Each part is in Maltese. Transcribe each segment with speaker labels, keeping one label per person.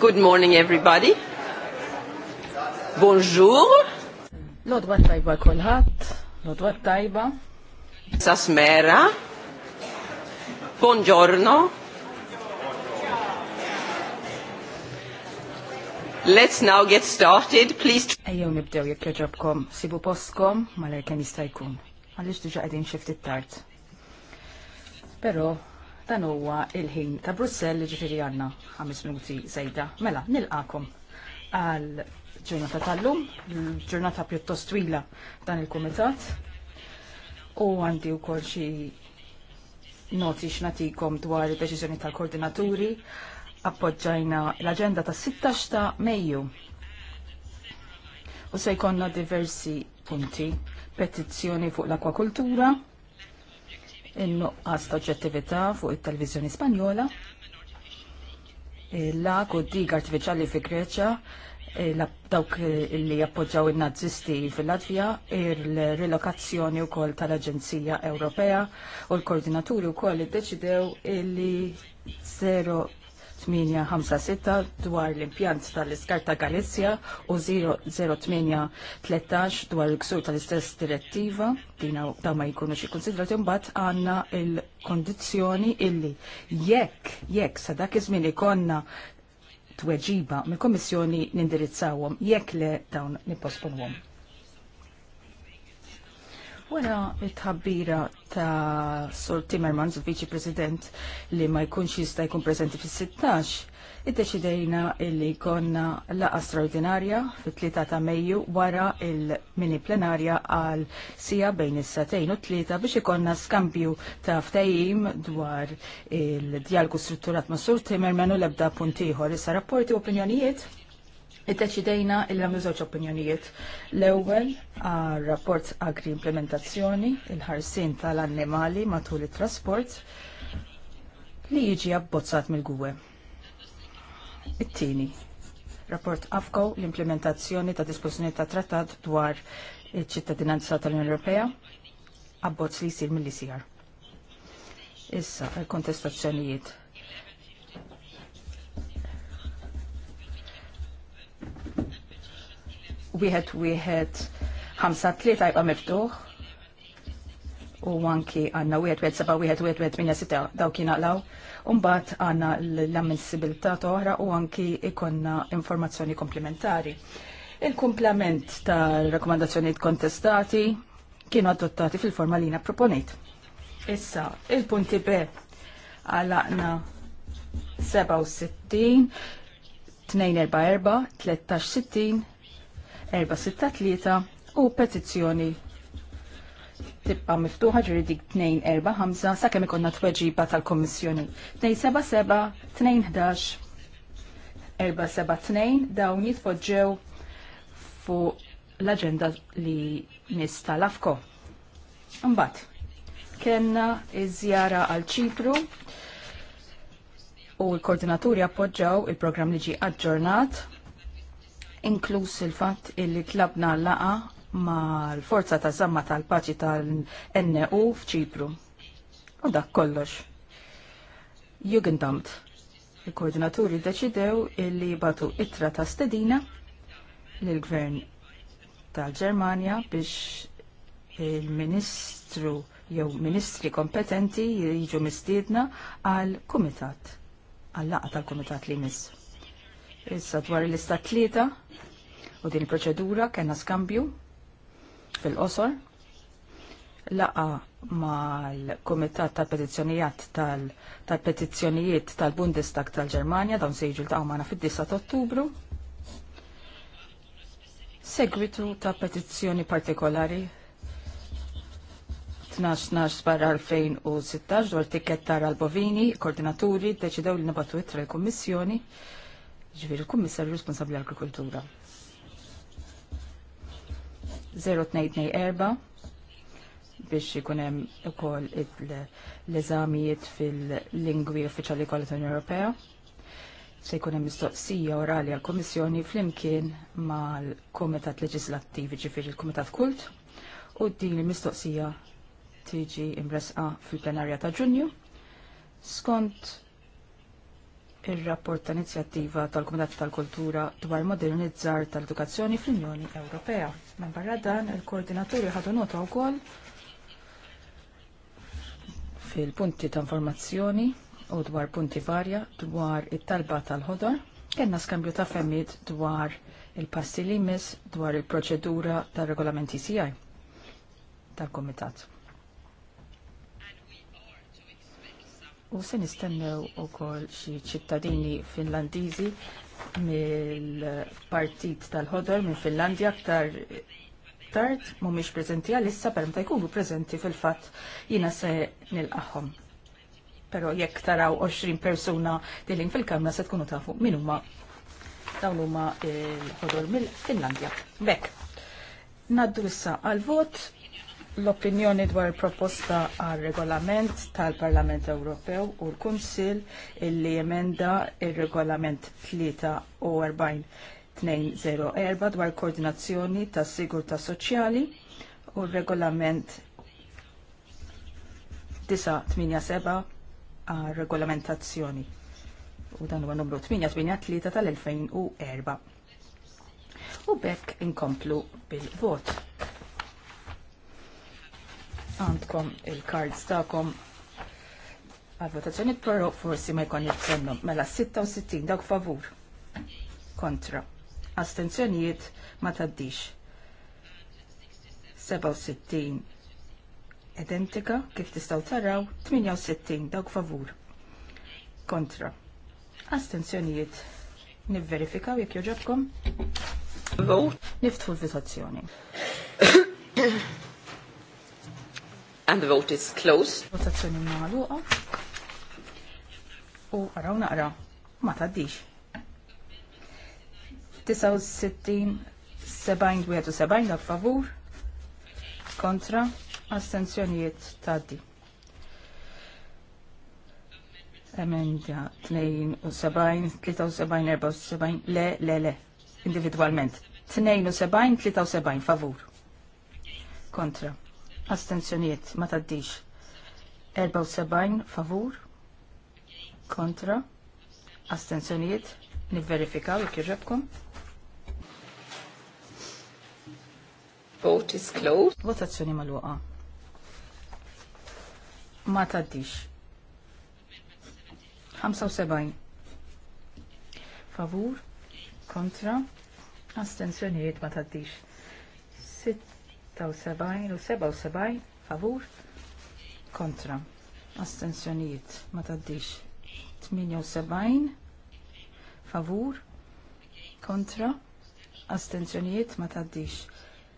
Speaker 1: Good morning, everybody.
Speaker 2: Bonjour. Lodwa tajba kolħat, lodwa tajba.
Speaker 1: Sasmera. Buongiorno. Let's now get started,
Speaker 2: please. Ejjew nibdew jekk joġobkom, sibu postkom, mal-erkem jista' għaliex diġa qegħdin xi ftit tard. Però dan huwa il-ħin ta' Brussell li ġifiri għandna ħames minuti zejda. Mela, nilqakom għal ġurnata tal-lum, ġurnata pjuttost twila dan il-kumitat. U għandi wkoll xi noti x'natikom dwar id-deċiżjoni tal-koordinaturi appoġġajna l-agenda ta' 16 ta' Mejju. U se jkollna diversi punti petizzjoni fuq l-akwakultura, in-nuqqas oġġettività fuq it-televizjoni Spanjola, l-ak u dig artificiali fi Greċja, dawk li jappoġġaw il-nazisti fil-Latvija, il-relokazzjoni u koll tal-Aġenzija Ewropea u l-koordinaturi u koll id-deċidew li zero 0856 dwar l-impjant tal iskarta ta' Galizja u 0813 dwar l-ksur tal-istess direttiva dina ta' ma jikunu xie konsidrati bat għandna il-kondizzjoni illi jekk jekk sa dak iż-żmien ikonna tweġiba mill-Kommissjoni nindirizzawhom jekk le dawn nipposponwhom. Wara it tħabbira ta' Sor Timmermans, viċi president li ma jkunx jista' jkun prezenti fis-16, iddeċidejna illi konna laqa straordinarja fit-3 ta' Mejju wara il-mini plenarja għal sija bejn is-satejn u tlieta biex ikonna skambju ta' ftajim dwar il-dialgu strutturat ma' Sur Timmerman u l-ebda punt ieħor. Issa rapporti u opinjonijiet Id-deċidejna il-għamlu zoċ opinjonijiet. L-ewel, rapport agri implementazzjoni, il-ħarsin tal-annimali matul it-trasport, li jiġi abbozzat mill-gwe. It-tini, rapport AFCO l-implementazzjoni ta' disposizjoni ta' trattat dwar il-ċittadinanza tal-Unjoni Ewropea, abbozz li jisir mill-ICR. Issa, il-kontestazzjonijiet wieħed wieħed ħamsa tlieta jibqa' miftuħ. U anki għandna wieħed wieħed seba' wieħed wieħed wieħed minja sita dawk jingħaqlaw. Umbagħad għandna l-ammissibilità oħra u anki ikonna informazzjoni komplementari. Il-kumplament tal-rakkomandazzjonijiet kontestati kienu adottati fil-forma li proponit. Issa, il-punti B għalaqna 67, 244, 1360, 463 u petizzjoni tibqa miftuħa ġiri dik 245 sakemm ikonna tweġiba tal-Kommissjoni. 277-211-472 dawn jitpoġġew fuq l aġenda li nista lafko. Mbagħad kellna iż-żjara għal ċipru u l-koordinaturi appoġġaw il-programm li ġi aġġornat inkluż il-fatt illi tlabna laqa mal forza ta' zamma tal-paċi tal-NU f'Ċipru. U dak kollox. Jugendamt. Il-koordinaturi deċidew illi batu itra ta' stedina l-gvern tal-Ġermanja biex il-ministru jew ministri kompetenti jiġu mistiedna għal kumitat għal laqa tal-kumitat li miss. Issa dwar l-istat tlieta u din il-proċedura kena skambju fil-qosor laqa mal-Komitat tal petizzjonijiet tal-Petizzjonijiet tal-Bundestag tal-Ġermanja dawn se jiġu l magħna fid-9 ta' Ottubru. Segwitu ta' petizzjoni partikolari 12-12 barra 2016 dwar tikket tar al bovini koordinaturi, deċidew li nibatu it-tre kommissjoni ġviri il-Kummissarju responsabli għal-Agrikultura. 0-2-2-4 biex ikun hemm ukoll l-eżamijiet fil-lingwi uffiċali kollha tal Ewropea. Se jkun hemm mistoqsija orali għall-Kummissjoni flimkien mal-Kumitat Leġislattiv, ġifieri il-Kumitat Kult, u din il-mistoqsija tiġi imbresqa fil-plenarja ta' Ġunju skont ir-rapport ta' inizjattiva tal-Kumitat tal-Kultura dwar modernizzar tal-edukazzjoni fl-Unjoni Ewropea. Minn barra dan, il-koordinaturi ħadu nota wkoll fil-punti ta' informazzjoni u dwar punti varja dwar it-talba tal-ħodor. Kenna skambju ta' femmit dwar il-passi limis dwar il-proċedura tal-regolamenti CI tal kumitat u se nistennew ukoll xi ċittadini Finlandiżi mill-partit tal-ħodor minn Finlandja aktar tard mhumiex preżenti għalissa per mta jkunu preżenti fil-fatt jiena se nilqahom. Però jekk taraw 20 persuna dilin fil-kamra se tkunu tafu min huma dawn huma il ħodor mill-Finlandja. Bekk. Naddu issa għal-vot l-opinjoni dwar proposta għal regolament tal-Parlament Ewropew u l-Kunsil illi emenda il-regolament 43 dwar koordinazzjoni tas sigurta soċjali u l-regolament 987 għal regolamentazzjoni u dan huwa numru 883 tal-2004. U bekk inkomplu bil-vot għandkom il-kards ta'kom għal-votazzjoni, pero forsi ma jkun jitsennom. Mela 66 dawk favur. Kontra. Astenzjonijiet ma taddix. 67 identika kif tistaw taraw 68 dawk favur. Kontra. Astenzjonijiet. Nivverifikaw jekk joġobkom. Niftħu l-votazzjoni. And the vote is closed. Votazzjoni maħluqa. U għaraw naqra, ma taddix. 69, 70, 71 għal favur. Kontra, astenzjonijiet taddi. Emendja 72, 73, 74, le, le, le, individualment. 72, 73, favur. Kontra astenzjoniet ma taddix 74 favur kontra astenzjoniet nivverifikaw jekk irrebkom. Vote is closed. Votazzjoni magħluqa. Ma taddix. 75. Favur, kontra, astenzjonijiet ma taddix. 76 u 77 favur kontra astensjonijiet ma taddix 78 favur kontra astensjonijiet ma taddix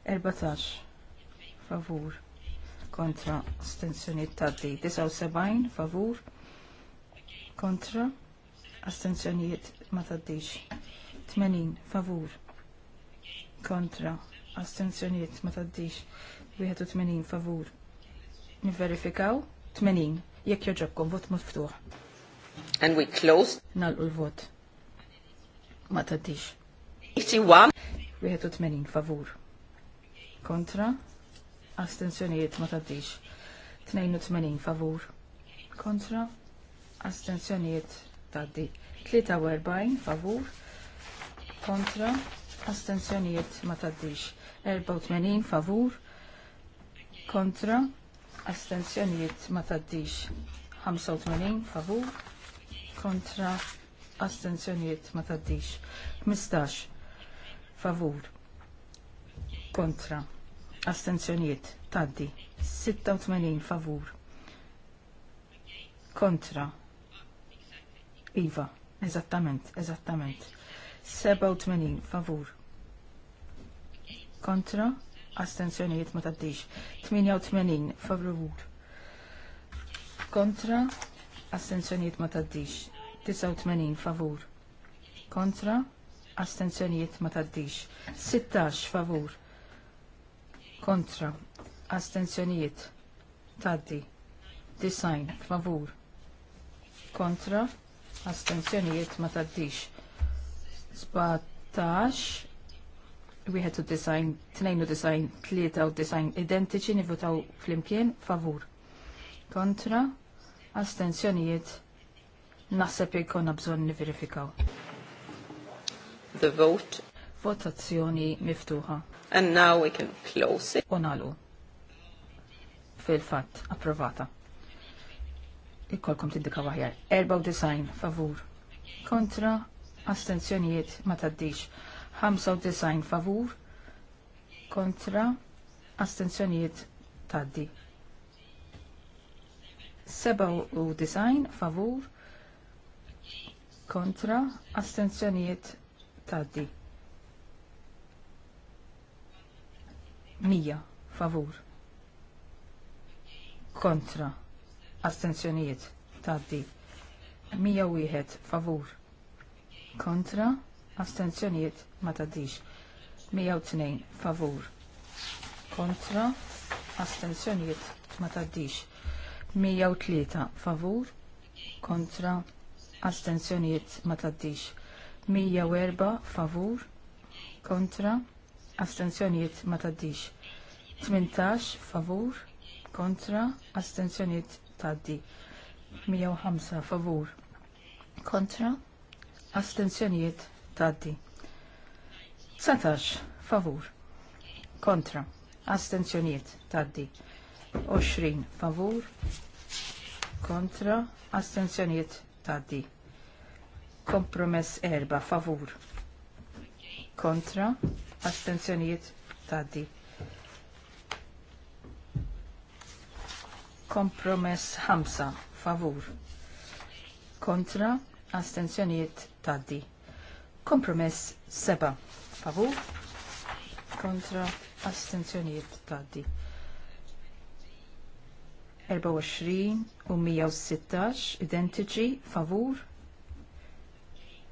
Speaker 2: 14 favur kontra astensjonijiet taddi 79 favur kontra astensjonijiet ma taddix 80 favur kontra astenzjoniet ma taddix 81 favur niverifikaw 80 jekk joġobkom vot miftuħ.
Speaker 1: And we closed.
Speaker 2: Nalqu l-vot. Ma taddix. 81. 81 favur. Kontra. Astenzjoniet ma taddix. 82 favur. Kontra. Astenzjonijiet taddi. 43 favur. Kontra. Astenzjonijiet ma taddix. 84 favur kontra astenzjonijiet ma taddix 85 favur kontra astenzjonijiet ma taddix 15 favur kontra astenzjonijiet taddi 86 favur kontra Iva, eżattament, eżattament. 87 favur kontra astenzjonijiet ma taddix. 88 favur kontra astenzjonijiet ma taddix. 89 favur kontra astenzjonijiet ma taddix. 16 favur kontra astenzjonijiet taddi. Design favur kontra astenzjonijiet ma taddix. 17 had to design, tnejn u design, tlieta u design identiċi nivutaw flimkien favur. Kontra, astenzjonijiet, naħseb jkun bżonn niverifikaw. The vote. Votazzjoni miftuħa. And now we can close it. Unalu. Fil-fatt, approvata. Ikkolkom tindika waħjar. design, favur. Kontra, astenzjonijiet ma taddix. 95 favur kontra astenzjonijiet taddi. 97 favur kontra astenzjonijiet taddi. 100 favur kontra astenzjonijiet taddi. 101 favur kontra taddi astenzjonijiet ma taddix. 102 favur kontra astenzjonijiet ma taddix. 103 favur kontra astenzjoniet ma taddix. 104 favur kontra astenzjoniet ma taddix. 18 favur kontra astenzjonijiet taddi. 105 favur kontra astenzjoniet taddi. 19 favur kontra astenzjoniet taddi. 20 favur kontra astenzjoniet taddi. Kompromess erba' favur kontra astenzjoniet taddi. Kompromess hamsa, favur kontra astenzjoniet taddi. Kompromess seba' favur kontra astenzjoniet taddi. 24 u 116 identiċi favur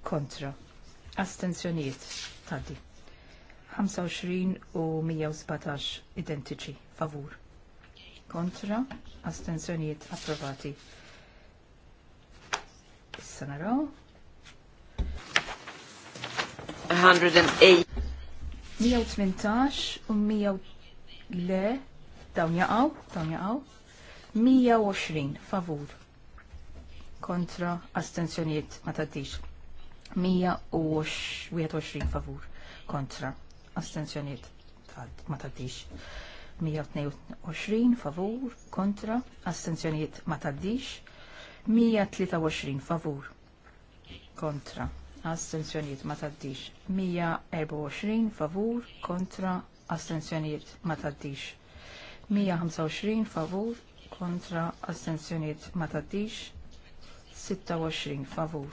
Speaker 2: kontra astenzjonijiet taddi. 25 u 117 identiċi favur kontra astenzjoniet approvati. Issa naraw. 118 u 100 le dawn jaqaw, dawn jaqaw 120 favur kontra astenzjoniet ma taddix 121 favur kontra astenzjoniet ma taddix 122 favur kontra astenzjoniet ma taddix 123 favur kontra astenzjonijiet ma taddix. 124 favur kontra astenzjonijiet ma taddix. 125 favur kontra astenzjonijiet ma taddix. 26 favur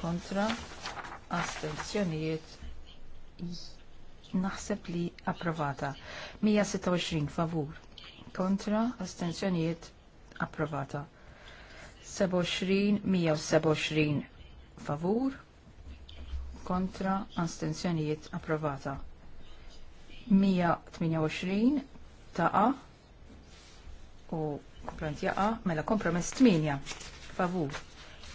Speaker 2: kontra astenzjonijiet naħseb li approvata. 126 favur kontra astenzjonijiet approvata. 27, 127 favur kontra astenzjonijiet approvata. 128 taqa u komplant jaqa mela kompromess 8 favur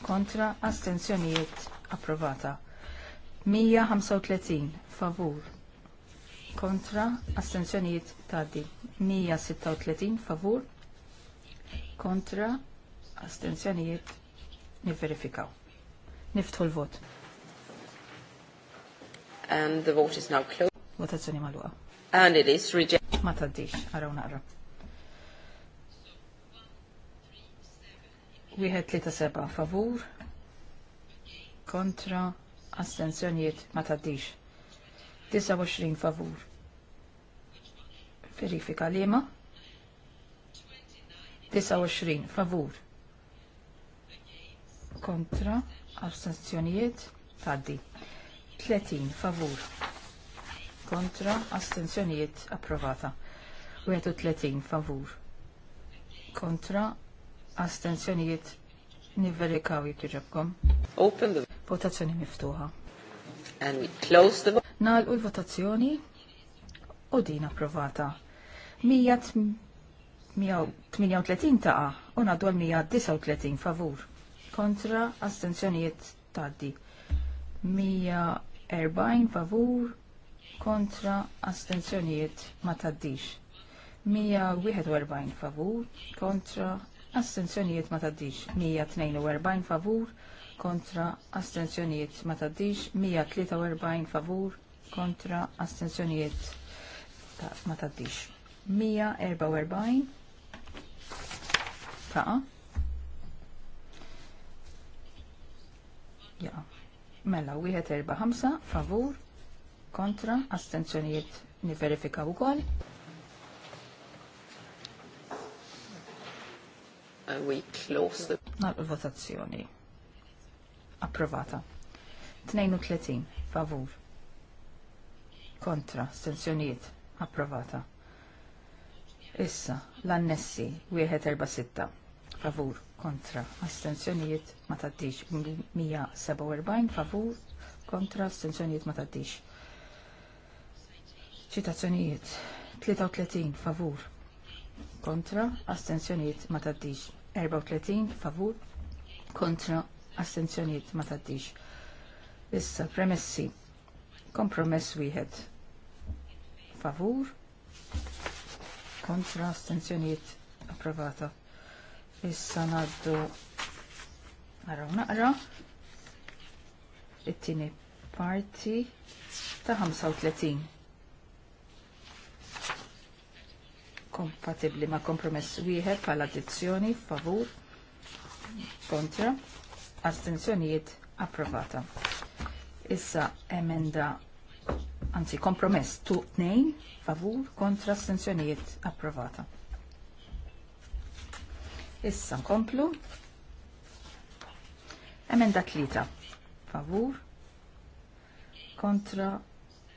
Speaker 2: kontra astenzjonijiet approvata. 135 favur kontra astenzjonijiet taddi. 136 favur kontra astenzjonijiet niverifikaw. Niftħu l-vot.
Speaker 1: And the vote is now closed.
Speaker 2: Votazzjoni maluqa. And it is rejected. Ma taddix, araw naqra. Wieħed tlieta seba' favur, kontra, astenzjonijiet ma taddix. 29 favur. Verifika liema. 29 favur. Kontra, astenzjonijiet taddi. 30 favur kontra astenzjonijiet approvata 31 favur kontra astenzjonijiet nivverikaw jek jġabkom. Open the votazzjoni miftuħa. And we close the vote. Nalqu l-votazzjoni u din approvata. 138 taqa u naddu l-139 favur kontra astenzjonijiet taddi. 140 favur kontra astenzjonijiet ma taddix. 141 favur kontra astenzjonijiet ma taddix. 142 favur kontra astenzjonijiet ma taddix. 143 favur kontra astenzjonijiet ma taddix. 144 ta' Ja. Mela, wieħed erba' ħamsa, favur, kontra, astenzjonijiet niverifikaw ukoll.
Speaker 1: We close the...
Speaker 2: votazzjoni. Approvata. 32, favur. Kontra, astenzjonijiet. Approvata. Issa, l-annessi, wieħed erba' sitta, favur kontra astenzjonijiet ma taddix 147 favur kontra astenzjonijiet ma taddix ċitazzjonijiet 33 favur kontra astenzjonijiet ma taddix 34 favur kontra astenzjonijiet ma taddix issa premessi kompromess wieħed favur kontra astenzjonijiet approvata Issa naddu naraw naqra it-tieni parti ta' 35. Kompatibbli ma' kompromess wieħed pal addizzjoni favur kontra astenzjonijiet approvata. Issa emenda anzi kompromess tu 2 favur kontra astenzjonijiet approvata. Issa nkomplu. Emenda tlita. Favur. Kontra.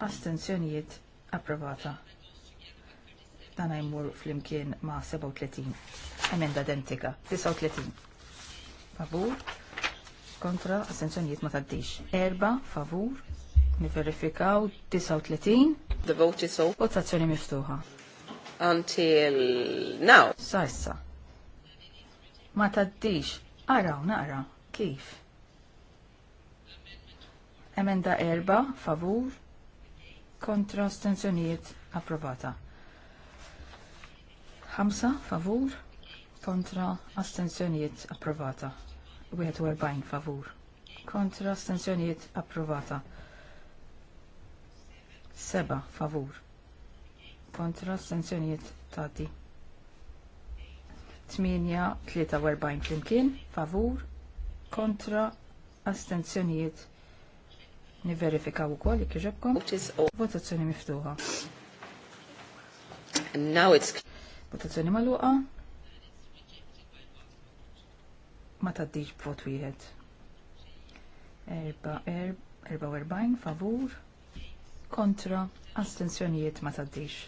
Speaker 2: Astenzjonijiet approvata. Dan jmur fl-imkien ma' 37. Emenda identika. 39. Favur. Kontra. Astenzjonijiet ma' taddix. Erba. Favur. Niverifikaw 39. The vote is open. Votazzjoni miftuħa. Until now. Sa' issa ma taddix. Araw naqra kif. Emenda erba favur kontra stenzjoniet, approvata. Hamsa favur kontra astenzjonijiet approvata. 41 favur kontra astenzjonijiet approvata. Seba, favur kontra astenzjonijiet tati. 48 43 flimkien, favur, kontra, astenzjonijiet. Niverifikaw ukoll jekk iġobkom. Votazzjoni miftuħa. Now it's Votazzjoni magħluqa. Ma tgħaddix b'vot wieħed. 44 favur, kontra, astenzjonijiet ma tgħaddix.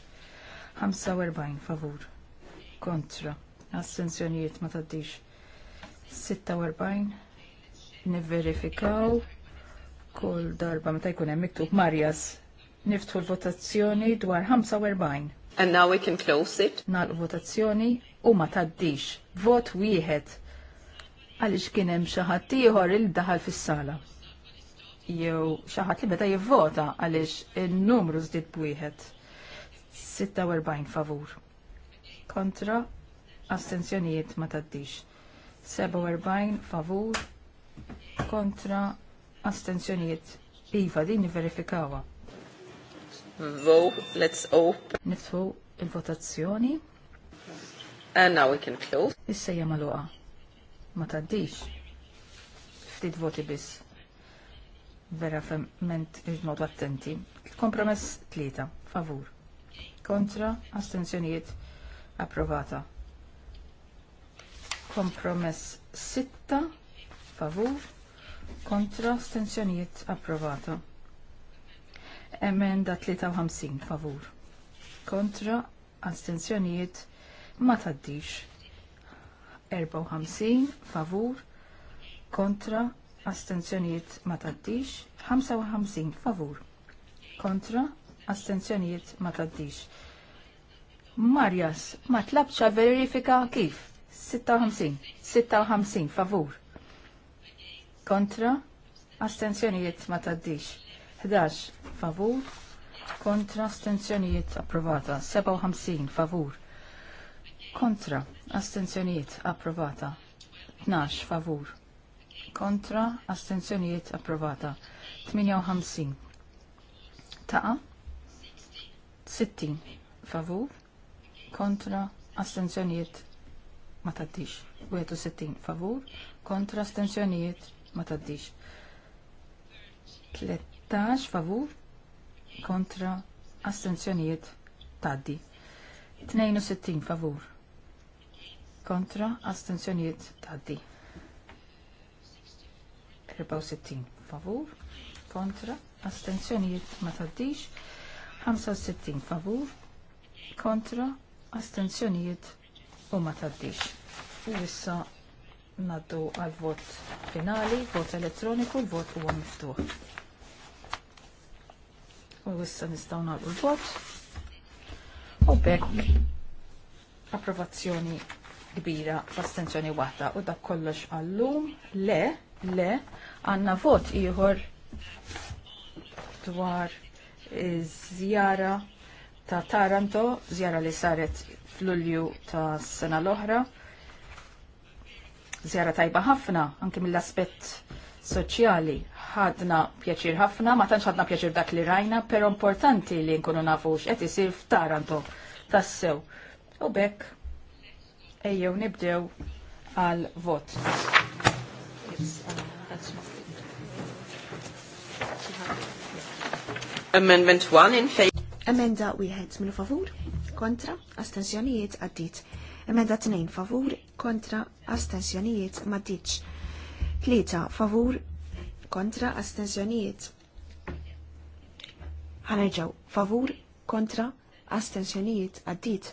Speaker 2: 45 favur, kontra, astenzjonijiet ma taddix. 46 nivverifikaw kull darba meta jkun hemm miktub Marjas niftħu l-votazzjoni dwar 45. And now we can close it. Nal votazzjoni u ma taddix. Vot wieħed għaliex kien hemm xi ħadd ieħor il daħal fis-sala. Jew xi ħadd li beda jivvota għaliex in-numru żdied bwieħed. 46 favur. Kontra astenzjonijiet ma taddix. 47 favur kontra astenzjonijiet. Iva, din verifikawa.
Speaker 1: Vote, let's open.
Speaker 2: Niftħu il-votazzjoni.
Speaker 1: And now we can close.
Speaker 2: Issa jema luqa. Ma taddix. Ftit voti bis. Vera femment il-modu attenti. Kompromess tlieta. Favur. Kontra astenzjonijiet approvata. Kompromess 6 favur kontra stenzjoniet approvata. Emenda 53 favur kontra astenzjoniet ma taddix. 54 favur kontra astensjonijiet ma taddix. 55 favur kontra astenzjoniet ma taddix. Marjas ma tlabxa verifika kif. 56, 56 favur. Kontra, astenzjonijiet ma taddix. 11 favur. Kontra, astenzjonijiet approvata. 57 favur. Kontra, astenzjonijiet approvata. 12 favur. Kontra, astenzjonijiet approvata. 58. Taqa. 60 favur. Kontra, astenzjonijiet ma taddix. 61 favur kontra astensjonijiet ma taddix. 13 favur kontra astensjonijiet taddi. 62 favur kontra astensjonijiet taddi. 64 favur kontra astensjonijiet ma taddix. 65 favur kontra astensjonijiet u ma taddix. U issa naddu għal vot finali, vot elettroniku, l-vot huwa miftuħ. U issa nistgħu naddu l-vot. U bekk approvazzjoni kbira f'astenzjoni waħda u dak kollox għallum le le għandna vot ieħor dwar iż-żjara eh, ta' Taranto, żjara li saret f'Lulju ta' sena l-oħra. Zjara tajba ħafna, anki mill-aspett soċjali. Ħadna pjaċir ħafna, ma tantx ħadna pjaċir dak li rajna, però importanti li nkunu nafux qed isir f'Taranto tassew. U bekk ejjew nibdew
Speaker 3: għal vot.
Speaker 1: Amendment 1 in favor.
Speaker 3: Amenda wieħed minn favor kontra, astensjonijiet għaddit. Emenda 2 favur, kontra, astensjonijiet maddiċ. 3 favur, kontra, astensjonijiet. Ħanerġaw, favur, kontra, astensjonijiet għaddit.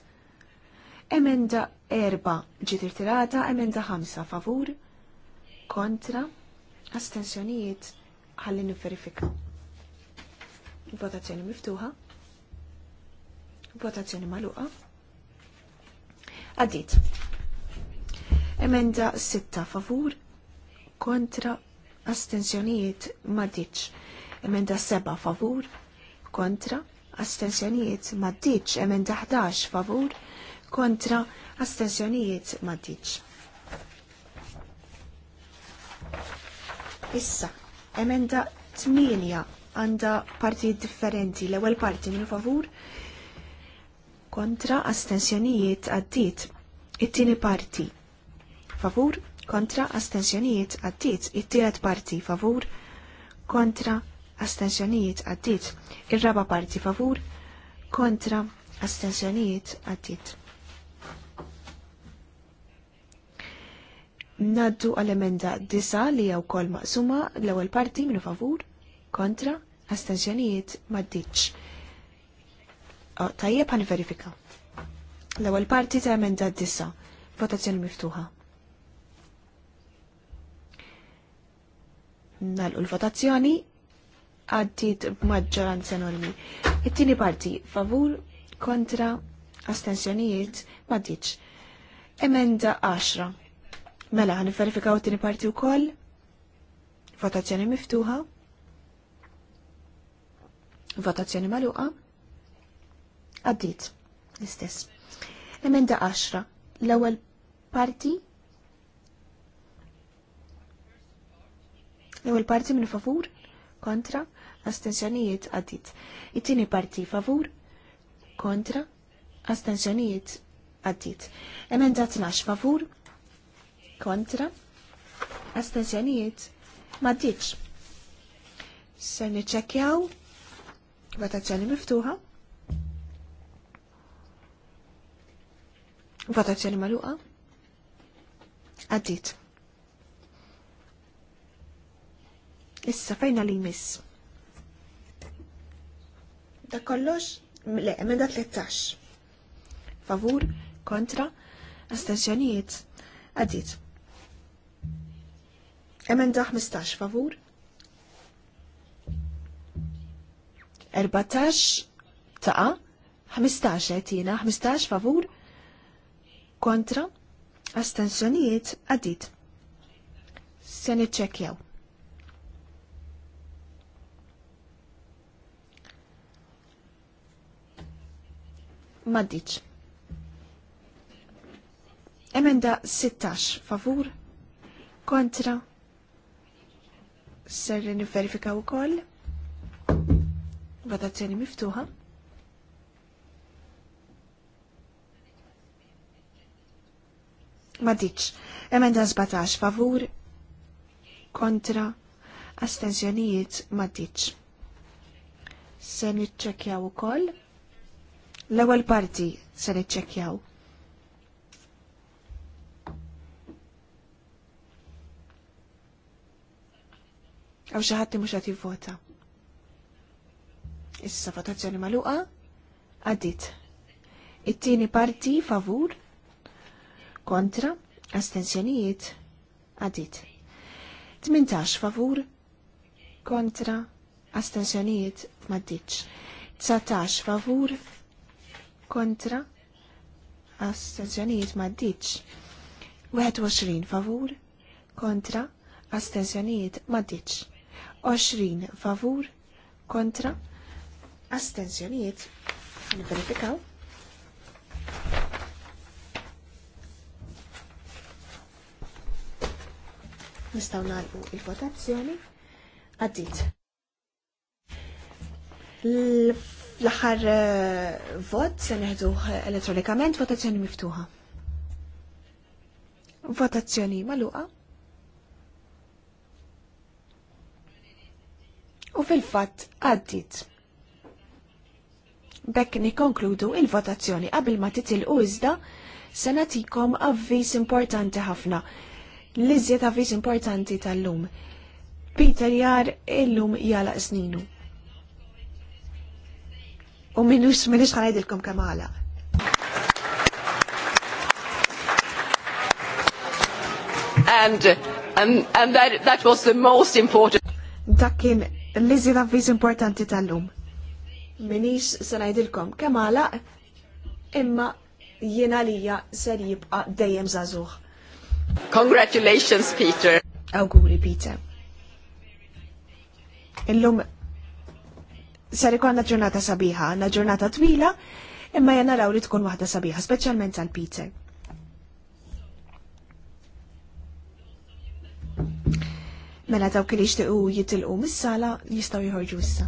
Speaker 3: Emenda 4 ġiet tirata, emenda 5 favur, kontra, astensjonijiet ħalli verifika. Votazzjoni miftuħa. Votazzjoni maluqa. Għaddit. Emenda 6 favur kontra astensjonijiet maddiċ. Emenda 7 favur kontra astensjonijiet maddiċ. Emenda 11 favur kontra astensjonijiet maddiċ. Issa, emenda 8 għanda parti differenti. L-ewel parti minn favur kontra astensjonijiet għaddit. It-tieni parti favur kontra astensjonijiet għaddit. It-tielet parti favur kontra astensjonijiet għaddit. Ir-raba parti favur kontra astensjonijiet għaddit. Naddu għal-emenda disa li jew kol maqsuma l-ewwel parti minu favur kontra astensjonijiet maddiċ. Ah, tajjeb għan verifika. L-ewwel parti ta' emenda d disa. Votazzjoni miftuħa. Nalqu l-votazzjoni għaddit b'maġġoranza enormi. It-tieni parti favur kontra astensjonijiet maddiċ. Emenda 10. Mela għan verifikaw it-tieni parti wkoll. Votazzjoni miftuħa. Votazzjoni maluqa. Għaddit, l-istess. Emenda 10, l-ewwel parti l-ewwel parti minn favur kontra astensjonijiet għaddit. It-tieni parti favur kontra astensjonijiet għaddit. Emenda 12 favur kontra astensjonijiet ma ddiċ. Se niċċekkjaw votazzjoni miftuħa. Votazzjoni maluqa. Għaddit. Issa fejna li mis? Da kollox, le, emenda 13. Favur, kontra, astensjonijiet? għaddit. Emenda 15, favur. 14, taqa, 15 etina, 15 favur, kontra, astensjonijiet għaddit. Se niċċekjaw. Maddiċ. Emenda 16 favur kontra ser niverifikaw ukoll. Votazzjoni miftuħa. Ma diċ. Emenda 17 favur kontra astenzjonijiet ma diċ. Se u ukoll. L-ewwel parti se nitċekjaw. Għaw xaħati mux għati vota. Issa votazzjoni maluqa, għaddit. It-tieni parti favur kontra, astenzjonijiet, għadit. 18 favur, kontra, astenzjonijiet, maddiċ. 19 favur, kontra, astenzjonijiet, maddiċ. 21 favur, kontra, astenzjonijiet, maddiċ. 20 favur, kontra, astenzjonijiet, verifikaw. Nistaw nalqu il-votazzjoni. Għaddit. L-aħħar eh, vot se neħduħ elettronikament votazzjoni miftuħa. Votazzjoni maluqa. U fil-fatt għaddit. Bekk nikkonkludu il-votazzjoni qabel ma titilqu iżda se nagħtikom avviż importanti ħafna l ta' fis importanti tal-lum. Peter jar illum jala sninu. U minux minux ħanajdilkom kemm għala.
Speaker 1: And, and, and that, that was the most important.
Speaker 3: Dak kien l ta' fis importanti tal-lum. Minix se ngħidilkom kemm għala imma jena lija ser jibqa' dejjem żagħżugħ. Congratulations, Peter. Awguri, Peter. Illum sar ikonna ġurnata sabiħa, għandna ġurnata twila, imma jena raw li tkun waħda sabiħa, speċjalment għal Peter. Mela taw kili jixtiequ jitilqu mis-sala jistgħu jħorġu issa.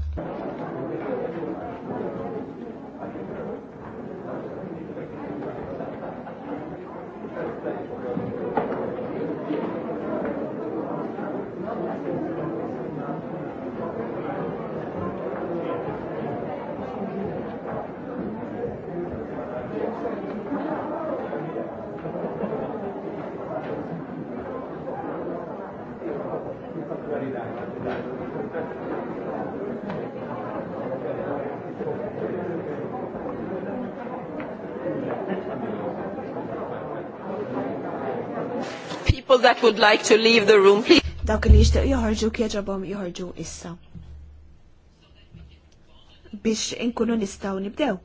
Speaker 3: that would like to leave the room, please. Dawk li jishtiq joħorġu kieġabom joħorġu issa. Biex inkunu nistaw nibdew.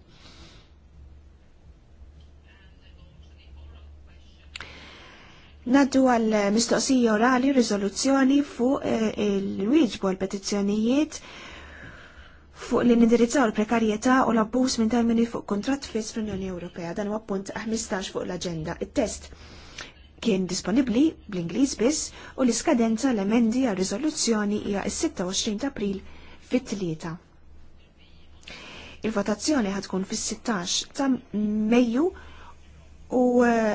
Speaker 3: Naddu għal mistoqsija orali rizoluzzjoni fuq eh, il-wieġbu għal petizzjonijiet fuq li nindirizzaw l-prekarjetà u l-abbuż minn termini fuq kontrat fis fl-Unjoni Ewropea. Dan huwa punt 15 fuq l agenda Il-test kien disponibli bl-Ingliż biss u l-iskadenza l-emendi għal riżoluzzjoni hija s-26 ta' April fit-tlieta. Il-votazzjoni ħatkun fis-16 ta' Mejju u eh,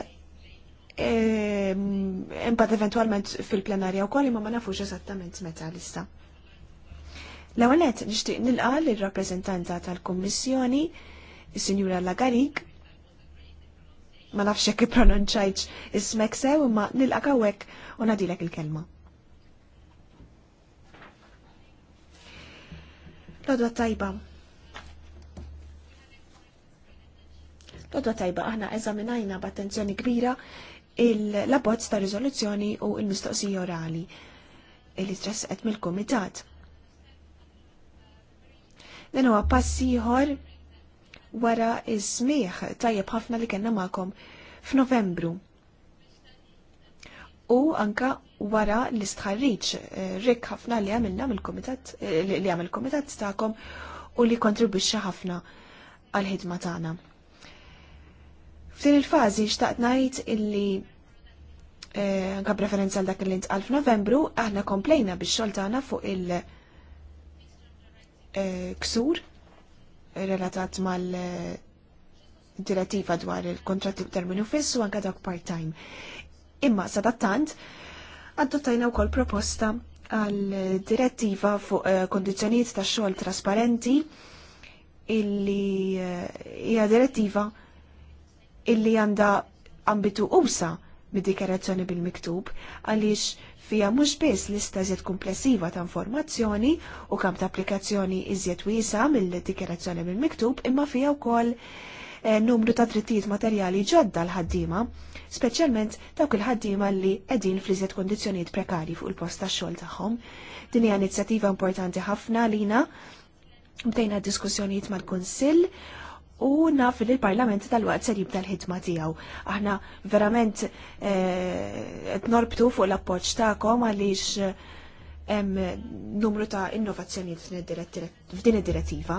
Speaker 3: imbagħad eventwalment fil-plenarja wkoll imma ma nafux eżattament meta lista. L-ewwel nixtieq nilqa' lir-rappreżentanta tal-Kummissjoni, is-Sinjura Lagarik, ma nafx jekk ippronunċajċ ismek sew imma nilqa' hawnhekk u ngħadilek il-kelma. Lodwa tajba. Lodwa tajba aħna eżaminajna b'attenzjoni kbira l abbozz ta' riżoluzzjoni u l mistoqsija orali li trasqet mill-Kumitat. Dan huwa pass ieħor wara iż-żmieħ tajjeb ħafna li kellna magħkom f'Novembru. U anka wara l-istħarriċ eh, rik ħafna li għamilna mill-komitat eh, li għamil komitat tagħkom u li kontribwixxa ħafna għal-ħidma tagħna. F'din il-fażi xtaqt ngħid illi eh, anka preferenza għal dak li ntqal f'Novembru, aħna komplejna bix-xogħol tagħna fuq il- ksur relatat mal direttiva dwar il-kontratti b'terminu fiss u anka dak part-time. Imma sadattant, adottajna wkoll proposta għal direttiva fuq eh, kondizjoniet ta' xogħol trasparenti illi eh, hija direttiva illi għandha ambitu usa mid-dikjarazzjoni bil-miktub għaliex fija mhux biss lista zjed komplessiva ta' informazzjoni u kam ta' applikazzjoni iżjed wiesa mill-dikjerazzjoni mill-miktub imma fija wkoll eh, numru ta' drittijiet materjali ġodda l-ħaddima, speċjalment ta' il-ħaddima li qegħdin fl kondizjoniet prekari fuq il-post tax-xogħol tagħhom. Din hija inizjattiva importanti ħafna lina bdejna diskussjonijiet mal-Kunsill u naf li l-Parlament tal-waqt ser jibda l-ħidma tiegħu. Aħna verament eh, qed norbtu fuq l-appoġġ tagħkom għaliex eh, hemm numru ta' innovazzjonijiet f'din id-direttiva.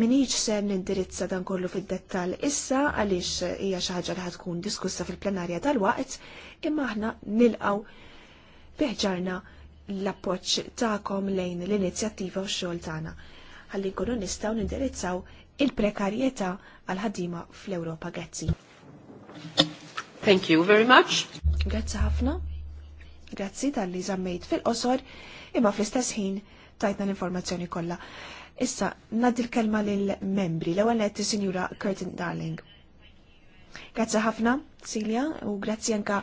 Speaker 3: Minix se nindirizza dan kollu fid-dettal issa għaliex hija xi ħaġa li ħatkun diskussa fil-plenarja tal-waqt, imma aħna nilqgħu biħġarna l-appoġġ tagħkom lejn l-inizjattiva u x-xogħol tagħna ħalli nkunu nistgħu nindirizzaw il-prekarjetà għal ħadima fl-Ewropa Grazzi. Thank you very much. Grazzi ħafna. Grazzi tal-li zammejt fil-qosor imma fl-istess ħin tajtna l-informazzjoni kollha. Issa, nad il-kelma lill-membri, l-ewwel qed sinjura Curtin Darling. Grazzi ħafna, Silja, u grazzi anka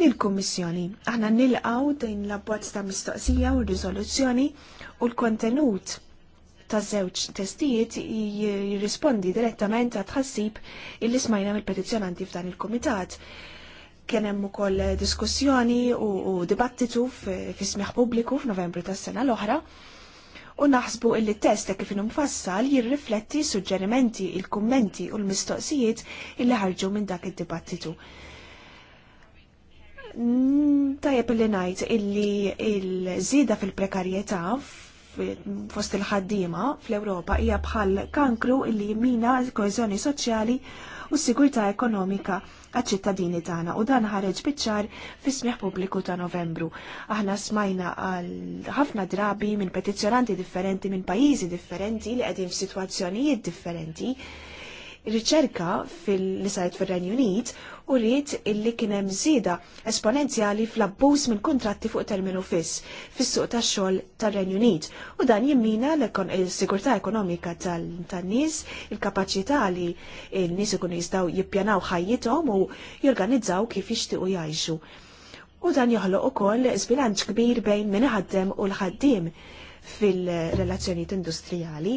Speaker 3: lill-Kummissjoni. Aħna nilqgħu din l-abbozz ta' mistoqsija u r-riżoluzzjoni u l-kontenut ta' żewġ testijiet jirrispondi direttament għat tħassib illi smajna mill-petizzjonanti f'dan il-komitat. Kien hemm ukoll diskussjoni u, u dibattitu f'ismiħ pubbliku f'Novembru tas-sena l-oħra u naħsbu illi test kif inhu mfassal jirrifletti suġġerimenti, il-kummenti u l-mistoqsijiet illi ħarġu minn dak id-dibattitu. Tajjeb illi ngħid illi l-żieda fil-prekarjetà fost il-ħaddima fl-Ewropa hija bħal kankru illi jimmina l-kohezjoni soċjali u s-sigurtà ekonomika għaċ-ċittadini tagħna u dan ħareġ biċ-ċar smieħ pubbliku ta' Novembru. Aħna smajna għal ħafna drabi minn petizzjonanti differenti minn pajjiżi differenti li qegħdin f'sitwazzjonijiet differenti riċerka fil-li sajt fil-Renju Unit u rrit illi kienem zida esponenzjali fl-abbuż minn kontratti fuq terminu fiss fis-suq tax-xogħol tar-Renju Unit u dan jimmina l-sigurtà ekonomika tan-nies, il-kapaċità li n-nies ikunu jistgħu jippjanaw ħajjithom u jorganizzaw kif jixtiequ jgħixu. U dan joħloq ukoll żbilanċ kbir bejn min ħaddem u l-ħaddiem fil-relazzjonijiet industrijali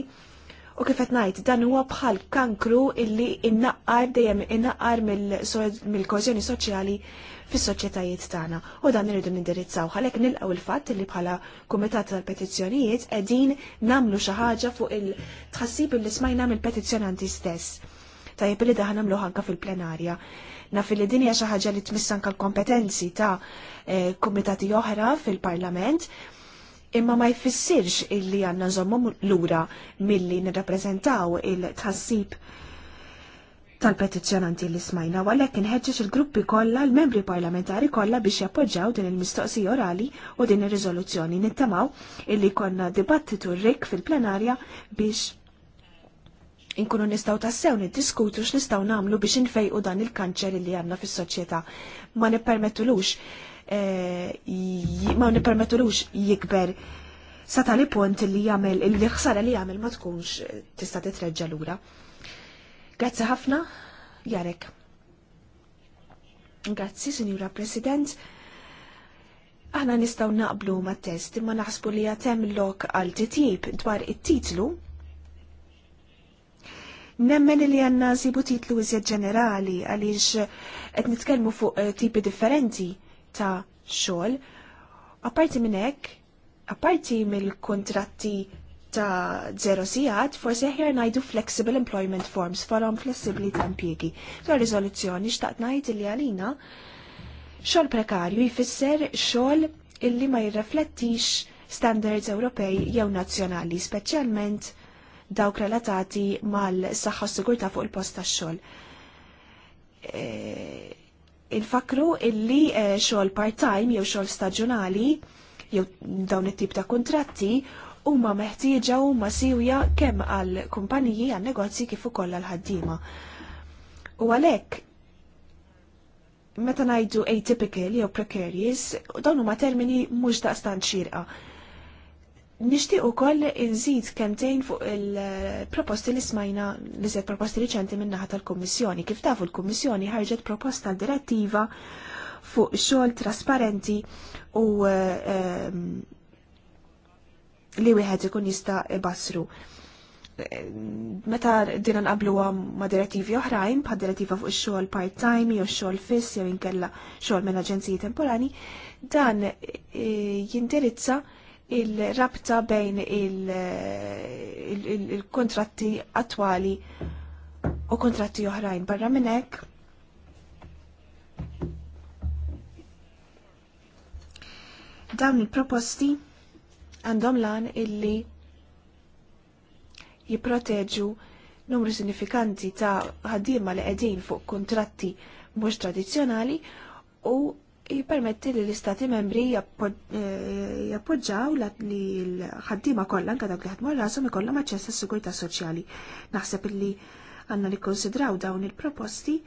Speaker 3: U kif qed ngħid dan huwa bħal kankru illi innaqar dejjem innaqar mill-kożjoni soċjali fis-soċjetajiet tagħna. U dan irridu nindirizzaw għalhekk nilqgħu il-fatt li bħala kumitat tal-petizzjonijiet qegħdin nagħmlu xi ħaġa fuq il-tħassib li smajna mill-petizzjonanti stess. Tajjeb li daħna nagħmlu anke fil-plenarja. Naf li din hija xi ħaġa li tmissanka l-kompetenzi ta' eh, kumitati oħra fil-Parlament imma ma jfissirx illi għanna nżommu lura milli nirrappreżentaw il-tħassib tal-petizjonanti li smajna għalhekk inħeġġeġ il-gruppi kollha l-membri parlamentari kollha biex jappoġġaw din il-mistoqsija orali u din ir-riżoluzzjoni nittamaw illi konna dibattitu rik fil-plenarja biex inkunu nistaw tassew niddiskutu x'nistgħu nagħmlu biex nfejqu dan il-kanċer li għandna fis-soċjetà. Ma nippermettulux Eh, ma nipermetulux jikber sa tali punt li jagħmel li ħsara li jagħmel ma tkunx eh, tista' titreġġa' lura. Grazzi ħafna, Jarek. Grazzi, Sinjura President. Aħna nistgħu naqblu ma test imma naħsbu li hemm lok għal titjib dwar it-titlu Nemmen li għanna zibu titlu iżjed ġenerali għaliex qed nitkellmu fuq eh, tipi differenti ta' xogħol. Apparti minn hekk, apparti mill-kontratti ta' zero sijat, forse ħjar najdu flexible employment forms, forom flessibli ta' impjegi. Ta' rizoluzzjoni xtaqt ngħid li għalina xol prekarju jfisser xol illi ma jirreflettix standards Ewropej jew nazzjonali, speċjalment dawk relatati mal-saħħa u sigurta fuq il-post tax-xogħol. E, infakru illi eh, xogħol part-time jew xogħol staġjonali jew dawn it-tip ta' kontratti huma meħtieġa u ma siwja kemm għal kumpaniji għal negozji kif ukoll għal ħaddiema. U għalhekk meta ngħidu atypical jew precarious, dawn huma termini mhux daqstant xirqa. Nishtiq u koll nżid kemtejn fuq il-proposti li smajna li se proposti riċenti minnaħa tal-Kommissjoni. Kif tafu l-Kommissjoni ħarġet proposta direttiva fuq xogħol trasparenti u eh, li wieħed ikun jista' ibassru. Meta din nqabluha ma' direttivi oħrajn, bħad direttiva fuq ix-xogħol part-time jew xogħol fiss jew inkella xogħol minn aġenziji temporani, dan eh, jindirizza il-rabta bejn il-kontratti il il attwali u kontratti oħrajn barra minnek. Dawn il-proposti għandhom lan illi jiproteġu numru sinifikanti ta' ħaddiema li qegħdin fuq kontratti mhux tradizzjonali u jipermetti li l-istati membri eh, jappoġġaw li l-ħaddima kollha anke dawk li ħadmu rashom ikollhom aċċess għas-sigurtà soċjali. Naħseb illi għandna nikkonsidraw dawn il-proposti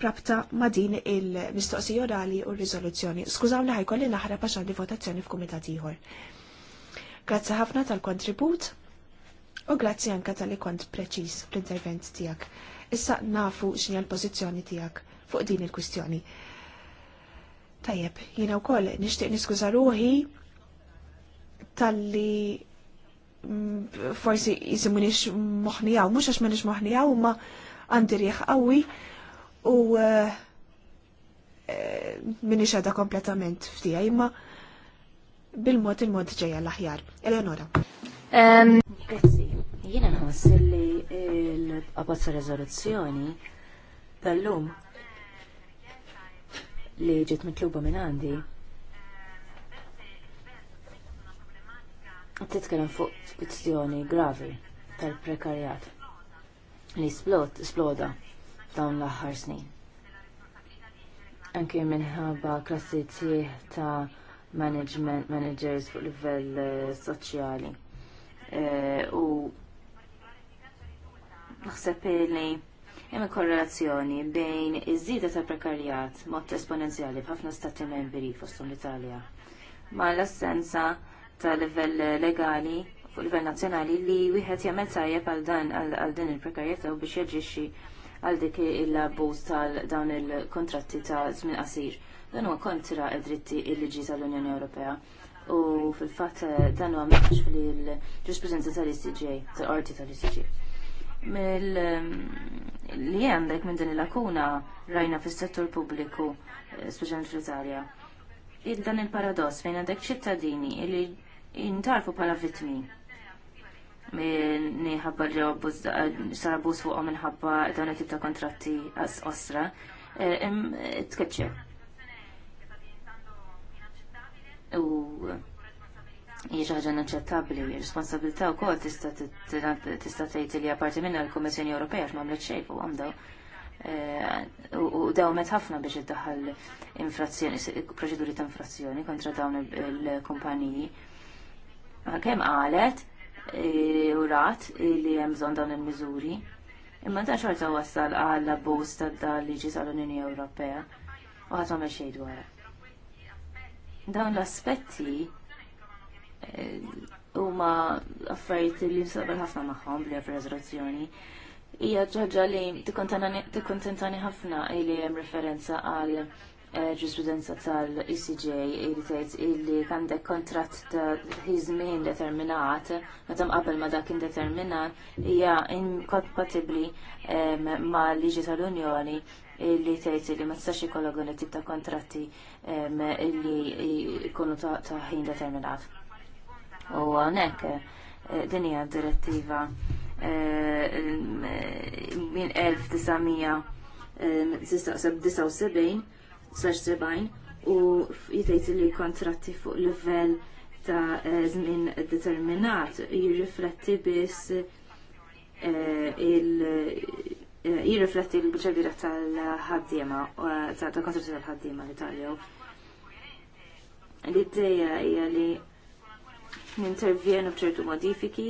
Speaker 3: brabta ma' din il-mistoqsija orali u r-riżoluzzjoni. Skużawni ħajkolli naħra għax għandi votazzjoni f'kumitat ieħor. Grazzi ħafna tal-kontribut u grazzi anke tal ikont kont preċiż fl-intervent tiegħek. Issa nafu x'inja l-pożizzjoni tiegħek fuq din il-kwistjoni. Tajjeb, jiena wkoll nixtieq niskuża ruħi tal-li mm, forsi jisimunix moħnijaw, mux għax manix moħnijaw, ma għandi rieħ qawwi u eh, eh, minix għada kompletament ftija, imma bil-mod il-mod ġeja l-aħjar. Eleonora.
Speaker 4: Grazzi, jena nħoss li l-abbozza rezoluzzjoni tal-lum li ġiet mitluba minn għandi titkellem fuq kwistjoni gravi tal-prekarjat li splod, sploda dawn l-aħħar snin. Anke minħabba klassi tieħ ta' management managers fuq livell eh, soċjali. Eh, u naħseb li hemm korrelazzjoni bejn iż-żieda tal-prekarjat mod esponenzjali f'ħafna stati membri fosthom l-Italja ma l-assenza ta' livell legali fuq livell nazzjonali li wieħed jagħmel tajjeb għal dan għal din il prekarjat u biex jaġixxi għal dik il-abbuż tal dawn il-kontratti ta' żmien qasir. Dan huwa kontra d-dritti il-liġi tal-Unjoni Ewropea u fil-fatt eh, dan huwa meħħiex fil-ġurisprudenza tal-ICJ, tal-qorti tal-ICJ. Ehm, li għandek minn din il-lakuna rajna fis settur pubbliku, eh, speċjalment fl-Italja. Dan il-paradoss fejn għandek ċittadini li jintarfu pala vittmi minħabba li sar abbuż fuqhom minħabba dawn it-tip ta' kontratti għas osra, eh, eh, tkeċċe. U Hija ħaġa naċċettabbli u responsabilità wkoll tista' tgħid li apparti minnha l-Kummissjoni Ewropea x'mamlet xejn fuq għamda eh, u met ħafna biex iddaħħal infrazzjoni, proċeduri ta' infrazzjoni kontra dawn il-kumpaniji. Kemm qalet eh, u rat li hemm bżonn dawn il-miżuri, imma ta' xorta wassal għal abbuż tal-liġi tal-Unjoni Ewropea u ħadd m'għamel xejn dwarha. Dawn l-aspetti huma affarijiet li nsabel ħafna magħhom bli f'reżoluzzjoni. Hija ġoġa li t-kontentani ħafna li hemm referenza għal eh, ġurisprudenza tal-ECJ li tgħid illi għandek kontratt ta' ħiżmien determinat, meta qabel ma dak indeterminat, hija inkompatibbli mal liġi tal-Unjoni illi tgħid li ma tistax ikollok dan it-tip ta' kontratti illi jkunu ta' ħin determinat. U għonek eh, din hija direttiva eh, minn eh, 1979 u jitejt li kontratti fuq livell ta' żmien determinat jirrifletti biss il- jirrifletti l-ċerbira tal-ħaddiema, ta' kontratti tal-ħaddiema l-Italja. L-idea hija li nintervjenu bċertu modifiki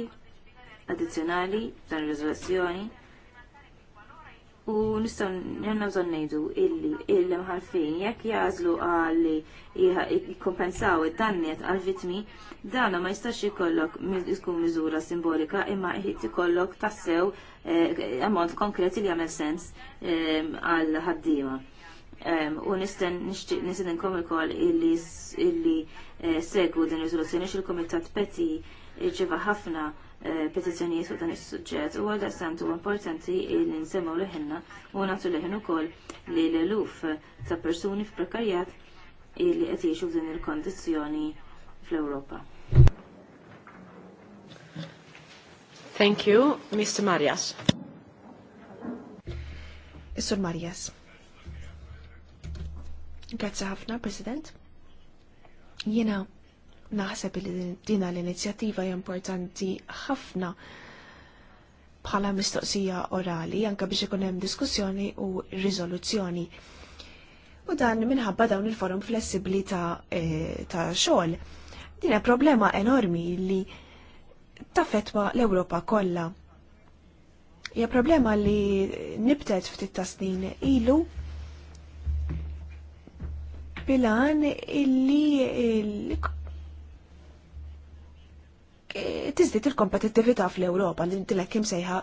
Speaker 4: addizzjonali dan ir-riżoluzzjoni u nistgħu jenna ngħidu illi illi mħalfin jekk jażlu għalli jikkompensaw id-dannet għal vitmi dan ma jistax jkollok tkun miżura simbolika imma jħid ikollok tassew eh, ammont konkret li jagħmel sens eh, għal ħaddiema. U nisten nixtieq nisin inkom illi Eh, segwu din riżoluzzjoni xil-Kumitat Peti ġeva ħafna eh, petizzjonijiet fuq dan is-suġġett u għal sant importanti li nsemmaw leħinna u nagħtu leħin ukoll li l-eluf ta' persuni f'prekarjat li qed jgħixu din il-kondizzjoni fl-Ewropa.
Speaker 3: Thank you, Mr. Marias. Mr. Marias. Grazie ħafna, President. Jiena naħseb li dina l-inizjattiva importanti ħafna bħala mistoqsija orali, anka biex ikun hemm diskussjoni u riżoluzzjoni. U dan minħabba dawn il-forum flessibli ta', e, ta xogħol. problema enormi li tafetwa l-Ewropa kollha. Hija problema li nibtet ftit ta' snin ilu bilan illi tizdit il-kompetittività fl-Ewropa li tilek kim sejħa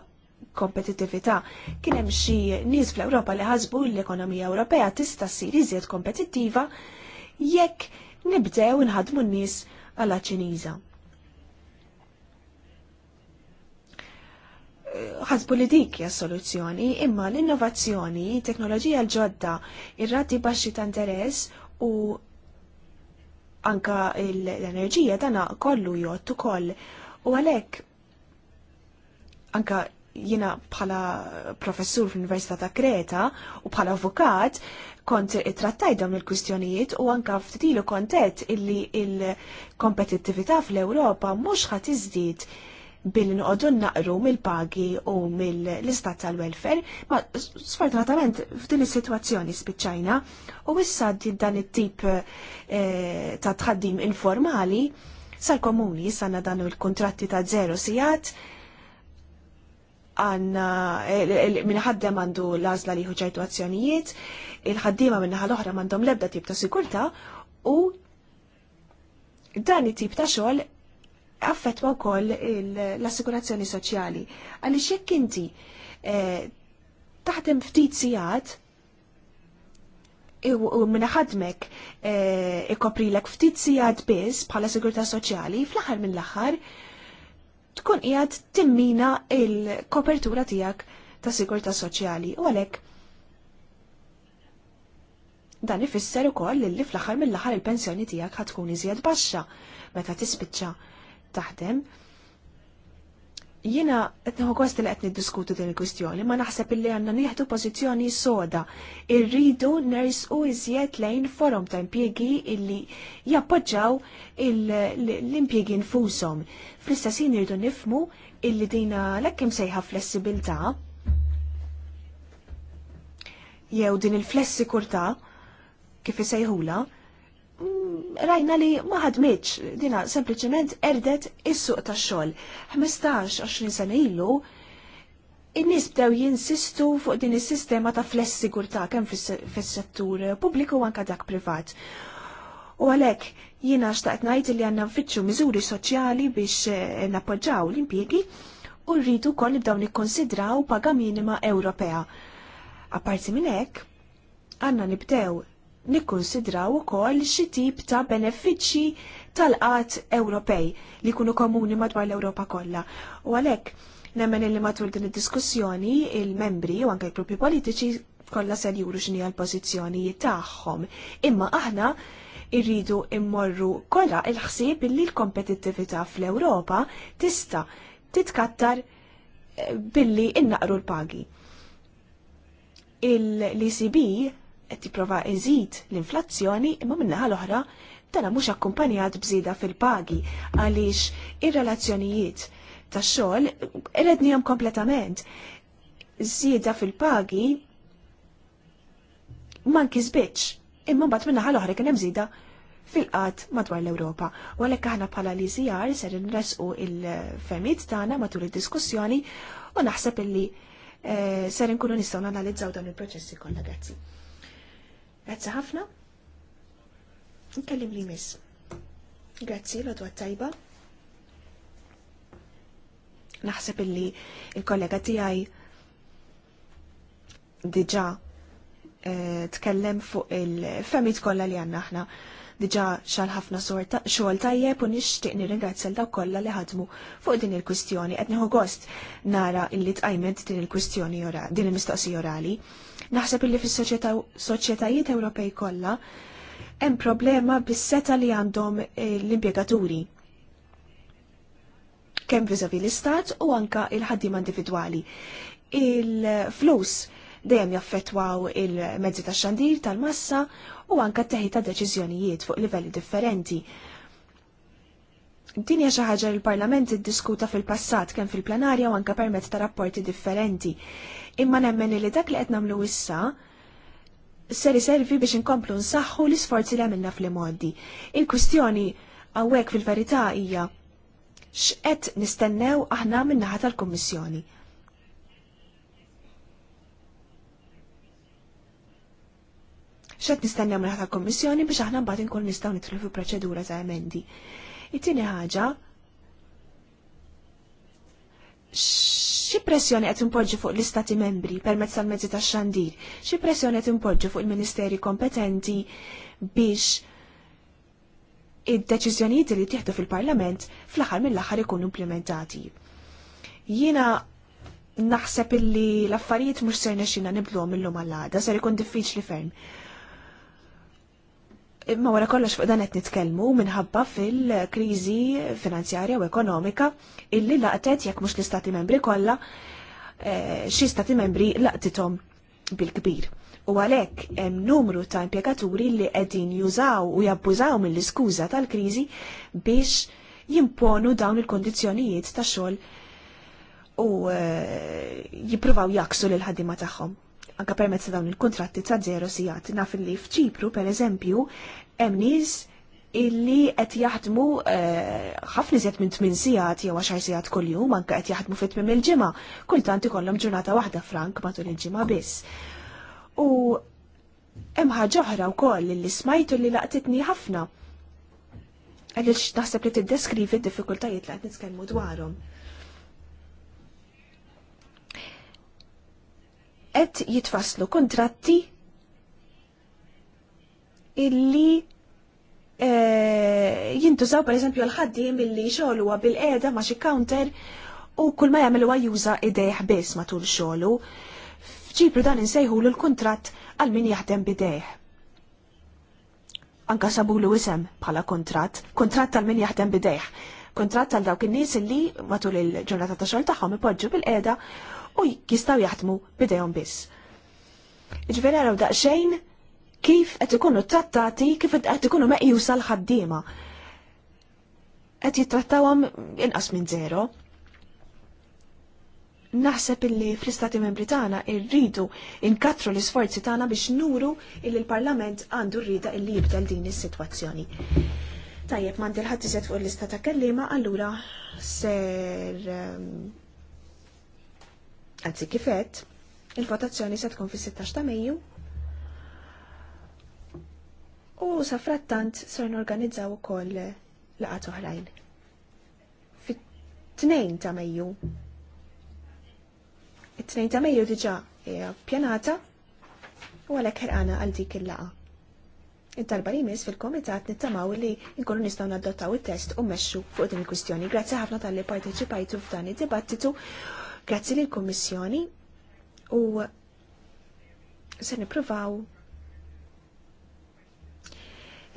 Speaker 3: kompetittività. Kien hemm xi nies fl-Ewropa li ħasbu l-ekonomija Ewropea tista' ssir iżjed kompetittiva jekk nibdew inħadmu n-nies għala Ċiniża. ħasbu li dik hija soluzzjoni, imma l-innovazzjoni, teknoloġija l-ġodda, ir-rati baxxi ta' interess u anka l-enerġija dana kollu jgħod ukoll. U għalhekk anka jiena bħala professur fl-Università ta' Kreta u bħala avukat kont trattaj dawn il-kwistjonijiet u anka ftitilu kontet illi il-kompetittività fl-Ewropa mhux ħadd iżdied billi noqogħdu naqru mill-pagi u mill-istat tal-welfare, ma sfortunatament f'din is-sitwazzjoni spiċċajna u issa dan it-tip eh, ta' tħaddim informali sal-komuni sanna dan il-kontratti ta' zero sijat għanna eh, minħaddem għandu lażla liħu ċertu azzjonijiet, il-ħaddima minnaħa l-oħra mandom lebda tip ta' sikurta u dan it-tip ta' xogħol affettwa wkoll l-assikurazzjoni soċjali. Għaliex jekk inti eh, taħdem ftit sijat, u minna ħadmek eh, ikoprilek ftit sijat biss bħala sigurtà soċjali fl-aħħar minn l-aħħar tkun qiegħed timmina il-kopertura tiegħek ta' sigurtà soċjali u għalhekk dan ifisser ukoll li fl-aħħar mill-aħħar il-pensjoni tiegħek ħatkun iżjed baxxa meta tispiċċa taħdem. Jiena qed nieħu kost li qed niddiskutu din il kustjoni ma naħseb illi għandna nieħdu pożizzjoni soda. Irridu nersqu iżjed lejn forum ta' impjiegi illi jappoġġaw l-impjiegi nfushom. Fl-istess ħin irridu nifmu illi dina lekkim sejħa flessibilità jew din il flessi kurta, kif isejħula, Mm, rajna li ma ħadmitx, dina sempliciment erdet is-suq tax-xogħol. 15-20 sena ilu, in-nies bdew jinsistu fuq din is-sistema ta' flessigurtà kemm fis-settur pubbliku u anke dak privat. U għalhekk jiena xtaqt ngħid li għandna nfittxu miżuri soċjali biex eh, nappoġġaw l-impjiegi u rridu wkoll nibdew nikkonsidraw paga minima Ewropea. Apparti minn hekk, għandna nibdew nikkonsidraw ukoll xi tip ta' benefiċċji tal-qat Ewropej li jkunu komuni madwar l-Ewropa kollha. U għalhekk nemmen li matul din id-diskussjoni il-membri u anke l-gruppi politiċi kollha se juru x'inhi l-pożizzjonijiet tagħhom. Imma aħna irridu immorru kollha il-ħsieb li l-kompetittività fl-Ewropa tista' titkattar eh, billi innaqru l-pagi. Il-ECB qed jipprova iżid l-inflazzjoni imma minnaħa l-oħra tana mhux akkumpanjat bżida fil-pagi għaliex ir-relazzjonijiet tax-xogħol rednihom kompletament. Żieda fil-pagi ma nkisbitx imma mbagħad minnaħa l-oħra kien hemm żieda fil-qat madwar l-Ewropa. U għalhekk aħna bħala li ser inresqu il-femijiet tagħna matul id-diskussjoni u naħseb illi eh, ser nkunu nistgħu analizzaw dawn il-proċessi kollha grazzi. Grazzi ħafna. Nkellim li miss. Grazzi, l tajba. Naħseb illi il-kollega tijaj diġa eh, tkellem fuq il-femit kolla li għanna ħna diġa xal ħafna xogħol tajjeb u nixtieq nirringrazzja l dawk kollha li ħadmu fuq din il-kwistjoni qed nieħu gost nara illi tqajmet din il-kwistjoni din il-mistoqsija orali. Naħseb illi fis-soċjetajiet Ewropej kollha hemm problema bis-seta li għandhom eh, l-impjegaturi kemm viżavi l-istat u anka il-ħaddim individwali. Il-flus dejjem jaffettwaw il-mezzi ta' xandir tal-massa u anka teħi ta' deċiżjonijiet fuq livelli differenti. Din hija xi ħaġa l-Parlament iddiskuta fil-passat kemm fil-plenarja u anka permezz ta' rapporti differenti imma nemmen li dak li qed nagħmlu issa ser iservi biex inkomplu nsaħħu l-isforzi li għamilna fl-modi. Il-kwistjoni għawek fil-verità hija x'qed nistennew aħna min-naħa tal-Kummissjoni. X'qed nistennew mraħ tal kommissjoni biex aħna mbagħad inkun nistgħu nidħlu fi proċedura ta' emendi. It-tieni ħaġa xi pressjoni qed impoġġi fuq l-istati membri permezz tal-mezzi tax-xandir, xi pressjoni qed impoġġi fuq il-ministeri kompetenti biex id-deċiżjonijiet li tieħdu fil-Parlament fl-aħħar mill-aħħar ikunu implementati. Jiena naħseb illi l-affarijiet mhux ser nexxina nibdluhom illum għall-għada, ser ikun diffiċli ferm. Imma wara kollox fuq dan qed nitkellmu minħabba fil-kriżi finanzjarja u ekonomika illi laqtet jekk mhux l-istati membri kollha eh, xi stati membri laqtithom bil-kbir. U għalhekk hemm numru ta' impjegaturi li qegħdin jużaw u jabbużaw mill-iskuża tal-kriżi biex jimponu dawn il-kondizzjonijiet ta' xogħol u eh, jippruvaw jaksu lil ħaddiema tagħhom anka permezz dawn il-kontratti ta' zero sijat. Naf li f'Ċipru, per eżempju, hemm nies illi qed jaħdmu eh, ħafna iżjed minn tmien sigħat jew għaxar sigħat kuljum anke qed jaħdmu fit tmiem il-ġimgħa, kultant ikollhom ġurnata waħda frank matul il-ġimgħa biss. U hemm ħaġa oħra wkoll li smajtu li laqtitni ħafna. Għaliex naħseb li tiddeskrivi d-diffikultajiet li qed nitkellmu dwarhom qed jitfaslu kontratti illi e, jintużaw per eżempju l-ħaddim illi xogħol bil-qiegħda ma' xi counter u kull ma jagħmel huwa juża idejh biss matul xogħlu. F'ċipru dan insejħulu l kuntratt għal min jaħdem bidejh. Anka sabulu isem bħala kontratt, kontratt għal min jaħdem bidejh. Kontratt għal dawk in-nies illi matul il-ġurnata ta' xogħol tagħhom ipoġġu bil-qiegħda u jistaw jaħdmu bidejhom biss. Iġveri għaraw daqxejn kif qed ikunu trattati, kif qed ikunu meqjusa l-ħaddiema. Qed jittrattawhom inqas minn zero. Naħseb illi fl-Istati Membri tagħna rridu inkatru l-isforzi tagħna biex nuru illi l-Parlament għandu rrida illi jibdel din is-sitwazzjoni. Tajjeb m'għandi l iżed fuq l istata ta' kellima, allura ser ehm, Għazzi kifet, il-votazzjoni se tkun fis-16 ta' Mejju. U sa frattant ser norganizzaw ukoll laqat oħrajn. Fit-2 ta' Mejju. It-2 ta' Mejju diġà hija pjanata u għalhekk ħerqana għal dik il-laqa. Id-darba jmiss fil-komitat nittamaw li nkunu nistgħu naddottaw it-test u mmexxu fuq din il-kwistjoni. Grazzi ħafna tal-li parteċipajtu f'dan id-dibattitu Grazzi lill kummissjoni u se nippruvaw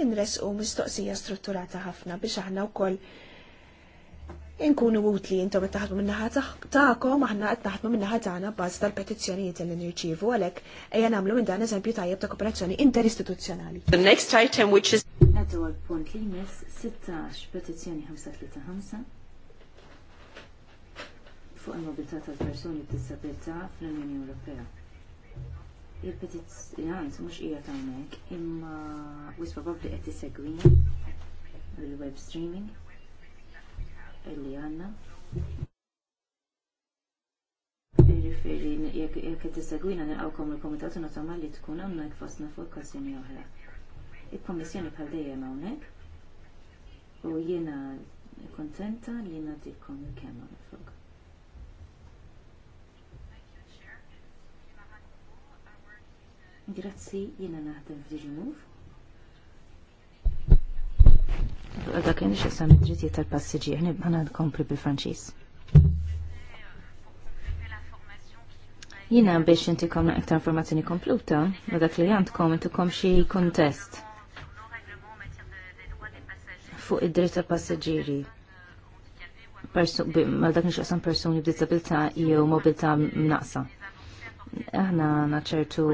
Speaker 3: inres u mistoqsija strutturata ħafna biex aħna wkoll inkunu utli intom qed taħdmu min-naħa tagħkom aħna qed naħdmu min-naħa tagħna bbażi tal-petizzjonijiet li nirċievu għalhekk ejja nagħmlu minn dan eżempju tajjeb ta' kooperazzjoni interistituzzjonali.
Speaker 4: The next item which is Għadu għal-punt li 16 535 fuq il-mobilità tal-persuni b'disabilità fl-Unjoni Ewropea. Il-petizzjant mhux qiegħed hawnhekk imma wis probabbli qed isegwina bil-web streaming illi għandna. Irriferi jekk qed tissegwina nilqgħukom il-Kumitat u nagħtama li tkun hawnhekk fostna fuq okkażjoni oħra. Il-Kummissjoni bħal dejjem hawnhekk u jiena kontenta li nagħtikom kemm fuq. Grazzi, jena naħdem f'Diġimov. Għadda kien xaqsam id dritti tal-passiġi, ħni bħana nkompli bil-Franċis. Jina biex inti komna iktar informazzjoni kompluta, ma dak li għandkom kom xie kontest fuq id-dritt tal-passiġiri mal dak nixqasam personi b'dizabilta jew mobilta mnaqsa. Aħna naċertu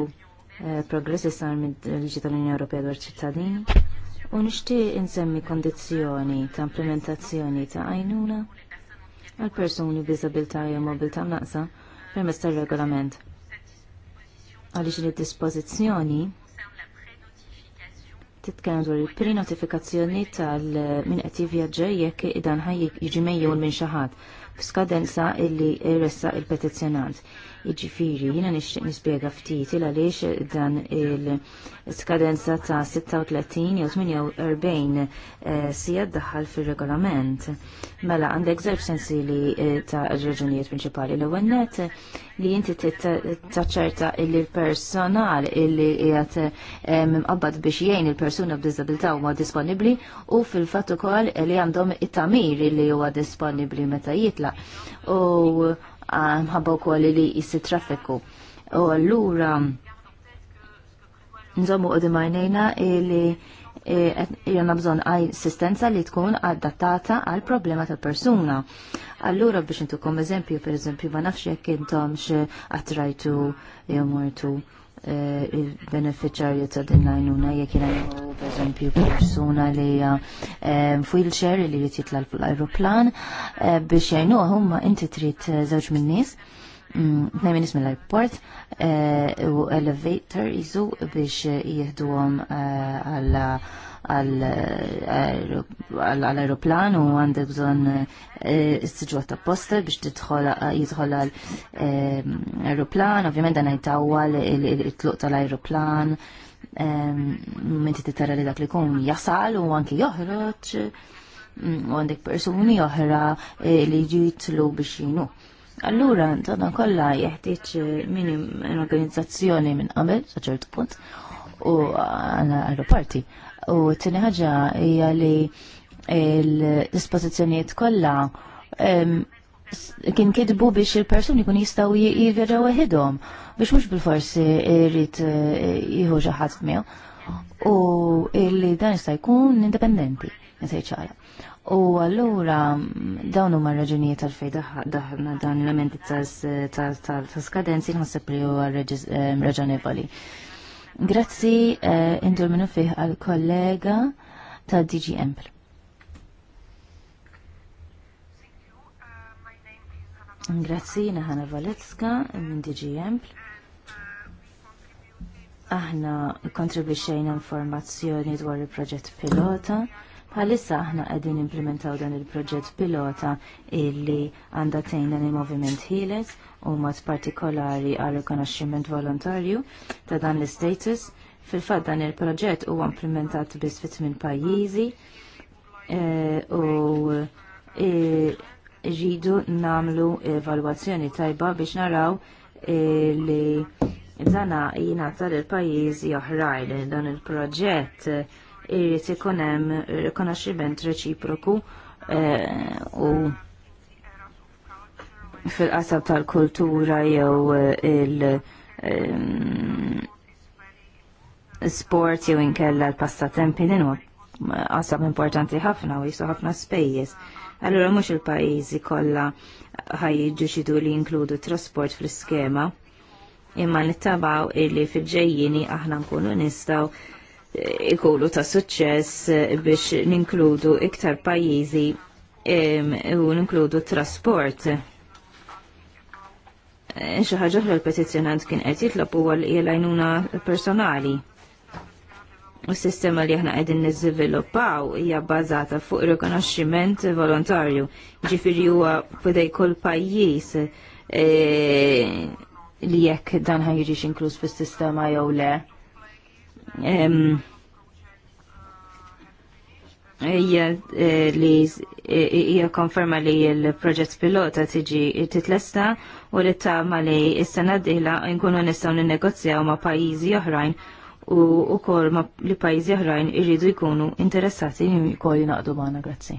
Speaker 4: Eh, progress li sar mid-liġi tal-Unjoni Ewropea dwar ċittadin u nixtieq insemmi kondizzjoni ta' implementazzjoni ta' għajnuna għal persuni b'diżabilità jew mobilità naqsa permezz tar-regolament. Għaliex li dispożizzjoni titkellem dwar il prenotifikazzjoni notifikazzjoni tal-min qed jivvjaġġa jekk idan ħaj jiġi mejjew minn xi ħadd f'skadenza illi jressa il-petizzjonant. il petizzjonant Jiġifieri jiena nixtieq nispjega ftit il għaliex dan il-skadenza ta' 36 jew 48 eh, sija d-daħal fir-regolament. Mela għandek żewġ sensi li eh, ta' raġunijiet prinċipali l-ewwel net li inti taċċerta l personal illi jgħat eh, mqabbad biex jgħin il-persuna b'diżabilità huma disponibbli u fil-fatt ukoll li għandhom it-tamir li huwa disponibbli meta jitlaq. U mħabba wkoll li jissi traffiku. U allura nżommu u dimajnejna li e, jonna bżon assistenza li tkun adattata għal problema tal-persuna. Allura biex kom eżempju, per eżempju, ma nafx jekk xe għattrajtu jew mortu Eh, il-beneficjarju ta' din l-għajnuna jek jena per eżempju persuna li hija f'wheelchair eh, li jrid l-aeroplan eh, biex jgħinuha huma inti trid żewġ minnis nies mm, Nejn minn l-airport u elevator jizu biex għom għalla għall-aeroplan u għandek bżon eh, istiġwa ta' poster biex eh, jidħol għall-aeroplan, eh, ovvjament dan jtawal il-tluq tal-aeroplan, minti tara li dak li kun jasal u għanki joħroġ mm, u għandek persuni oħra li jitlu biex jinu. Allura, tada kolla jeħtieġ minim organizzazzjoni minn qabel, saċertu punt, u għana aeroparti. U t-tini ħaġa hija li l-dispożizzjonijiet kollha kien kidbu biex il-persuni kun jistaw jivirra eħidhom biex mhux bil-forsi jrid e, jieħu xi ħadd miegħu u li dan jista' jkun indipendenti jisaj ċara. U allura dawn huma raġunijiet tal-fej daħna dan l amendi ta' skadenzi nħasseb li u raġonevoli. Grazzi eh, indur minnu fih għal kollega ta' DG Empl. Grazzi, naħana Valetska minn DG Empl. Aħna kontribuxejna informazzjoni dwar il-proġett pilota. Bħalissa aħna qegħdin implementaw dan il-proġett pilota illi għandha tgħin dan il-moviment ħieles u mat partikolari għal rikonoxximent volontarju ta' dan l-status. Fil-fatt dan il-proġett huwa implementat biss fit minn pajjiżi eh, u ġidu eh, namlu evalwazzjoni tajba biex naraw eh, li dana tal il pajjiżi oħrajn dan il-proġett irrid ikun hemm rikonoxximent reċiproku u fil-qasab tal-kultura jew eh, il- eh, mm, sport jew inkella l-passatempi din huwa qasab importanti ħafna u jisu ħafna spejjeż. Allura mhux il-pajjiżi kollha ħajġu xidu li jinkludu trasport fl-iskema imma nittabaw illi fil-ġejjini aħna nkunu nistgħu eh, ikulu ta' suċċess biex ninkludu iktar pajjiżi u ninkludu trasport Eh, xi ħaġa l-petizzjonant kien qed jitlob huwa li għajnuna personali. s sistema li aħna qegħdin niżviluppaw hija bbażata fuq rikonoxximent volontarju. Ġifieri huwa fidej kull pajjiż eh, li jekk dan ħajġix inkluż fis-sistema jew le. Eh, li eh, hija konferma li l-proġett pilota tiġi titlesta u li tama li s-sena d nkunu nistaw n-negozjaw ma' pajizi oħrajn u ukoll ma' li pajizi oħrajn irridu jkunu interessati li jkoll jinaqdu magħna grazzi.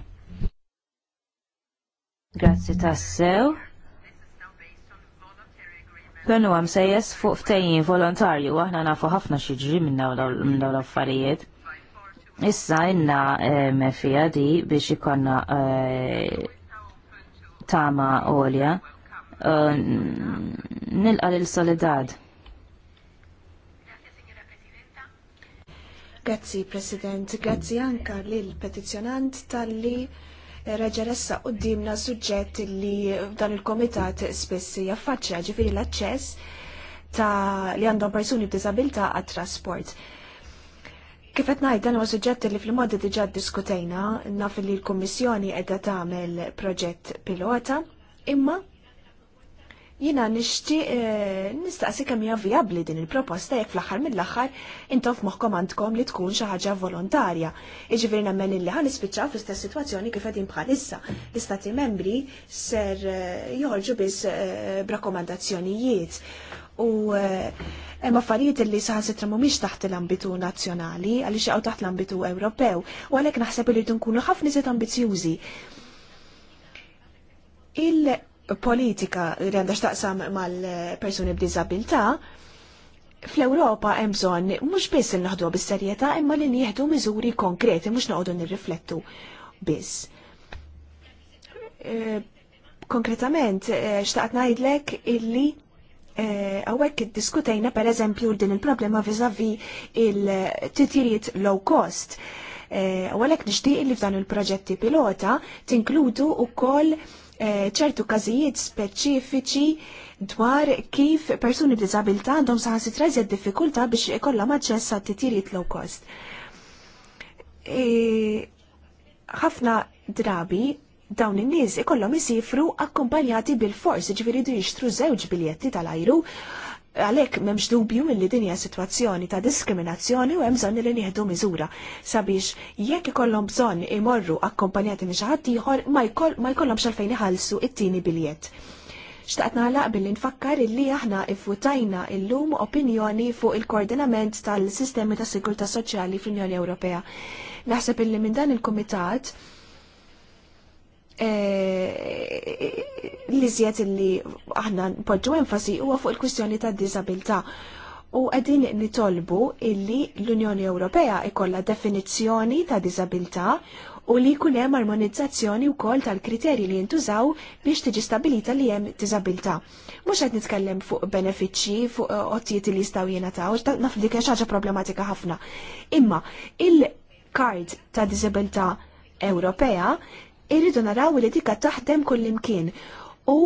Speaker 4: Grazzi tassew. Dan huwa msejjes fuq ftejjin volontarju aħna nafu ħafna xi ġri minn dawn l-affarijiet. Issa inna eh, fija di biex ikonna eh, tama olja eh, nilqa l-solidad.
Speaker 3: Grazzi, President. Grazzi anka l-petizjonant tal-li reġeressa u dimna suġġett li dan il-komitat spessi jaffaċċja ġifiri l acċess ta' li għandhom persuni b'disabilta għat-trasport. Kif qed ngħid dan huwa suġġetti li fil-modi diġà ddiskutejna, naf li l-Kummissjoni qiegħda tagħmel proġett pilota, imma jina nixtieq eh, nistaqsi kemm hija vijabbli din il-proposta jekk fl-aħħar mill-aħħar intom f'moħħkom għandkom li tkun xi ħaġa volontarja. Jiġifieri nemmen illi ħan nispiċċaw fl-istess sitwazzjoni kif qegħdin bħalissa. L-istati membri ser eh, joħorġu biss eh, b'rakkomandazzjonijiet u eh, hemm affarijiet li saħansitra mhumiex taħt l-ambitu nazzjonali għaliex jaqgħu taħt l-ambitu Ewropew u għalhekk naħseb li nkunu ħafna iżjed ambizzjużi. Il-politika li għandha x'taqsam mal-persuni b'diżabilità fl-Ewropa hemm bżonn mhux biss li naħduha bis-serjetà imma li nieħdu miżuri konkreti mhux noqogħdu nirriflettu biss. Eh, konkretament, eh, xtaqt ngħidlek illi Eh, għawek diskutajna per eżempju din il-problema vizavi il titiriet low cost. Eh, għawek nishtiq li f'dan il-proġetti pilota tinkludu u koll eh, ċertu kazijiet speċifiċi dwar kif persuni b'dizabilta għandhom saħansi trażja diffikulta biex ikollhom maċċessa t titjiriet low cost. ħafna drabi dawn in-nies ikollhom isifru akkompanjati bil-fors, ġifieri du jixtru żewġ biljetti tal-ajru, għalhekk m'hemmx dubju milli din hija sitwazzjoni ta' diskriminazzjoni u hemm bżonn li nieħdu miżura sabiex jekk ikollhom bżonn imorru akkompanjati minn xi ħadd ieħor ma jkollhomx għalfejn iħallsu it-tieni biljett xtaqt naħlaq billi nfakkar illi aħna ifwutajna illum opinjoni fuq il-koordinament tal-sistemi ta' sigurta soċjali fl-Unjoni Ewropea. Naħseb illi minn dan il-Kumitat Eh, li zjed li aħna poġġu enfasi huwa fuq il-kwistjoni ta' disabilità. U għedin nitolbu illi l-Unjoni Ewropea ikolla definizzjoni ta' disabilità u li kunem armonizzazzjoni u kol tal-kriterji li jintużaw biex tiġi stabilita li jem disabilta. Mux għed nitkellem fuq benefiċi, fuq eh, ottijiet li jistaw u naf dik xaġa problematika ħafna. Imma, il-kard ta' disabilta Ewropea irridu naraw li dikka taħdem kullimkien u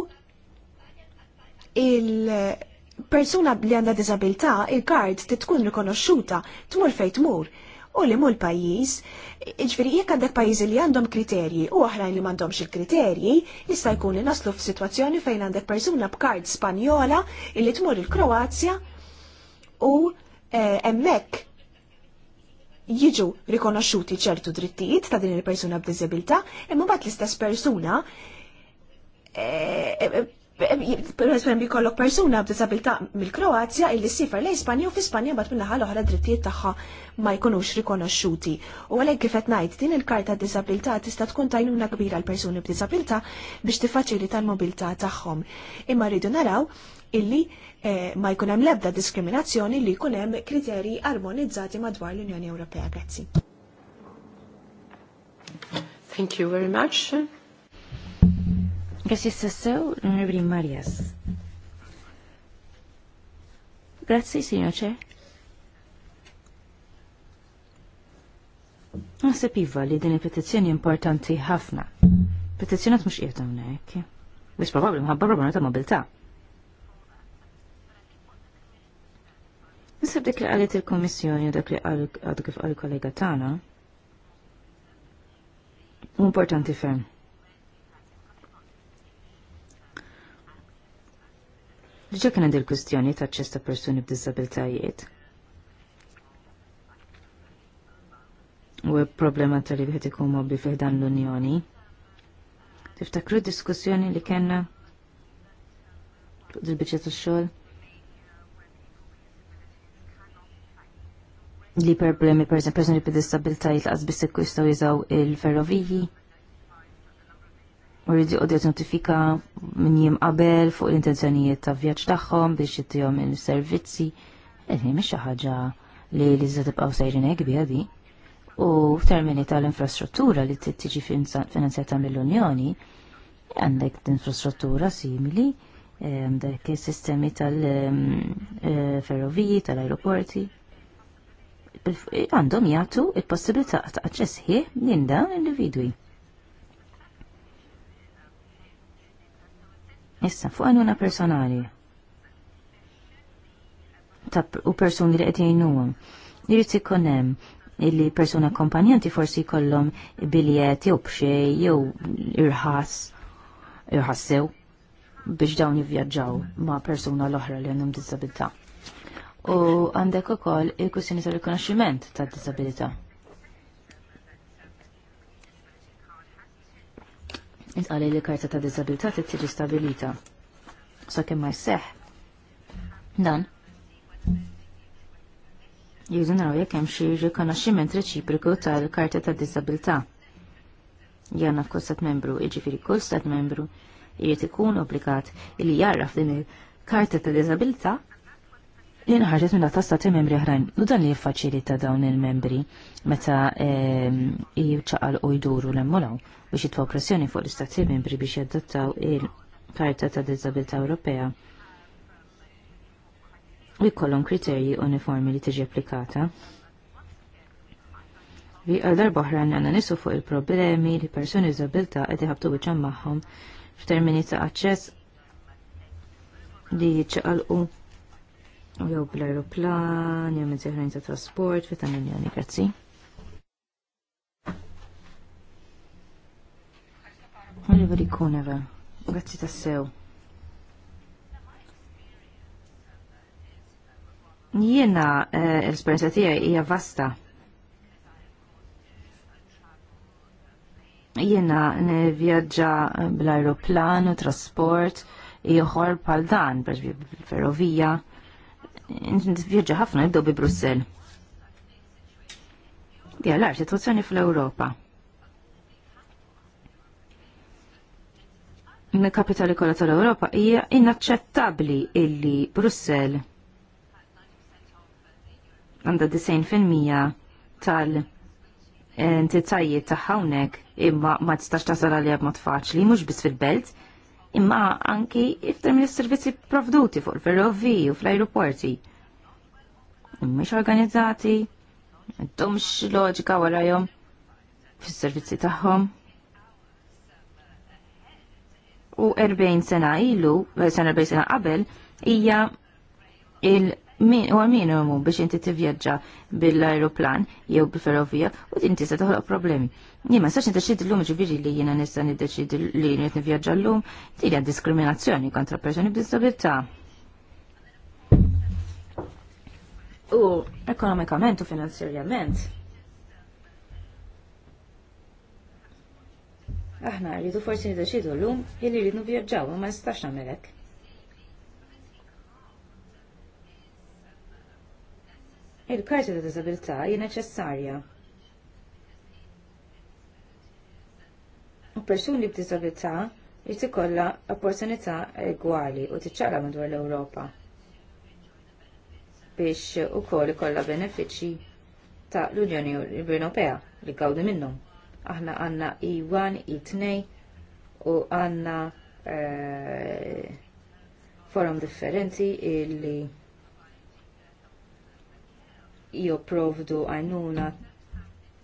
Speaker 3: il-persuna li għandha diżabilità, il-kard tkun rikonoxxuta tmur fejn tmur u li mu l-pajis, ġveri jek għandek pajis li għandhom kriterji u aħrajn li għandhom il-kriterji, jista' jkun li naslu f'sitwazzjoni fejn għandek persuna b'kard Spanjola illi tmur il-Kroazja u eh, emmek jiġu rikonoxxuti ċertu drittijiet ta' din il-persuna b'diżabilità, imma mbagħad l-istess persuna eh, eh, eh, Per bi kollok persuna b'disabilità mill-Kroazja illi sifar l-Ispanja u fi Spanja bat l oħra drittijiet tagħha ma jkunux rikonoxxuti. U għalhekk kif qed ngħid din il-karta disabilità tista' tkun tajnuna kbira l persuni b'disabilità biex tiffaċilita l-mobilità tagħhom. Imma rridu naraw illi eh, ma jkun hemm l-ebda diskriminazzjoni li jkun hemm kriterji armonizzati madwar l-Unjoni Ewropea. Grazzi.
Speaker 1: Thank you very much.
Speaker 4: Grazie stassew, l-Onorevoli Marias. Grazie, signor Cer. Nasib iva li din il-petizzjoni importanti ħafna. Petizzjonat mux qiegħed hawnhekk. probabli ma' mħabba problema ta' mobilità. Nisib dik li għalet il-Komissjoni dak li għad kif għal kollega tagħna. Importanti ferm. Diġa kien dil kustjoni ta' ċesta persuni b'dizabiltajiet. U problema tal li bħet ikum mobbi fiħdan l-Unjoni. Tiftakru diskussjoni li kena fuq il u xol. xogħol? li problemi per esempio persuni b'disabilità jitlaqas biss ikku jistgħu jużaw il-ferroviji. U rridu qogħdu notifika min jiem qabel fuq l-intenzjonijiet ta' vjaġġ tagħhom biex jittihom il-servizzi. Edi mhix xi ħaġa li li żda tibqgħu sejrin hekk biha U f'termini tal-infrastruttura li tiġi finanzjata mill-Unjoni, għandek infrastruttura simili, għandek sistemi tal-ferroviji, ehm, eh, tal-aeroporti, għandhom jagħtu il-possibilità ta' aċċess ħieħ minn dan individwi Issa, fuq għanuna personali u personi li qed jgħinuhom. Irid ikun hemm illi persuna kompanjanti forsi jkollhom biljet jew b'xej jew irħas irħassew biex dawn jivvjaġġaw ma' persuna l-oħra li għandhom disabilità u għandek ukoll il kwissjoni tal-rikonoxximent tad-disabilità. Intqali li karta ta' disabilità tiġi stabilita. So kemm ma jseħ. Dan. Jiġu raw jekk hemm xi rikonoxximent reċipriku tal-karta ta' disabilità. Jana f'kull stat membru, jiġifieri kull stat membru jrid ikun obbligat li jarraf din il-karta ta' disabilità li nħarġet minna ta' stati membri ħrajn. U dan li jiffaċilita dawn il-membri meta jibċaqal ehm, u jduru l-emmolaw biex jitfaw pressjoni fuq l-istati membri biex jaddattaw il-Karta ta' dizabilta' Ewropea u jkollhom kriterji uniformi li tiġi applikata. Li għal darba oħrajn għandna nisu fuq il-problemi li persuni dizabilta qed iħabtu biċan magħhom f'termini ta' aċċess li jiċċaqalqu jew bl-aeroplan, jew mezzi oħrajn ta' trasport, fetan l-Unjoni, grazzi. Għalli li kuneva, grazzi ta' sew. Jiena eh, l-esperienza tiegħi hija vasta. Jiena vjaġġa bl-aeroplan u trasport ieħor bħal dan, biex ferrovija. ferrovija Vjaġġa ħafna jibdew bi Brussell. Ja l-ar situazzjoni fl-Ewropa. Me kapitali kollha tal europa hija inaċċettabbli illi Brussell għandha 90% tal- entitajiet ta' hawnhekk imma ma tistax tasal għalija b'mod faċli, mhux biss fil-belt, imma anki f'termini il servizzi provduti fuq il ferroviju u fl-aeroporti. Mhix organizzati, domx loġika warajhom fis-servizzi tagħhom. U 40 sena ilu, eh, sena 40 sena qabel, hija il- min u minimu biex inti tivvjaġġa bil ajruplan jew bil-ferrovija u din tista' toħloq problemi. Jien ma sax nid-deċid l-lum ġibiri li jina nista nid-deċid li nrid nivvjaġġa l-lum, tiri diskriminazzjoni kontra persuni b'disabilità. U ekonomikament u finanzjarjament. Aħna rridu forsi niddeċidu l-lum li rridu u ma nistax nagħmel hekk. Il-karta ta' disabilità jina ċessarja. u persuni b'diżabilità jrid ikollha opportunità egwali u tiċċara madwar l-Ewropa biex ukoll kolla benefiċċji ta' l-Unjoni Ewropea li gawdi minnhom. Aħna għandna I1, e I2 e u għandna eh, forum differenti illi provdu għajnuna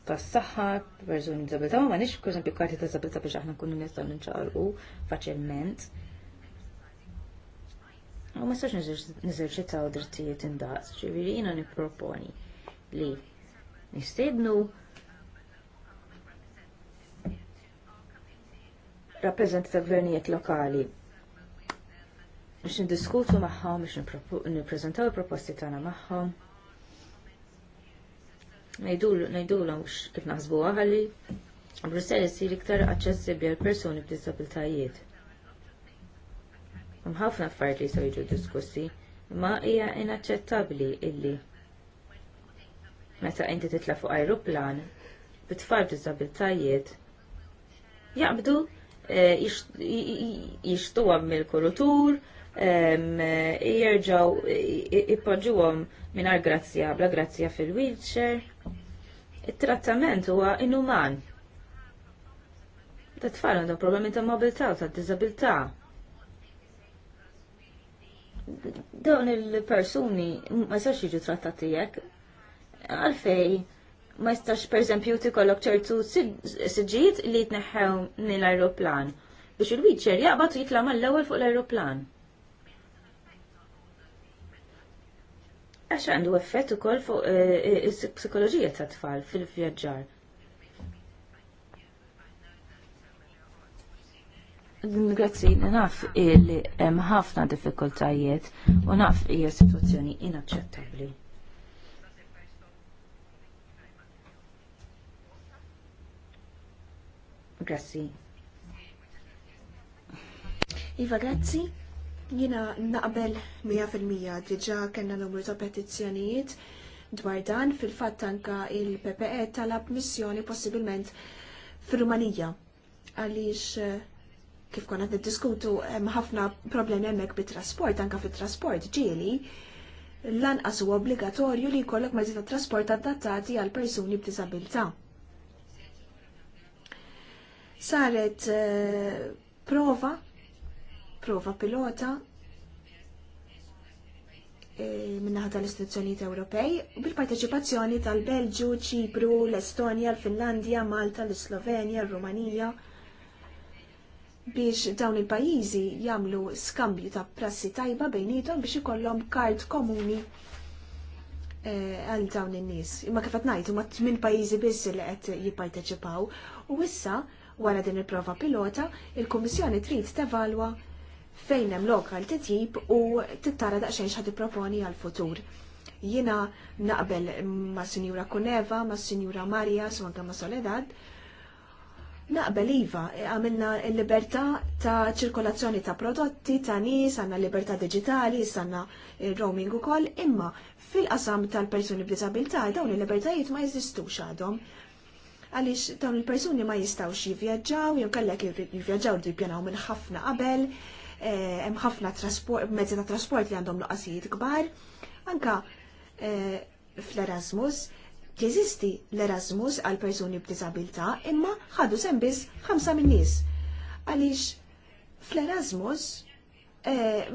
Speaker 4: tas-saħħa, persuni diżabilità, ma nix per karti ta' diżabilità biex aħna nkunu nistgħu ninċaqalqu faċilment. U ma nistax niżerċitaw drittijiet indaqs, ġifieri jiena nipproponi li nistednu rappreżentativ gvernijiet lokali biex nidiskutu magħhom, biex nippreżentaw il-proposti tagħna magħhom Najdulhom kif naħsbuha għalli, Brussell isir iktar aċċessibbli għal persuni b'disabilitajiet. Hemm ħafna affarijiet li jistgħu jiġu diskussi, imma hija inaċċettabbli illi meta inti titla' fuq ajruplan bit-tfal b'disabilitajiet jaqbdu eh, jixtuhom mill-kurutur, eh, jerġgħu ippoġġuhom mingħajr grazzja bla grazzja fil-wheelchair it-trattament huwa inuman. Ta' tfal għandhom problemi ta' mobilità u ta' disabilità. Dawn il-persuni ma jistax jiġu trattati jekk. Għalfej, ma jistax perżempju ti tikollok ċertu siġġiet li jitneħħew mill ajruplan biex il wiċċer jaqbad jitla mal-ewwel fuq l ajruplan għax għandu effett ukoll fuq is-psikoloġija eh, eh, eh, ta' tfal fil-vjaġġar. Grazzi, naf li hemm ħafna diffikultajiet u naf hija sitwazzjoni inaċċettabbli. Grazzi.
Speaker 3: Iva, grazzi. Jina naqbel 100% diġa kena numru ta' petizzjonijiet dwar dan fil-fatt tanka il-PPE talab missjoni possibilment fir-Rumanija. Għaliex eh, kif konna diskutu hemm ħafna problemi hemmhekk bit-trasport, anka fit-trasport ġieli, lanqas u obbligatorju li jkollok mezzi ta' trasport adattati għal persuni b'disabilità. Saret eh, prova prova pilota eh, minnaħa tal-istituzzjonijiet Ewropej u bil-parteċipazzjoni tal-Belġu, Ċipru, l-Estonja, l-Finlandja, Malta, l-Slovenja, l-Rumanija biex dawn il-pajjiżi jagħmlu skambju ta' prassi tajba bejnietom biex ikollhom kart komuni eh, għal dawn in-nies. Imma kif qed ngħid huma tmien pajjiżi biss li qed jipparteċipaw u issa wara din il-prova pilota, il-Kummissjoni trid tevalwa fejn hemm lokal titjib u tittara daqsxejn x'ħad proponi għal-futur. Jiena naqbel ma' Sinjura Kuneva, ma' Sinjura Marja, anke ma' Soledad, Naqbel iva, għamilna l-libertà ta' ċirkolazzjoni ta' prodotti, ta' nies, għandna libertà digitali, għandna roaming ukoll, imma fil-qasam tal-persuni b'diżabilità dawn il-libertajiet ma jeżistux għadhom. Għaliex dawn il-persuni ma jistawx jivvjaġġaw, jew kellek jivvjaġġaw jivvjaġġaw minn ħafna qabel, Eh, hemm ħafna mezzi ta' trasport li għandhom nuqqasijiet kbar. Anka eh, fl-Erasmus jeżisti l-Erasmus għal persuni b'disabilità imma ħadu sem biss ħamsa min nies. Għaliex fl-Erasmus eh,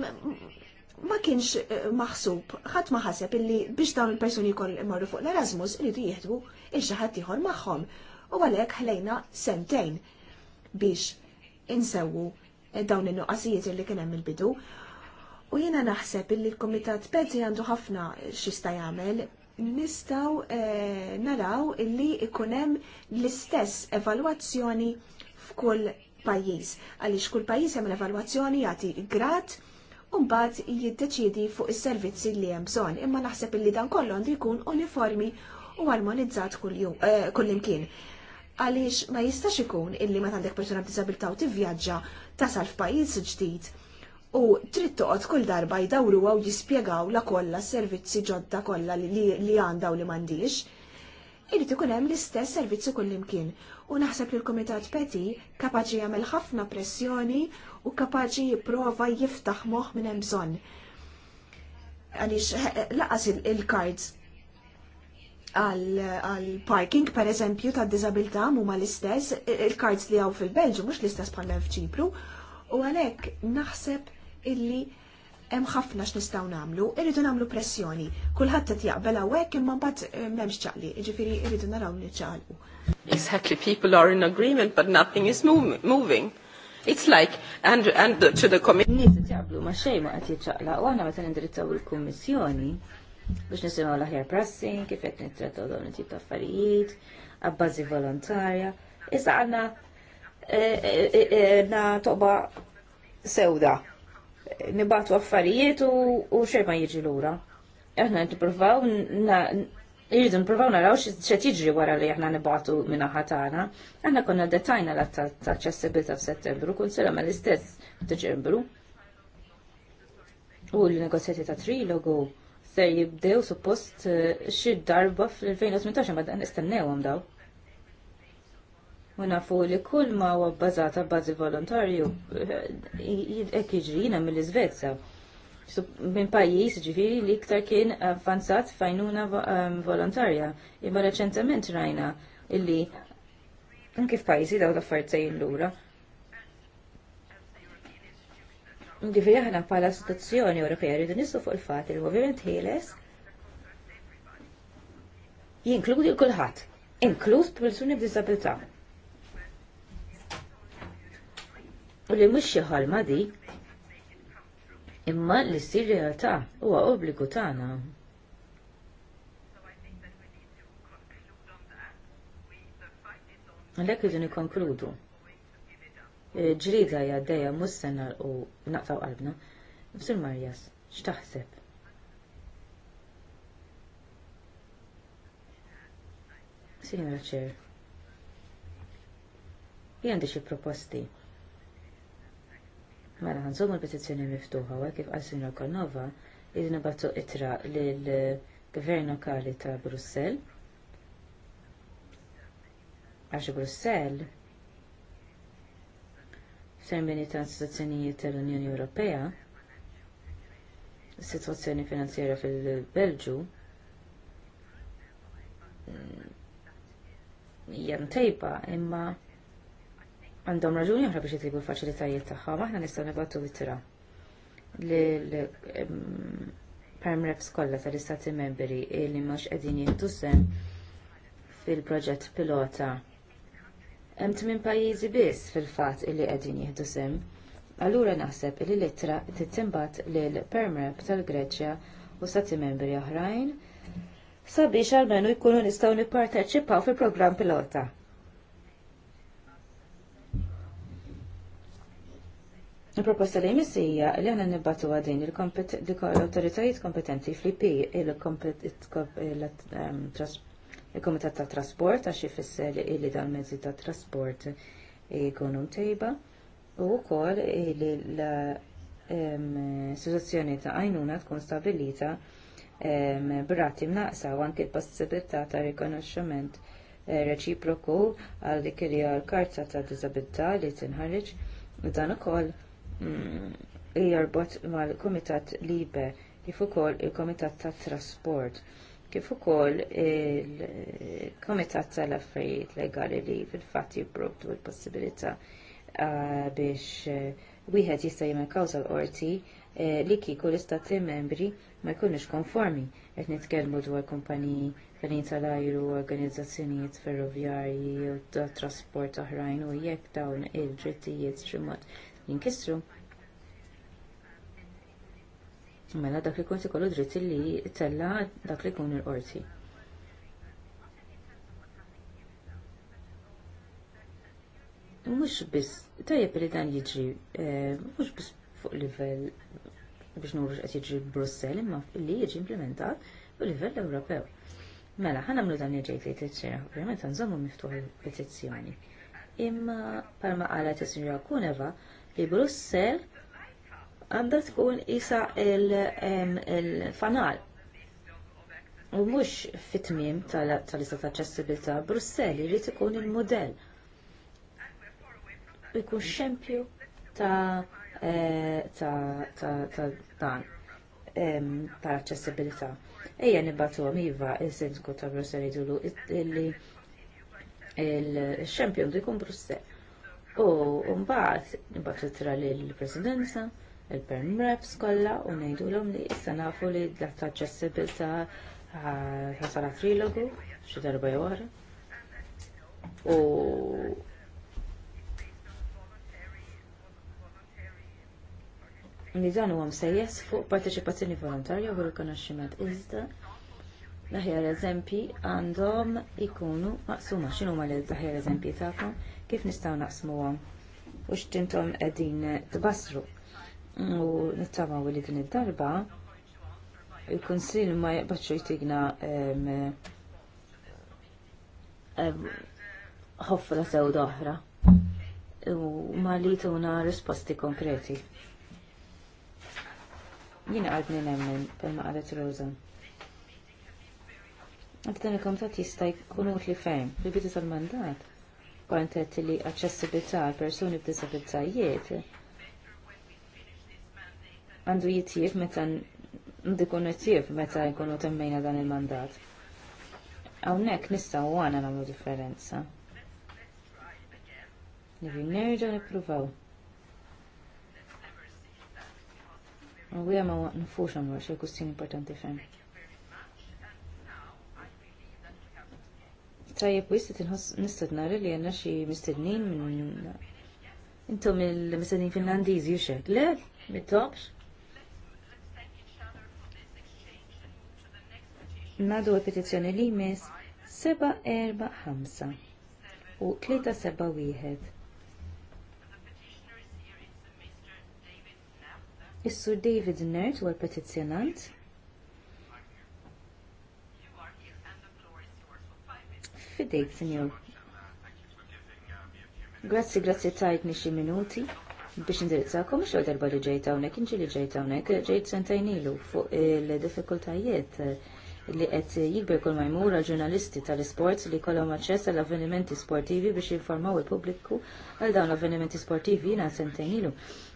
Speaker 3: ma kienx maħsub, ħadd ma ħaseb illi biex dawn il-persuni jkoll imorru fuq l-Erasmus iridu jieħdu xi ħadd ieħor magħhom. U għalhekk ħlejna sentejn biex insewwu dawn il nuqqasijiet li kien hemm il-bidu. U jiena naħseb illi l-Komitat Pezzi għandu ħafna xista jagħmel nistaw eh, naraw illi hemm l-istess evalwazzjoni f'kull pajjiż. Għaliex kull pajjiż hemm l-evalwazzjoni jagħti grad u mbagħad jiddeċiedi fuq is-servizzi li hemm bżonn, imma naħseb illi dan kollu għandu jkun uniformi u armonizzat eh, kull imkien. Għaliex ma jistax ikun illi ma għandek persuna b'diżabilità u tivvjaġġa tasal f'pajjiż ġdid u trid toqgħod kull darba jdawru u jispjegaw la kollha s-servizzi ġodda kollha li għandha u li m'għandix. Irid ikun hemm l-istess servizzi kullimkien u naħseb li l-Kumitat Peti kapaċi jagħmel ħafna pressjoni u kapaċi jipprova jiftaħ moħħ minn hemm bżonn Għaliex eh, eh, laqas il-cards għal parking per eżempju ta' disabilità mu ma l-istess, il-kards li għaw fil-Belġu mux l-istess bħal f'Ċipru, u għalek naħseb illi hemm ħafna x'nistgħu nagħmlu, irridu nagħmlu pressjoni. Kulħadd qed jaqbel hawnhekk imma mbagħad eh, m'hemmx ċaqli, jiġifieri irridu naraw niċċaqlqu.
Speaker 1: Exactly, people are in agreement but nothing is moving. It's like and and
Speaker 4: to the committee. Nies jaqblu ma' xejn ma qed jiċċaqla u aħna meta nindirizzaw il-kummissjoni biex nisimaw l-aħjar prassi, kif qed nittrattaw dawn it-tip ta' affarijiet, abbażi volontarja. Issa għandna e, e, e, na toqba sewda. Nibatu affarijiet u xejn ma jiġi lura. Aħna nippruvaw Irridu nipruvaw naraw xe tiġri wara li aħna nibatu minna ħatana. Għanna konna detajna l ta' ċessibilta f'Settembru, kun sera l istess Ġembru. U l-negozjati ta' trilogu ser jibdew suppost eh, xi darba fl-2018 ma dan nistennewhom daw. U nafu li kull ma huwa bbażata bażi volontarju eh, hekk jiġri mill-Iżvezja. Minn pajjiż ġifieri li iktar kien avvanzat fajnuna ehm, volontarja. Imma reċentement rajna illi anke f'pajjiżi daw l-affarijiet sejjin lura. Ġifieri aħna bħala Istituzzjoni Ewropea rridu nisu fuq il-fatt li l-moviment ħieles jinkludi kulħadd, inkluż persuni b'diżabilità. U li mhux xi ħolma di imma li ssir realtà huwa obbligu tagħna. Għalhekk irridu nikkonkludu ġrida jaddeja mhux se nagħlqu naqtaw qalbna. Sur Marjas, x'taħseb? Signora Chair, jien għandi xi proposti. Mela ħanżommu l-petizzjoni miftuħa u kif qal Signora Kornova, li nibgħatu ittra lill-Gvern Lokali ta' Brussell. Għax Brussell f'termini ta' istituzzjonijiet tal-Unjoni Ewropea, is-sitwazzjoni finanzjarja fil-Belġu eh, hija tejba, imma għandhom raġuni oħra biex jitlibu l-faċilitajiet tagħha, aħna nistgħu nibgħatu li l-Prime Reps kollha tal-Istati Membri li mhux qegħdin jieħdu fil-proġett pilota hemm tmien pajjiżi biss fil-fatt illi qegħdin jieħdu sem. Allura naħseb li l-ittra tittimbat lil permrep tal-Greċja u stati membri oħrajn sabiex għalmenu jkunu nistgħu nipparteċipaw fil-programm pilota. Il-proposta li jmissija li għana nibbatu għadin l-autoritajiet kompetenti fl-IP, il-trasport, il-Komitat ta' Trasport għax ifisser li dan mezzi ta' trasport jkunu mtejba u wkoll li l sitwazzjoni ta' għajnuna tkun stabilita b'rati mnaqsa u anke l-possibilità ta' rikonoxximent eh, reċiproku għal dik li għal karta ta' diżabilità li tinħarġ dan ukoll mm, jorbot mal-Kumitat Libe kif ukoll il-Kumitat tat Trasport kif ukoll il-Komitat tal-Affarijiet Legali li fil-fatt jipprovdu l-possibilità eh, biex eh, wieħed jista' jagħmel kawża l-qorti eh, li kieku l-istati membri ma jkunux konformi qed nitkellmu dwar kumpaniji fejn tal-ajru organizzazzjonijiet ferroviarji u trasport oħrajn u jekk dawn il-drittijiet xi jinkisru Mela dak li kun si kollu dritt li tella dak li kun il-qorti. Mhux biss, tajjeb li dan jiġri, eh, mhux biss fuq livell biex nuru qed jiġri Brussell imma li jiġi implementat fuq livell Ewropew. Mela, ħanamlu dan li li t-ċerħ, ovvjament għanżommu miftuħ il-petizzjoni imma palma għala t sinjora Kuneva li Brussel għandha tkun isa il-fanal. U mhux fit-tmiem tal-isa ta' ċessibilità Brusselli jrid ikun il-mudell. Ikun xempju ta' eh, dan tal-aċċessibilità. Ejja nibatu iva il-sindku ta' Brusselli Dulu illi il-xempjon jkun Brussel. U mbagħad nibatu tra lill-Presidenza il-perm reps kollha u ngħidulhom li issa nafu li dak ta' aċċessibilità ah, ħasara trilogu xi darba jew oħra. U li huwa msejjes fuq parteċipazzjoni volontarja u rikonoxximent iżda l-aħjar eżempji għandhom ikunu maqsuma x'inhuma l-aħjar eżempji tagħkom kif nistgħu naqsmuhom u x'tintom qegħdin tbassru U nittamaw li din id-darba il-Konsil ma jaqbaċċu jtigna ħoffra sew doħra u ma li tuna risposti konkreti. Jina għadni nemmen ma għadet Rosa. Għaddan il-komitat jista' jkun utli fejn li bidu tal-mandat. Kwantet li aċċessibilità għal persuni b'disabilitajiet għandu jitjif meta ndikun jitjif meta jkunu temmejna dan il-mandat. Għawnek nistaw għana namlu differenza. Nivi nerġa nipruvaw. U għu ma nfux għamur xie kustin importanti fejn. Tajjeb, wistet nistat narri li għanna xie mistednin minn Intom il-mistednin finlandizi u xek, le, mittobx? Nadu petizzjoni li jmiss 745 u 371. Is-sur David Nert u l Fidejt, senjor. Grazzi, grazzi tajt nixi minuti biex indirizzakom xo darba li ġejta unek, inġi li ġejta unek, ġejt sentajnilu fuq il-difikultajiet li qed jikber kull majmur għal ġurnalisti tal-isports li jkollhom aċċess għall avvenimenti sportivi biex jinformaw il-pubbliku għal dawn l-avvenimenti sportivi jiena sentejn ilu.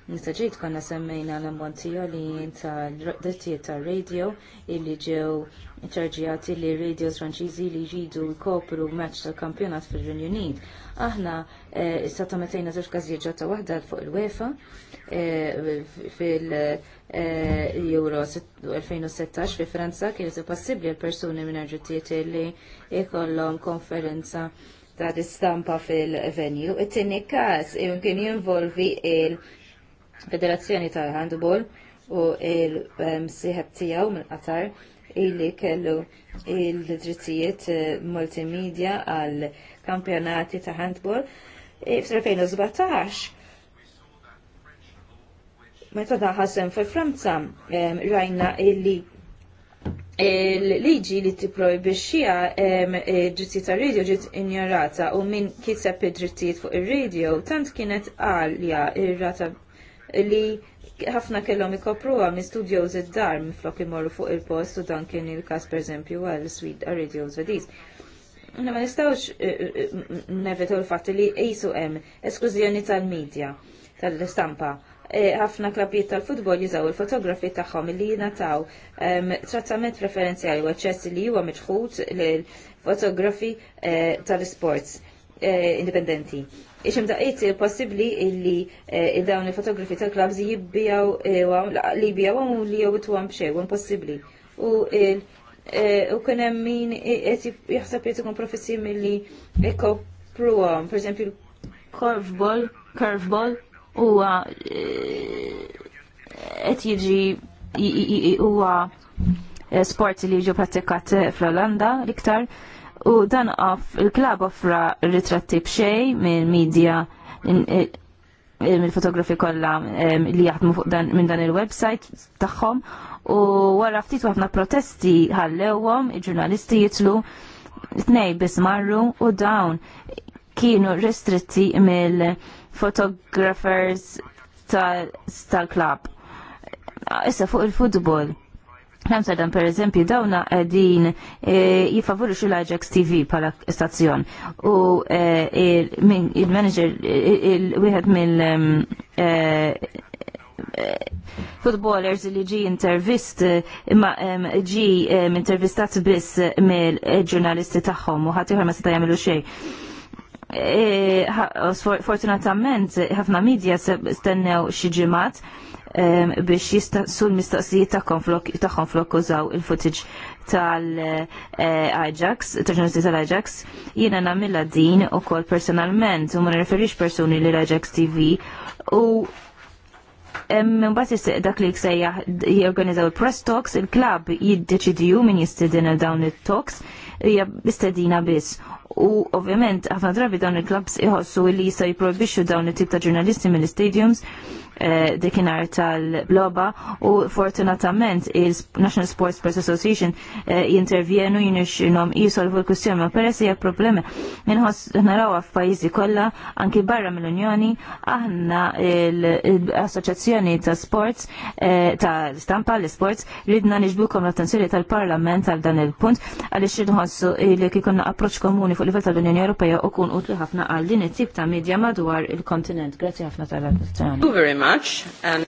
Speaker 4: Nistaġit konna semmejna l-ammontija li tal-dettijiet ta' radio illi ġew ċarġijati li radio franċiżi li jridu jkopru match tal-kampjonat fil-Renju Unit. Aħna s-sata eh, metajna zewġ każijiet ġotta waħda fuq il-UEFA eh, fil-Euro eh, 2016 fi Franza kienet possibbli l-persuni minn ġittijiet li ikollom konferenza ta' distampa fil-venju. It-tieni każ kien jinvolvi il- Federazzjoni tal-Handball u il-sieħeb tiegħu mill qatar illi kellu il-drittijiet eh, Multimedia għal kampjonati ta' handball f-2017. Meta daħasem fil-Franza rajna illi il-liġi li tipprojbixxija ġittijiet tar-radio ġiet injorata u min kiseb id-drittijiet fuq ir-radio tant kienet għalja ir-rata li ħafna kellhom ikopruha minn studios id-dar flok imorru fuq il-post u dan kien il-każ pereżempju għal Sweet Radio Zvediż. Ma nistgħux eh, eh, eh, nevetu l fatt li qisu hemm esklużjoni tal-medja tal-istampa ħafna klabijiet tal-futbol jizaw il-fotografi tagħhom li jingħataw ehm, trattament preferenzjali u aċċess li huwa miċħud lill fotografi tal-isports indipendenti iċem daqiet possibli illi eh, dawn il-fotografi tal-klabs jibbijaw eh, li jibbijaw li jew it għam possibli. U eh, u kunem min jaxsab jitikun professi mill-li għam, per esempio, curveball, curveball, u qed jiġi huwa sport li jiġu pratikat fl-Olanda l-iktar u dan off il-klab offra ritratti b'xej minn media mill-fotografi kollha li jaħdmu fuq dan minn dan il-website tagħhom u wara ftit ħafna protesti ħallewhom il-ġurnalisti jitlu tnej biss marru u dawn kienu restritti mill-photographers tal-klab. Issa fuq il-futbol Amsterdam per eżempju dawna din e, jifavorixu l-Ajax TV pala stazzjon u e, il-manager il-wieħed mill e, footballers li ġi intervist ma ġi intervistat biss mill-ġurnalisti tagħhom u ħadd ma seta' jagħmlu xejn. Fortunatament ħafna media stennew xi ġimgħat biex jistaqsu l-mistaqsijiet tagħhom flok użaw il-footage tal-Ajax, eh, tal-ġurnalisti tal-Ajax, jiena nagħmilha din ukoll personalment u ma nirreferix persuni l Ajax TV u Mbagħad dak li jsejjaħ jorganizaw il-press talks, il-klab jiddeċidiju min il dawn it-talks hija istedina biss U ovvjament, ħafna drabi dawn il-klabs iħossu li jista' jipprobixxu dawn it-tip ta' ġurnalisti mill-stadiums eh, dekinar tal-bloba u fortunatament il-National Sports Press Association eh, jintervjenu jinixinhom jisolvu l-kwistjoni ma' peress hija problemi. Inħoss narawha f'pajjiżi kollha anki barra mill-Unjoni aħna l-Assoċjazzjoni ta' Sports eh, ta' stampa l sports ridna niġbukom l-attenzjoni tal-Parlament għal dan il-punt għaliex inħossu li kikonna approċċ komuni fuq livell tal-Unjoni Ewropea u kun utli ħafna għal din it-tip ta' medja madwar il-kontinent. Grazzi ħafna tal-attenzjoni. Thank you
Speaker 1: very much.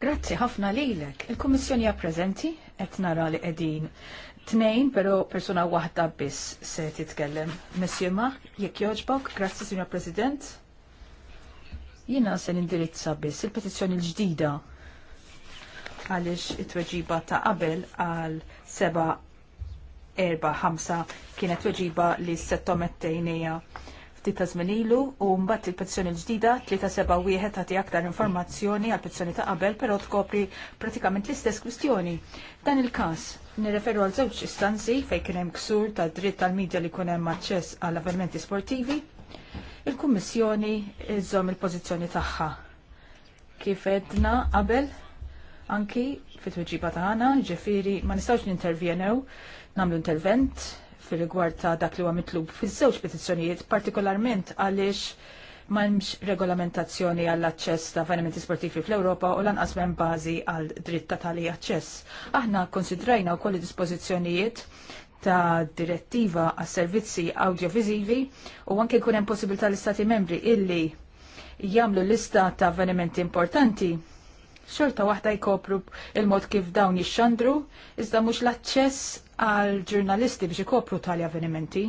Speaker 2: Grazzi ħafna lilek. Il-Kummissjoni hija preżenti qed nara li qegħdin Tnejn, però persuna waħda biss se titkellem. Monsieur Mark, jekk joġbok, grazzi Signor President. Jina se nindirizza biss il-petizzjoni l-ġdida Għaliex it-tweġiba ta' qabel għal seba' erba' ħamsa kienet weġiba li settomet tejnija ftit ta' ilu u mbagħad il pezzjoni l-ġdida 371 tagħti aktar informazzjoni għal pezzjoni ta' qabel però tkopri pratikament l-istess kwistjoni. Dan il-każ nirreferu għal żewġ istanzi fejn kien hemm ksur tad dritt tal-medja li jkun hemm aċċess għal avvenimenti sportivi. Il-Kummissjoni iżom il-pożizzjoni tagħha kif edna qabel anki fit-tweġiba tagħna, ġifieri ma nistgħux nintervjenew namlu intervent fil rigward ta' dak li huwa mitlub fiż-żewġ petizzjonijiet, partikolarment għaliex m'hemmx regolamentazzjoni għall aċċess ta' avvenimenti sportivi fl-Ewropa u lanqas hemm bażi għal dritt ta' tali aċċess. Aħna konsidrajna wkoll dispożizzjonijiet ta' direttiva għas servizzi audiovisivi u anke jkun hemm possibilità l-Istati membri illi jagħmlu lista ta' avvenimenti importanti xorta waħda jkopru il-mod kif dawn jixxandru, iżda mhux l-aċċess għal ġurnalisti biex ikopru tali avvenimenti.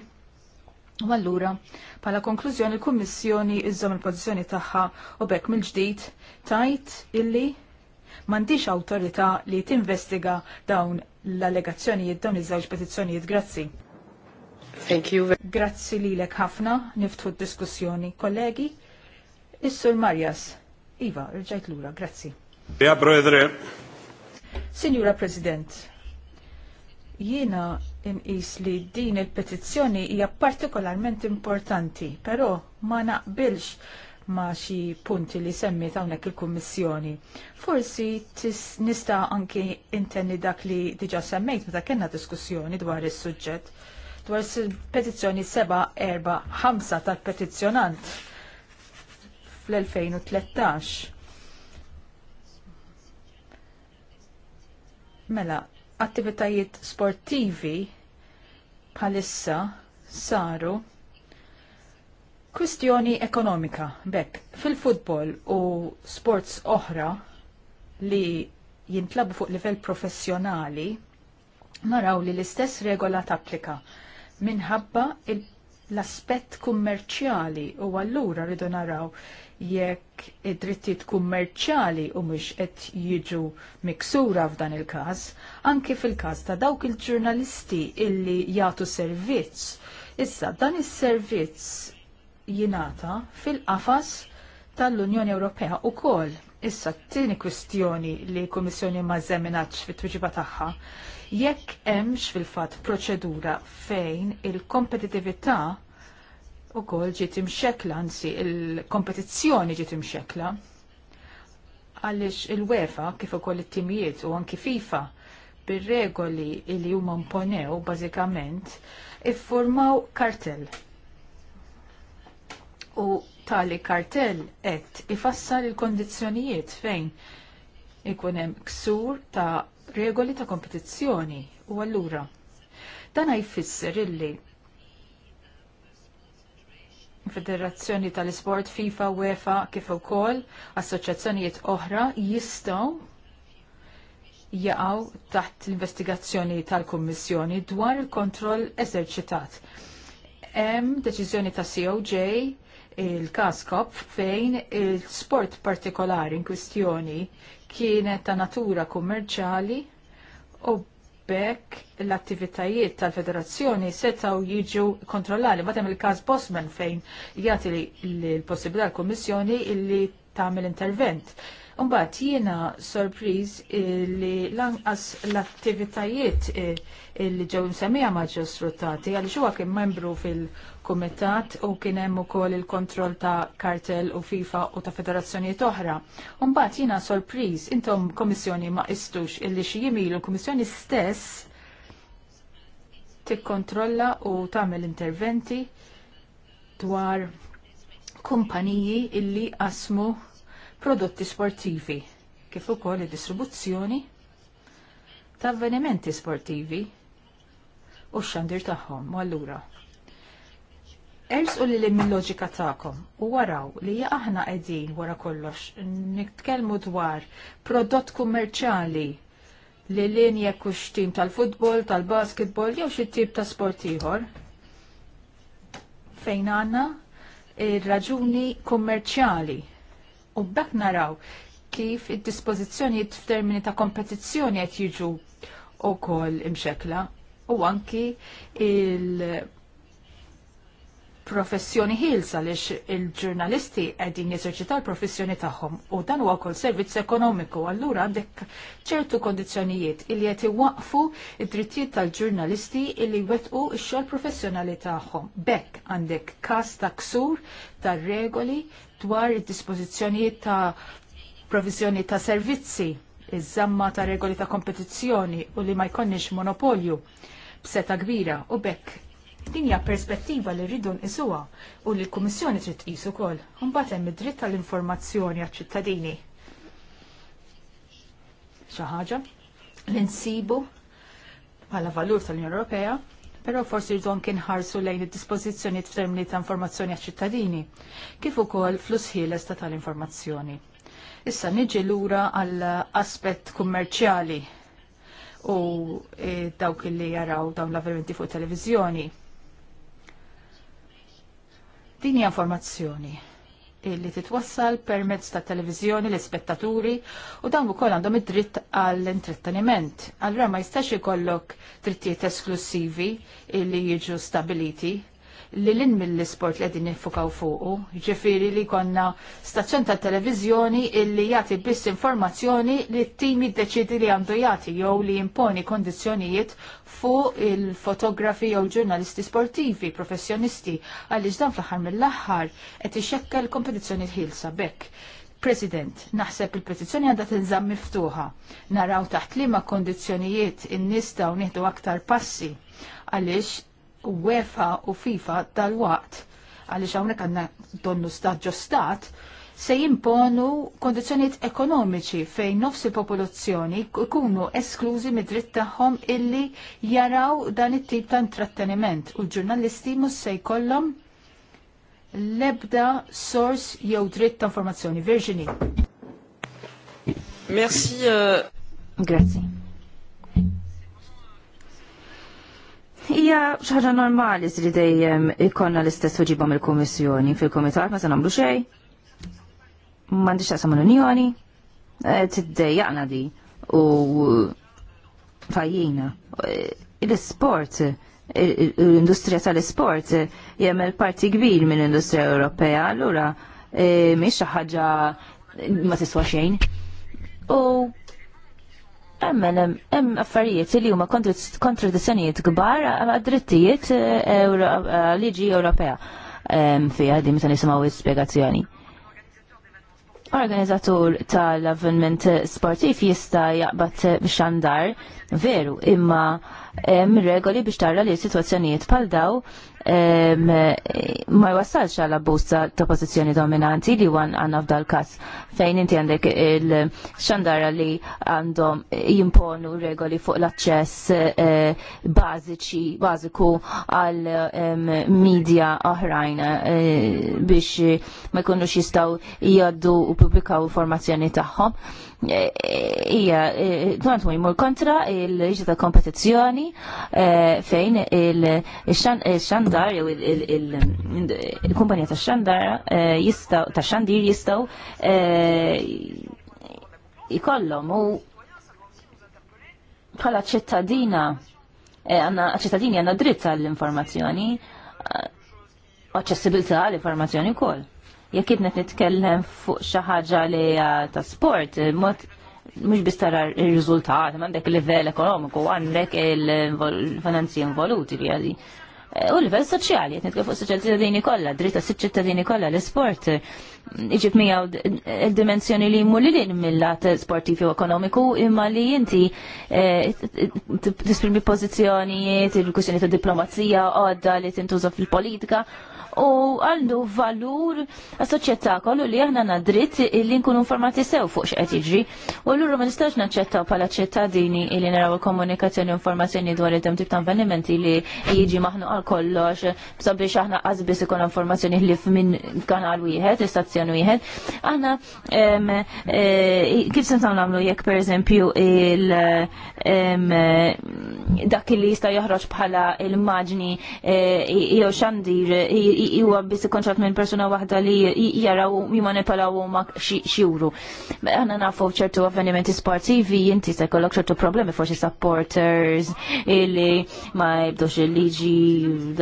Speaker 2: U allura, pala konklużjoni l-Kummissjoni iżżom il-pożizzjoni tagħha u bekk mill-ġdid tajt illi m'għandix awtorità li tinvestiga dawn l-allegazzjonijiet dawn iż-żewġ petizzjonijiet. Grazzi. Thank you. Grazzi lilek ħafna niftħu d-diskussjoni. Kollegi, Is-Sur Marjas, Iva, rġajt lura, grazzi. Ja, Signora President, jiena inqis li din il-petizzjoni hija partikolarment importanti, però ma naqbilx ma xi punti li semmi hawnhekk il-Kummissjoni. Forsi nista' anki intenni dak li diġà semmejt meta kellna diskussjoni dwar is-suġġett dwar petizzjoni erba' ħamsa tal-petizzjonant fl-2013. Mela, attivitajiet sportivi bħalissa saru kwistjoni ekonomika bekk fil-futbol u sports oħra li jintlabu fuq livell professjonali naraw li l-istess regola tapplika minħabba l-aspett kummerċjali u allura rridu naraw jekk id-drittijiet kummerċjali u mhux qed jiġu miksura f'dan il-każ, anke fil-każ ta' dawk il-ġurnalisti illi jagħtu servizz. Issa dan is-servizz jingħata fil-qafas tal-Unjoni Ewropea ukoll. Issa t-tieni kwistjoni li l-Kummissjoni ma żeminatx fit-tweġiba tagħha jekk hemmx fil-fatt proċedura fejn il-kompetitività u kol ġiet imxekla, anzi il-kompetizzjoni ġiet imxekla għaliex il wefa kif ukoll it-timijiet u anki FIFA bir-regoli li huma imponew bażikament iffurmaw kartell. U tali kartell qed ifassal il-kondizzjonijiet fejn ikun hemm ksur ta' regoli ta' kompetizzjoni u allura dan jfisser illi Federazzjoni tal-Isport, FIFA, UEFA, kif ukoll assoċjazzjonijiet oħra jistgħu jaqgħu taħt l-investigazzjoni tal-Kummissjoni dwar il-kontroll eżerċitat. Hemm deċiżjoni ta' COJ il-każ fejn il-sport partikolari in kwistjoni kienet ta' natura kummerċjali u bekk l-attivitajiet tal-federazzjoni setaw jiġu kontrollali. Matem il-kas Bosman fejn jgħati l-possibilità l-Kommissjoni illi tagħmel intervent Umbat jiena sorpriz li lanqas l-attivitajiet eh, li ġew msemmija ma ġew sfruttati għaliex huwa kien membru fil-kumitat u kien hemm ukoll il-kontroll ta' kartel u FIFA u ta' federazzjonijiet oħra. Umbat jiena sorpriz, intom komissjoni ma istux illi xi jimilu l-kummissjoni stess tikkontrolla u tagħmel interventi dwar kumpaniji illi qasmu prodotti sportivi, kif ukoll id-distribuzzjoni ta' avvenimenti sportivi u x-xandir tagħhom u allura. Ersqu li li loġika tagħkom u waraw li aħna qegħdin wara kollox nitkellmu dwar prodott kummerċjali li lin jekk tim tal-futbol, tal basketball jew xi tip ta' sport ieħor. Fejn għandna ir-raġuni kummerċjali U bekk naraw kif id-dispożizzjonijiet f'termini ta' kompetizzjoni qed jiġu wkoll imxekla u anki il professjoni ħilsa lix il-ġurnalisti qegħdin jeżerċitaw l-professjoni tagħhom u dan huwa wkoll servizz ekonomiku allura għandek ċertu kondizzjonijiet li qed iwaqfu id-drittijiet tal-ġurnalisti li wettqu x-xogħol professjonali tagħhom. Bekk għandek każ ta' ksur tar-regoli dwar id-dispożizzjonijiet ta' provizjoni ta' servizzi, iż-żamma ta' regoli ta' kompetizzjoni u li ma jkonniex monopolju b'seta' kbira u bekk din hija perspettiva li rridu nqisuha u li l-Kummissjoni trid tqis ukoll. Imbagħad hemm id-dritt tal-informazzjoni għaċ-ċittadini. Xi ħaġa li nsibu bħala valur tal-Unjoni Ewropea però forsi rridhom kien ħarsu lejn id-dispożizzjonijiet f'termini ta' informazzjoni għaċ-ċittadini, kif ukoll flus ta' tal-informazzjoni. Issa niġi lura għall aspett kummerċjali u e, dawk li jaraw dawn l-avvenimenti fuq televizjoni. Din hija informazzjoni illi titwassal permezz ta' televizjoni l-spettaturi u dan ukoll għandhom id-dritt għall intretteniment Allura ma jistax ikollok drittijiet esklusivi li jiġu stabiliti li l-in mill-sport li għedin nifukaw fuqu, ġifiri li konna stazzjon ta' televizjoni illi jati biss informazzjoni li t-tim deċidi li għandu jati jew li imponi kondizjonijiet fuq il-fotografi jew ġurnalisti sportivi, professjonisti, għalli dan fl-ħar mill-ħar qed ixekka l kompetizjoni t ħilsa bekk. President, naħseb il-petizzjoni għandha tinżamm miftuħa. Naraw taħt liema kondizzjonijiet in nistaw dawn nieħdu aktar passi għaliex UEFA u FIFA tal-waqt għaliex hawnhekk għandna donnu stat ġo stat se jimponu kondizjoniet ekonomiċi fejn nofs il-popolazzjoni ikunu esklużi mid-dritt tagħhom illi jaraw dan it-tip ta' intratteniment u l-ġurnalisti mhux se jkollhom l-ebda sors jew dritt ta' informazzjoni. Virginie.
Speaker 1: Merci.
Speaker 4: Uh... Grazie. Ija xaħġa normali li dejjem ikonna l-istess uġibom mill-Komissjoni fil-Komitat ma se nagħmlu xejn. M'għandix taqsam l-Unjoni. E, dejjaqna di u fajjina. E, L-isport, e, l-industrija tal-isport il parti kbir minn l-industrija Ewropea, allura mhix xi ħaġa ma tiswa xejn. U Emmen, hemm affarijiet li huma kontradizzjonijiet kbar għad-drittijiet eh, eh, liġi Ewropea ehm, fiha di meta nisimgħu spjegazzjoni. Organizzatur tal avvenment sportiv jista' jaqbad b'xandar veru imma regoli biex tara li situazzjonijiet bħal daw ma jwassalx għal abbuż ta' pożizzjoni dominanti li għan għandna f'dal każ fejn inti għandek il-xandara li għandhom jimponu regoli fuq l-aċċess eh, bażiċi bażiku għal media oħrajn eh, biex ma jkunux jistgħu jgħaddu u pubblikaw informazzjoni tagħhom hija eh, tant jmur kontra il-liġi ta' kompetizzjoni eh, fejn il-xandar jew il-kumpanija ta' xandar eh, ta' xandir jistaw ikollhom u bħala ċittadina għanna ċittadini għanna dritt għall-informazzjoni, aċċessibilità għall-informazzjoni wkoll jekk qed nitkellem fuq xi ħaġa li ta' sport, mod mhux biss tara r-riżultat, m'għandek il-livell ekonomiku, għandek il-finanzi involuti li għadi. U l-livell soċjali, qed nitkellu fuq soċjal ċittadini kollha, dritta sitt ċittadini kollha l-isport iġib miegħu id-dimensjoni li jmur lilin mill-lat sportivi u ekonomiku imma li inti tisprimi pożizzjonijiet, il-kwistjoni ta' diplomazija, għodda li tintuża fil-politika u għandu valur għas-soċjetà kollu li aħna nadrit dritt illi nkunu informati sew fuq x'qed jiġri. U allura ma nistax naċċettaw bħala ċittadini illi naraw il-komunikazzjoni u informazzjoni dwar id-dem tip ta' avvenimenti li jiġi maħnu għal kollox sabiex aħna qasbis ikun informazzjoni li minn kanal wieħed, istazzjon wieħed. Aħna e, kif se nagħmlu jekk pereżempju il dak li jista' joħroġ bħala il-maġni e, jew xandir huwa biss kontrat minn persuna waħda li jaraw jimanipulaw ma xiuru. Aħna nafu ċertu avvenimenti sportivi inti se jkollok ċertu problemi forsi supporters illi ma jibdux il-liġi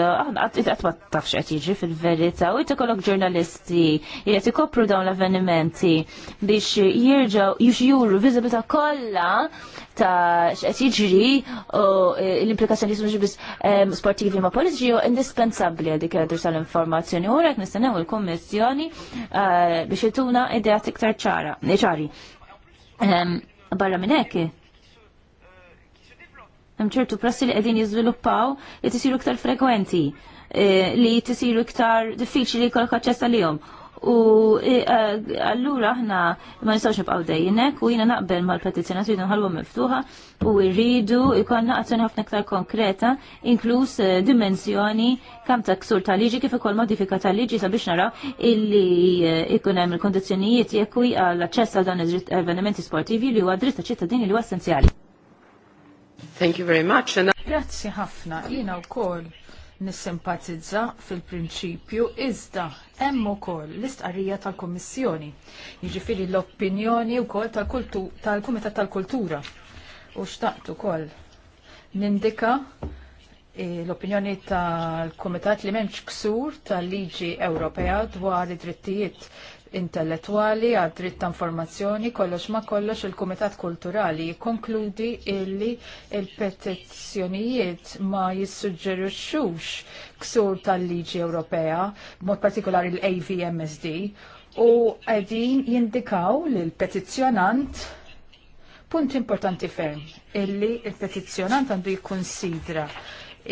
Speaker 4: aħna qatt ma tafx qed jiġri fil-verità u jt ikollok ġurnalisti li qed dawn l-avvenimenti biex jux jixjuru viżibilità kollha ta' x'qed jiġri u e, l-implikazzjoni jisu biss sportivi ma' politiċi u indispensabbli għadik dik sal informazzjoni U rek nistennew il-Kummissjoni e, biex ituna idea iktar ċara, e, ċari. Barra minn hekk hemm ċertu prassi li qegħdin jiżviluppaw li tisiru iktar frekwenti li tisiru iktar diffiċli jkollok li għalihom u e, e, allura aħna ma nistgħux nibqaw dejjinek u jiena naqbel mal petizjoni rridu nħallu miftuħa u rridu jkollna azzjoni ħafna aktar konkreta inkluż e, dimensjoni kam ta' ksur ta' liġi kif ukoll modifika ta' liġi sabiex naraw illi ikun hemm il-kondizzjonijiet jekk għall-aċċess għal dawn l-avvenimenti sportivi li huwa dritt
Speaker 2: ċittadini li huwa essenzjali. Thank you very much. Grazzi ħafna, jina u nissimpatizza fil-prinċipju iżda hemm ukoll l-istqarrija tal-Kummissjoni. Jiġifieri l-opinjoni wkoll tal-Kumitat tal-Kultura. U xtaqt ukoll nindika eh, l-opinjoni tal-Kumitat li m'hemmx ksur tal-Liġi Ewropea dwar id-drittijiet intellettwali għad dritt ta' informazzjoni, kollox ma kollox il-Kumitat Kulturali jikkonkludi illi il-petizzjonijiet ma jissuġġerixxux ksur tal-liġi Ewropea, mod partikolari l-AVMSD, u għedin jindikaw l-petizzjonant punt importanti ferm illi il-petizzjonant għandu jikkonsidra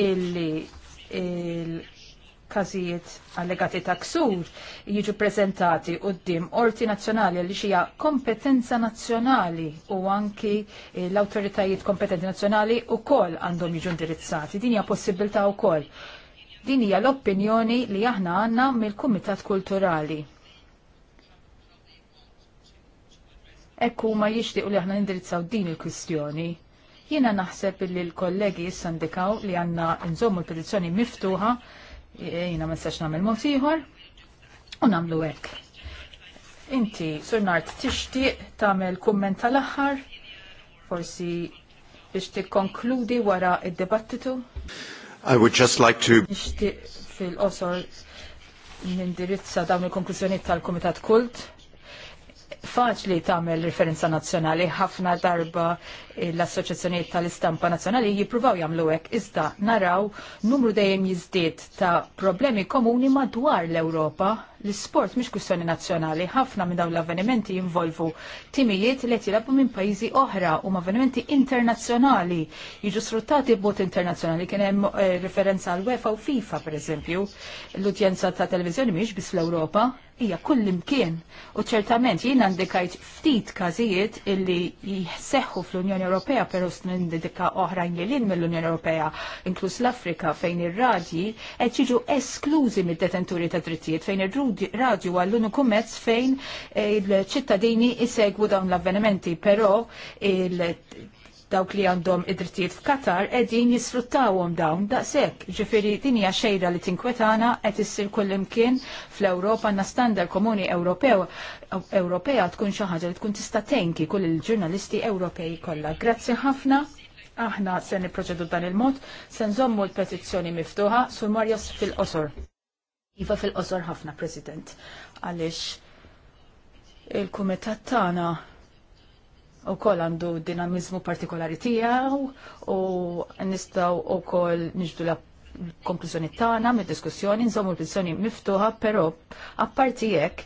Speaker 2: illi il każijiet allegati ta' ksur jiġu prezentati d-dim Orti Nazzjonali li xija kompetenza nazzjonali u anki l-awtoritajiet kompetenti nazzjonali wkoll għandhom jiġu indirizzati. Din hija possibilità wkoll. Din hija l-opinjoni li aħna għandna mill-Kumitat Kulturali. Ekku ma jixtiequ li aħna nindirizzaw din il-kwistjoni. Jiena naħseb li l-kollegi jissandikaw li għanna nżommu l-petizzjoni miftuħa Eh, jina ma nistax nagħmel mod ieħor u nagħmlu hekk. Inti Surnart nart tixtieq tagħmel kumment tal-aħħar forsi biex tikkonkludi wara id-dibattitu. I would just like to Nixtieq fil-qosor nindirizza dawn il-konklużjonijiet tal-Kumitat Kult faċli tagħmel referenza nazzjonali ħafna darba l-assoċjazzjonijiet tal-istampa nazzjonali jippruvaw jagħmlu hekk iżda naraw numru dejjem jiżdied ta' problemi komuni madwar l-Ewropa. L-isport mhix kwistjoni nazzjonali, ħafna minn dawn l-avvenimenti jinvolvu timijiet li qed jilagħbu minn pajjiżi oħra u avvenimenti internazzjonali jiġu sfruttati b'mod internazzjonali kien hemm eh, referenza għal UEFA u FIFA pereżempju. L-udjenza ta' televiżjoni mhix biss l-Ewropa, hija kull imkien. U ċertament jien għandikajt ftit każijiet illi jseħħu fl-Unjoni Ewropea però nindika oħrajn jelin mill-Unjoni Ewropea, inkluż l-Afrika fejn ir-radji qed jiġu esklużi mid-detenturi ta' drittijiet fejn ir-radju għall-uniku mezz fejn eh, il-ċittadini isegwu dawn l-avvenimenti, però il dawk li għandhom id-drittijiet f'Katar qegħdin jisfruttawhom dawn daqshekk. Ġifieri din hija xejra li tinkwetana qed issir kullimkien fl-Ewropa na standard komuni Ewropew Ewropea tkun xi ħaġa li tkun tista' tenki kull il-ġurnalisti Ewropej kollha. Grazzi ħafna. Aħna se nipproċedu dan il-mod, se nżommu l-petizzjoni miftuħa sur Marjas fil-qosor. Iva fil-qosor ħafna, President, għaliex il-kumitat tagħna u koll għandu dinamizmu partikolari tijaw u nistaw u koll nġdu la konklużjoni tagħna mid-diskussjoni, nżomu l pizzjoni miftuħa, però apparti jekk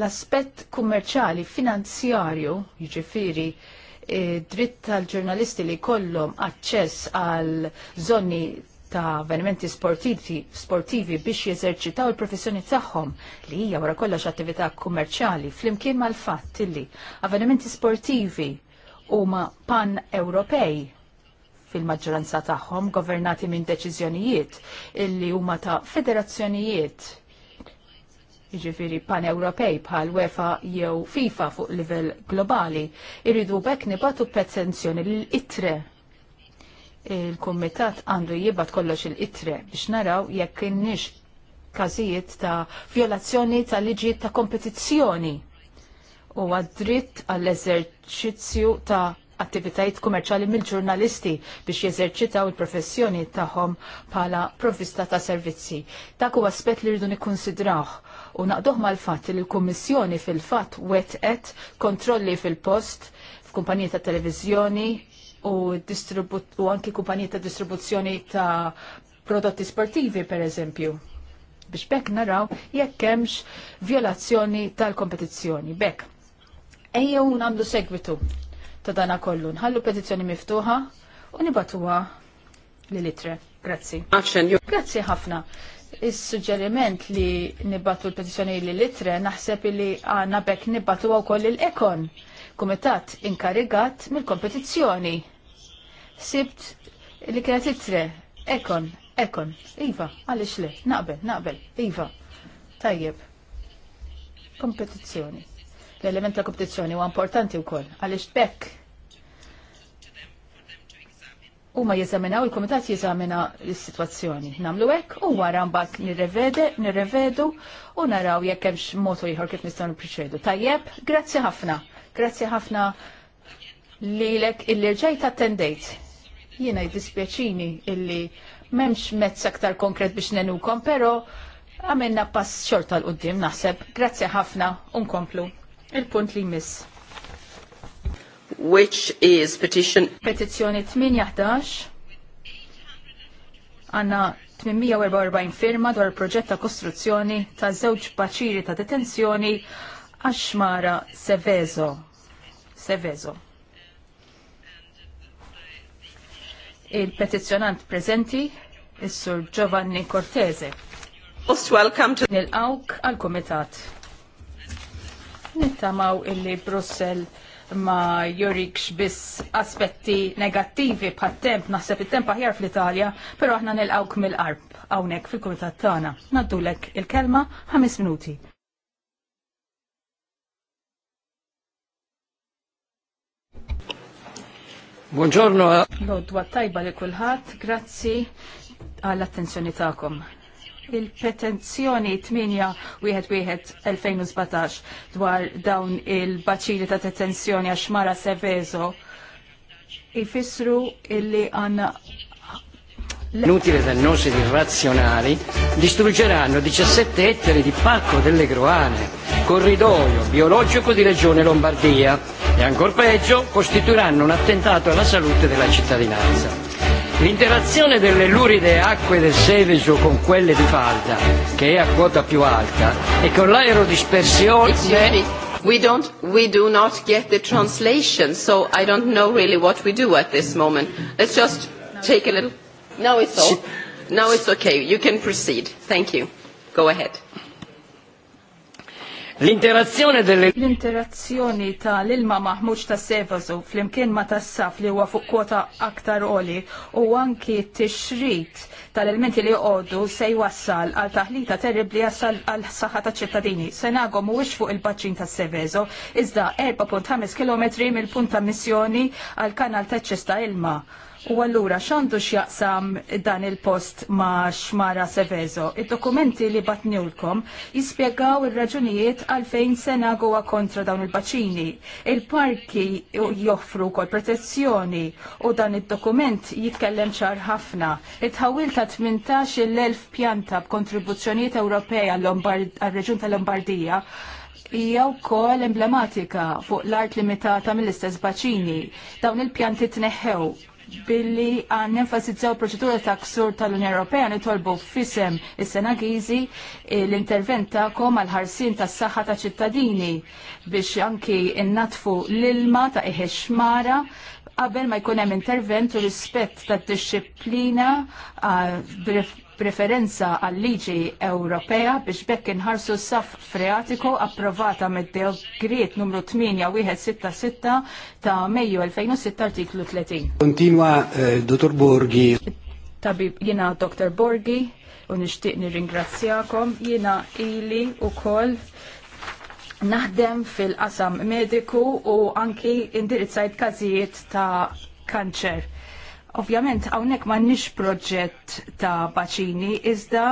Speaker 2: l-aspett kummerċali finanzjarju, jiġifieri e, dritt tal-ġurnalisti li kollhom aċċess għal zonni ta' avvenimenti sportivi, sportivi biex jeżerċitaw il-professjoni tagħhom li hija wara kollox attività kummerċjali flimkien mal-fatt li avvenimenti sportivi huma pan-Ewropej fil-maġġoranza tagħhom governati minn deċiżjonijiet illi huma ta' federazzjonijiet jiġifieri pan-Ewropej bħal UEFA jew FIFA fuq livell globali, irridu bekk nibatu petenzjoni l-itre il-kumitat għandu jibat kollox il-itre biex naraw jekk kienx każijiet ta' violazzjoni ta' liġijiet ta' kompetizzjoni u dritt għall-eżerċizzju ta' attivitajiet kummerċali mill-ġurnalisti biex jeżerċitaw il-professjoni tagħhom bħala provvista ta' servizzi. Dak huwa aspett li rridu nikkunsidrawh u naqduh mal-fatt li l-Kummissjoni fil-fatt wetqet kontrolli fil-post f'kumpaniji ta' televiżjoni u u anki kumpaniji ta' distribuzzjoni ta' prodotti sportivi per eżempju biex bekk naraw jekk hemmx violazzjoni tal-kompetizzjoni. Bekk un għandu segwitu ta' dana kollu. Nħallu petizzjoni miftuħa u nibatuha li litre. Grazzi. Grazzi ħafna. Is-suġġeriment li nibatu l-petizzjoni li litre naħseb li għana bekk nibatu u koll il-ekon, kumitat inkarigat mill-kompetizzjoni. Sibt li kienet litre, ekon, ekon, iva, għalix li, naqbel, naqbel, iva, tajjeb, kompetizzjoni l-element ta' kompetizzjoni huwa importanti wkoll għaliex bekk huma jeżaminaw il-kumitat jeżamina l-sitwazzjoni. Namlu hekk u wara mbagħad nirrevede, nirrevedu u naraw jekk hemmx motu ieħor kif nistgħu nipproċedu. Tajjeb, grazzi ħafna. Grazzi ħafna lilek illi ġejt attendejt. Jiena jdispjaċini illi m'hemmx mezz aktar konkret biex nenukom, però għamilna pass xorta l qudiem naħseb. Grazzi ħafna, unkomplu. Il-punt li miss.
Speaker 1: Which is
Speaker 2: petition. Petizzjoni 811 għanna 844 firma dwar proġett ta' kostruzzjoni ta' żewġ paċiri ta' detenzjoni għaxmara Sevezo. Sevezo. Il-petizjonant prezenti, is-sur Giovanni Cortese. Most welcome to... Nil-awk għal-komitat. Nittamaw illi Brussel ma jurikx biss aspetti negattivi bħat-temp, naħseb it-temp aħjar fl-Italja, pero aħna nilqawk mill-qarb hawnhekk fil-kumitat tagħna. Naddulek il-kelma ħames minuti. Buongiorno. Lodwa tajba li kulħadd, grazzi għall-attenzjoni tagħkom il-petenzjoni 8-1-2017 dwar dawn il-baċili ta' detenzjoni għax mara Sevezo ifissru illi għanna Inutile
Speaker 1: dannosi di irrazionali distruggeranno 17 ettari di parco delle Groane,
Speaker 2: corridoio biologico di Regione Lombardia e ancor peggio costituiranno un attentato alla salute della cittadinanza. L'interazione delle luride acque del Seveso con quelle di Falda, che è a quota più alta, e con l'aerodispersione...
Speaker 1: We, don't, we do not get the translation, so I don't know really what we do at this moment. Let's just take a little... Now it's all. Now it's okay.
Speaker 2: You can proceed. Thank you. Go ahead.
Speaker 1: L-interazzjoni delle...
Speaker 2: L-interazzjoni ta' l-ilma maħmuċ ta' Sevazu fl-imkien ma' ta' saf li huwa fuq kwota aktar oli u anki t-xrit tal-elementi li joqogħdu se jwassal għal taħlita terribli jasal għal saħħa ta' ċittadini. Senago mhuwiex fuq il-baċċin ta' Sevezo, iżda 4.5 km mill-punt ta' missjoni għal kanal ta' ċesta ilma U allura xandu x'jaqsam dan il-post ma' Xmara Sevezo? il dokumenti li batnilkom jispjegaw il raġunijiet għalfejn sena għuwa kontra dawn il-baċini. Il-parki joffru kol protezzjoni u dan id-dokument jitkellem ċar ħafna. it tħawil ta' 18.000 pjanta b'kontribuzzjonijiet Ewropej għal-Reġun tal-Lombardija hija wkoll emblematika fuq l-art limitata mill-istess baċini. Dawn il-pjanti tneħħew billi għan enfasizzaw proċedura ta' ksur tal-Unja Ewropea nitolbu fisem is-sena Gizi eh, l-intervent tagħkom għal ħarsin tas-saħħa ta' ċittadini biex anki innatfu l-ilma ta' mara qabel ma jkun hemm intervent u rispett tad-disċiplina ah, preferenza għal liġi Ewropea biex bekk inħarsu s-saf freatiku approvata mid dekret numru 8166 ta' Mejju 2006 artiklu 30.
Speaker 4: Kontinwa, eh, dottor Borghi.
Speaker 2: Tabib, jina Dr. Borghi, u nishtiq nirringrazzjakom, jina ili u koll naħdem fil-qasam mediku u anki indirizzajt kazijiet ta' kanċer Ovvjament hawnhekk m'għandniex proġett ta' baċini iżda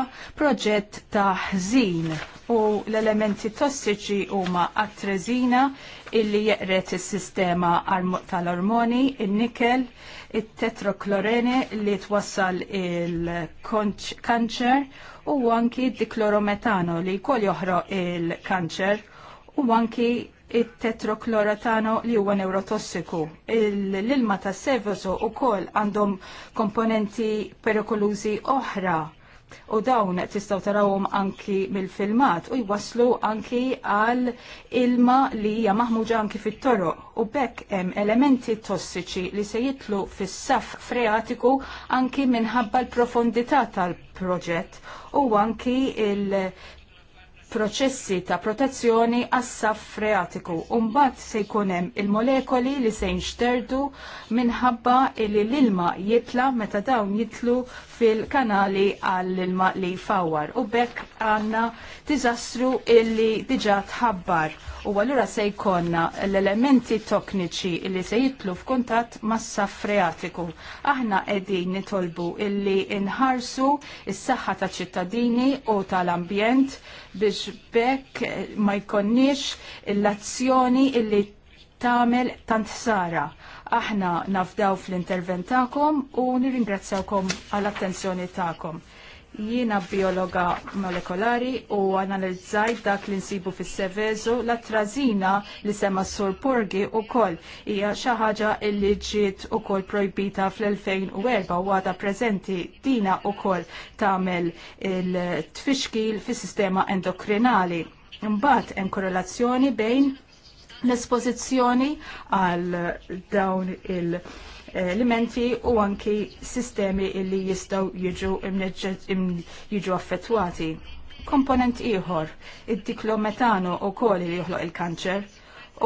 Speaker 2: proġett ta' ħżin u l-elementi tossiċi huma attreżina illi jeqret is-sistema tal-ormoni, il nikel it-tetroklorene li twassal il-kanċer u anki diklorometano li jkoll joħroq il-kanċer u anki it-tetrokloratano li huwa neurotossiku. L-ilma ta' sevoso u kol għandhom komponenti perikolużi oħra u dawn tistaw tarawhom anki mill-filmat u jwaslu anki għal ilma li hija maħmuġa anki fit-toroq u bekk hemm elementi tossiċi li se jitlu fis-saf freatiku anki minħabba l-profondità tal-proġett u anki il proċessi ta' protezzjoni għas-saf freatiku. Umbat se jkunem il-molekoli li se jinxterdu minħabba li l-ilma jitla meta dawn jitlu fil-kanali għall-ilma li fawar u bekk għanna dizastru illi diġa tħabbar u għallura se jkonna l-elementi tokniċi li se jitlu f'kuntat mas saf Aħna qegħdin nitolbu illi inħarsu is-saħħa ta' ċittadini u tal-ambjent biex bekk ma jkonniex l-azzjoni illi tagħmel tant sara Aħna nafdaw fl-intervent tagħkom u nirringrazzjawkom għall-attenzjoni tagħkom. Jiena biologa molekolari u analizzajt dak li nsibu fis-sevezu la trażina li sema Sur Porgi u kol. hija xi ħaġa ġiet u ukoll projbita fl-2004 u għada preżenti dina kol tagħmel il-tfixkil fis-sistema endokrinali. Imbagħad hemm korrelazzjoni bejn l-esposizjoni għal dawn il-elementi u anki sistemi li jistaw jiġu jiġu affettwati. Komponent ieħor, id-diklometano u kol li joħloq il-kanċer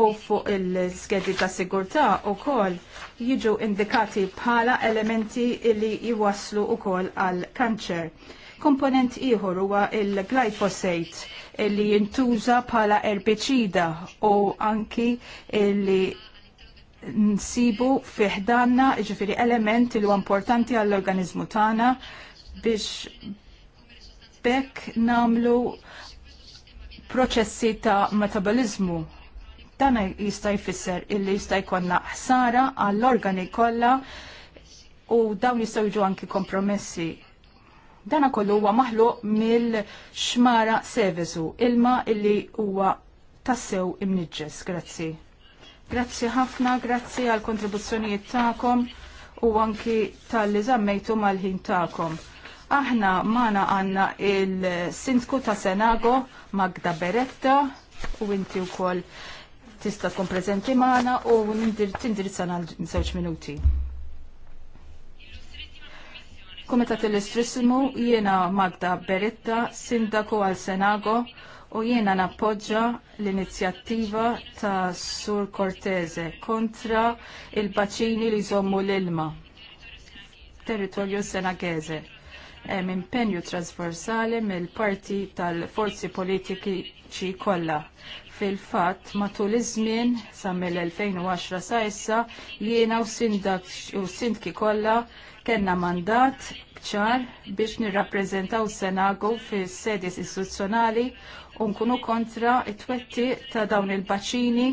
Speaker 2: u fuq il-skedi ta' sigurtà u kol jiġu indikati bħala elementi li jiwaslu u kol għal kanċer. Komponent ieħor huwa il-glyphosate li jintuża bħala erbicida u anki li nsibu fiħdanna ġifiri element li huwa importanti għall-organizmu tagħna biex bekk namlu proċessi ta' metabolizmu dan jista' jfisser illi jista' jkollna ħsara għall-organi kollha u dawn jistgħu jiġu anki kompromessi. Dana kollu huwa maħluq mill-xmara sevesu, ilma illi huwa tassew imniġġes. Grazzi. Grazzi ħafna, grazzi għal kontribuzzjonijiet tagħkom u anki tal-li zammejtu mal-ħin tagħkom. Aħna mana għanna il-sindku ta' Senago, Magda Beretta, u inti u koll tista tkun prezenti maħna u tindirizzana għal 5 minuti. Kumitat il-Istrissimu jiena Magda Beretta, Sindaku għal Senago u jiena nappoġġa l-inizjattiva ta' Sur Cortese kontra il-baċini li jżommu l-ilma territorju senagese. Hemm impenju trasversali mill-parti tal-forzi politiċi kollha fil-fatt matul iż-żmien sa mill-2010 sa issa jiena u sindki kollha Kellna mandat ċar biex nirrappreżentaw senagu fis sedis istituzzjonali u nkunu kontra it-twetti ta' dawn il-baċini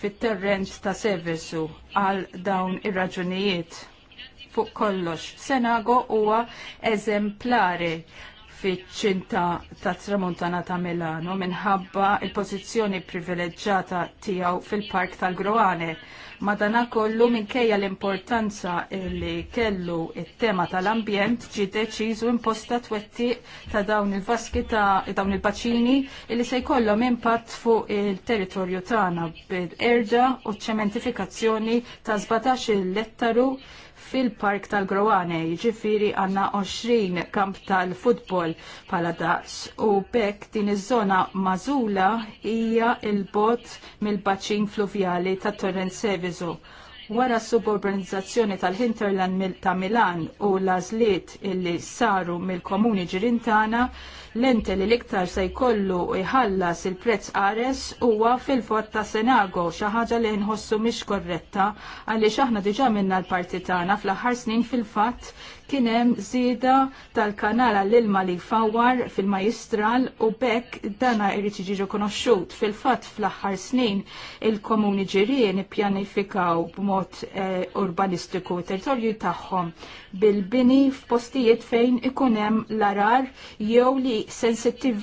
Speaker 2: fit-terrenġ ta' servisu għal dawn ir-raġunijiet. Fuq kollox, Senago huwa eżemplari fiċ-ċinta ta' Tramuntana ta' Milano minħabba il-pożizzjoni privileġġjata tiegħu fil-Park tal-Groane Madanakollu minkejja l-importanza li kellu il tema tal-ambjent ġi deċiżu imposta twetti ta' dawn il-vaski ta' dawn il-baċini li se jkollhom impatt fuq il-territorju tagħna bil erġa u ċementifikazzjoni ta' 17 il-lettaru fil-park tal-Growane, ġifiri għanna 20 kamp tal-futbol pala daqs u bekk din iż-żona mażula hija il-bot mill-baċin fluvjali ta' Torrent Sevizu Wara s-suburbanizzazzjoni tal-Hinterland ta' Milan u l-azliet illi saru mill-komuni ġirintana, l-ente li l-iktar se jkollu iħallas il-prezz qares huwa fil-fort ta' Senago xi ħaġa li nħossu mhix korretta għaliex aħna diġà minna l-parti tagħna fl-aħħar snin fil-fatt kien hemm żieda tal kanala l ilma li fawar fil-majistral u bekk dana jrid jiġi rikonoxxut. Fil-fatt fl-aħħar snin il-komuni ġirien ippjanifikaw b'mod mod eh, urbanistiku territorju tagħhom bil-bini f'postijiet fejn ikun hemm l-arar jew li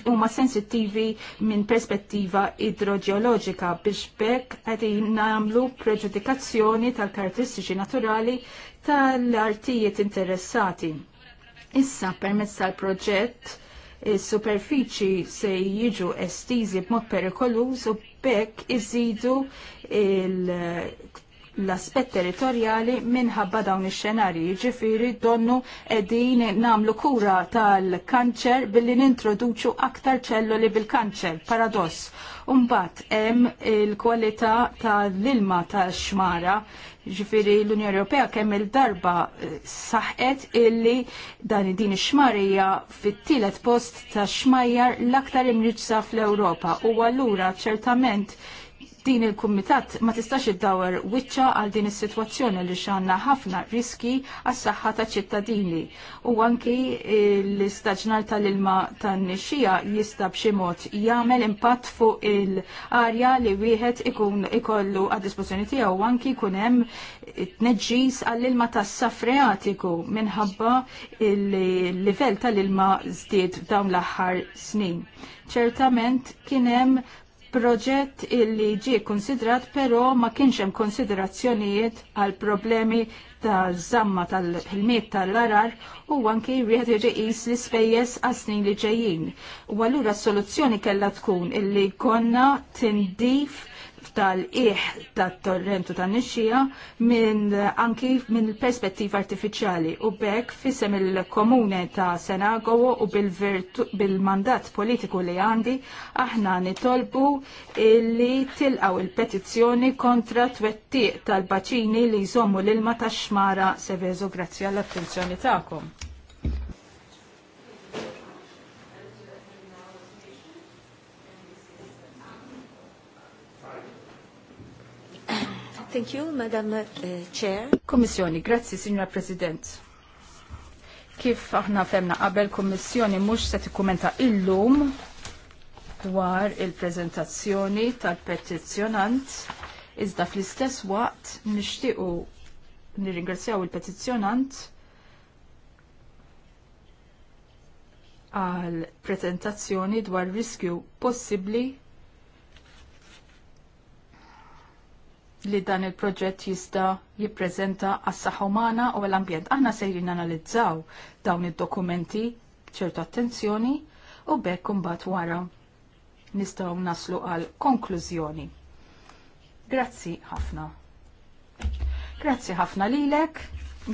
Speaker 2: huma sensittivi minn perspettiva idroġeoloġika biex bekk qegħdin nagħmlu preġudikazzjoni tal-karatteristiċi naturali tal-artijiet interessati. Issa permezz tal-proġett is-superfiċi se jiġu estiżi b'mod perikoluż u bekk iżidu l l-aspet territorjali minħabba dawn ix-xenarji, ġifiri donnu edin namlu kura tal-kanċer billi nintroduċu aktar ċelluli bil-kanċer, paradoss. Umbat, hemm il-kwalità tal-ilma tal-xmara, ġifiri l-Unjoni Ewropea kemm il-darba saħqet illi dan din ix-xmarija fit-tielet post ta' xmajjar l-aktar imriċsa fl-Ewropa u allura ċertament din il-kumitat ma tistax id-dawer wiċċa għal din is-sitwazzjoni li xanna ħafna riski għas saħħa ta' ċittadini u anki l-istaġnar tal-ilma tan-nixxija jista' b'xi mod jagħmel impatt fuq il-arja li wieħed ikun ikollu għad-dispożizzjoni tiegħu anki jkun hemm tneġġis għall-ilma tas-safreatiku minħabba il-livell tal-ilma żdied dawn l-aħħar snin. Ċertament kien hemm proġett illi ġie konsidrat pero ma kienx hemm konsiderazzjonijiet għal problemi ta' zamma tal-ħilmiet tal-arar u għanki wieħed irriqis l li spejjes snin li ġejjin. U allura s-soluzzjoni kella tkun illi konna tindif tal-iħ tat-torrentu tan-nixxija minn anki minn perspettiva artifiċjali u bekk fissem il-komune ta' Senago u bil-mandat politiku li għandi aħna nitolbu li tilqaw il-petizzjoni kontra twettiq tal-baċini li jżommu l-ilma tax xmara Sevezo grazzi għall-attenzjoni tagħkom. Thank you, Madam uh, Chair. Kommissjoni, grazzi, Signora President. Kif aħna femna qabel kommissjoni mhux se tikkumenta illum dwar il-preżentazzjoni tal-petizzjonant iżda fl-istess waqt nixtiequ nirringrazzjaw il-petizzjonant għal prezentazzjoni dwar riskju possibbli li dan il-proġett jista' jippreżenta għas-saħħa umana u l-ambjent. Aħna sejrin analizzaw dawn id-dokumenti b'ċertu attenzjoni u bekk imbagħad wara nistgħu naslu għal konklużjoni. Grazzi ħafna. Grazzi ħafna lilek,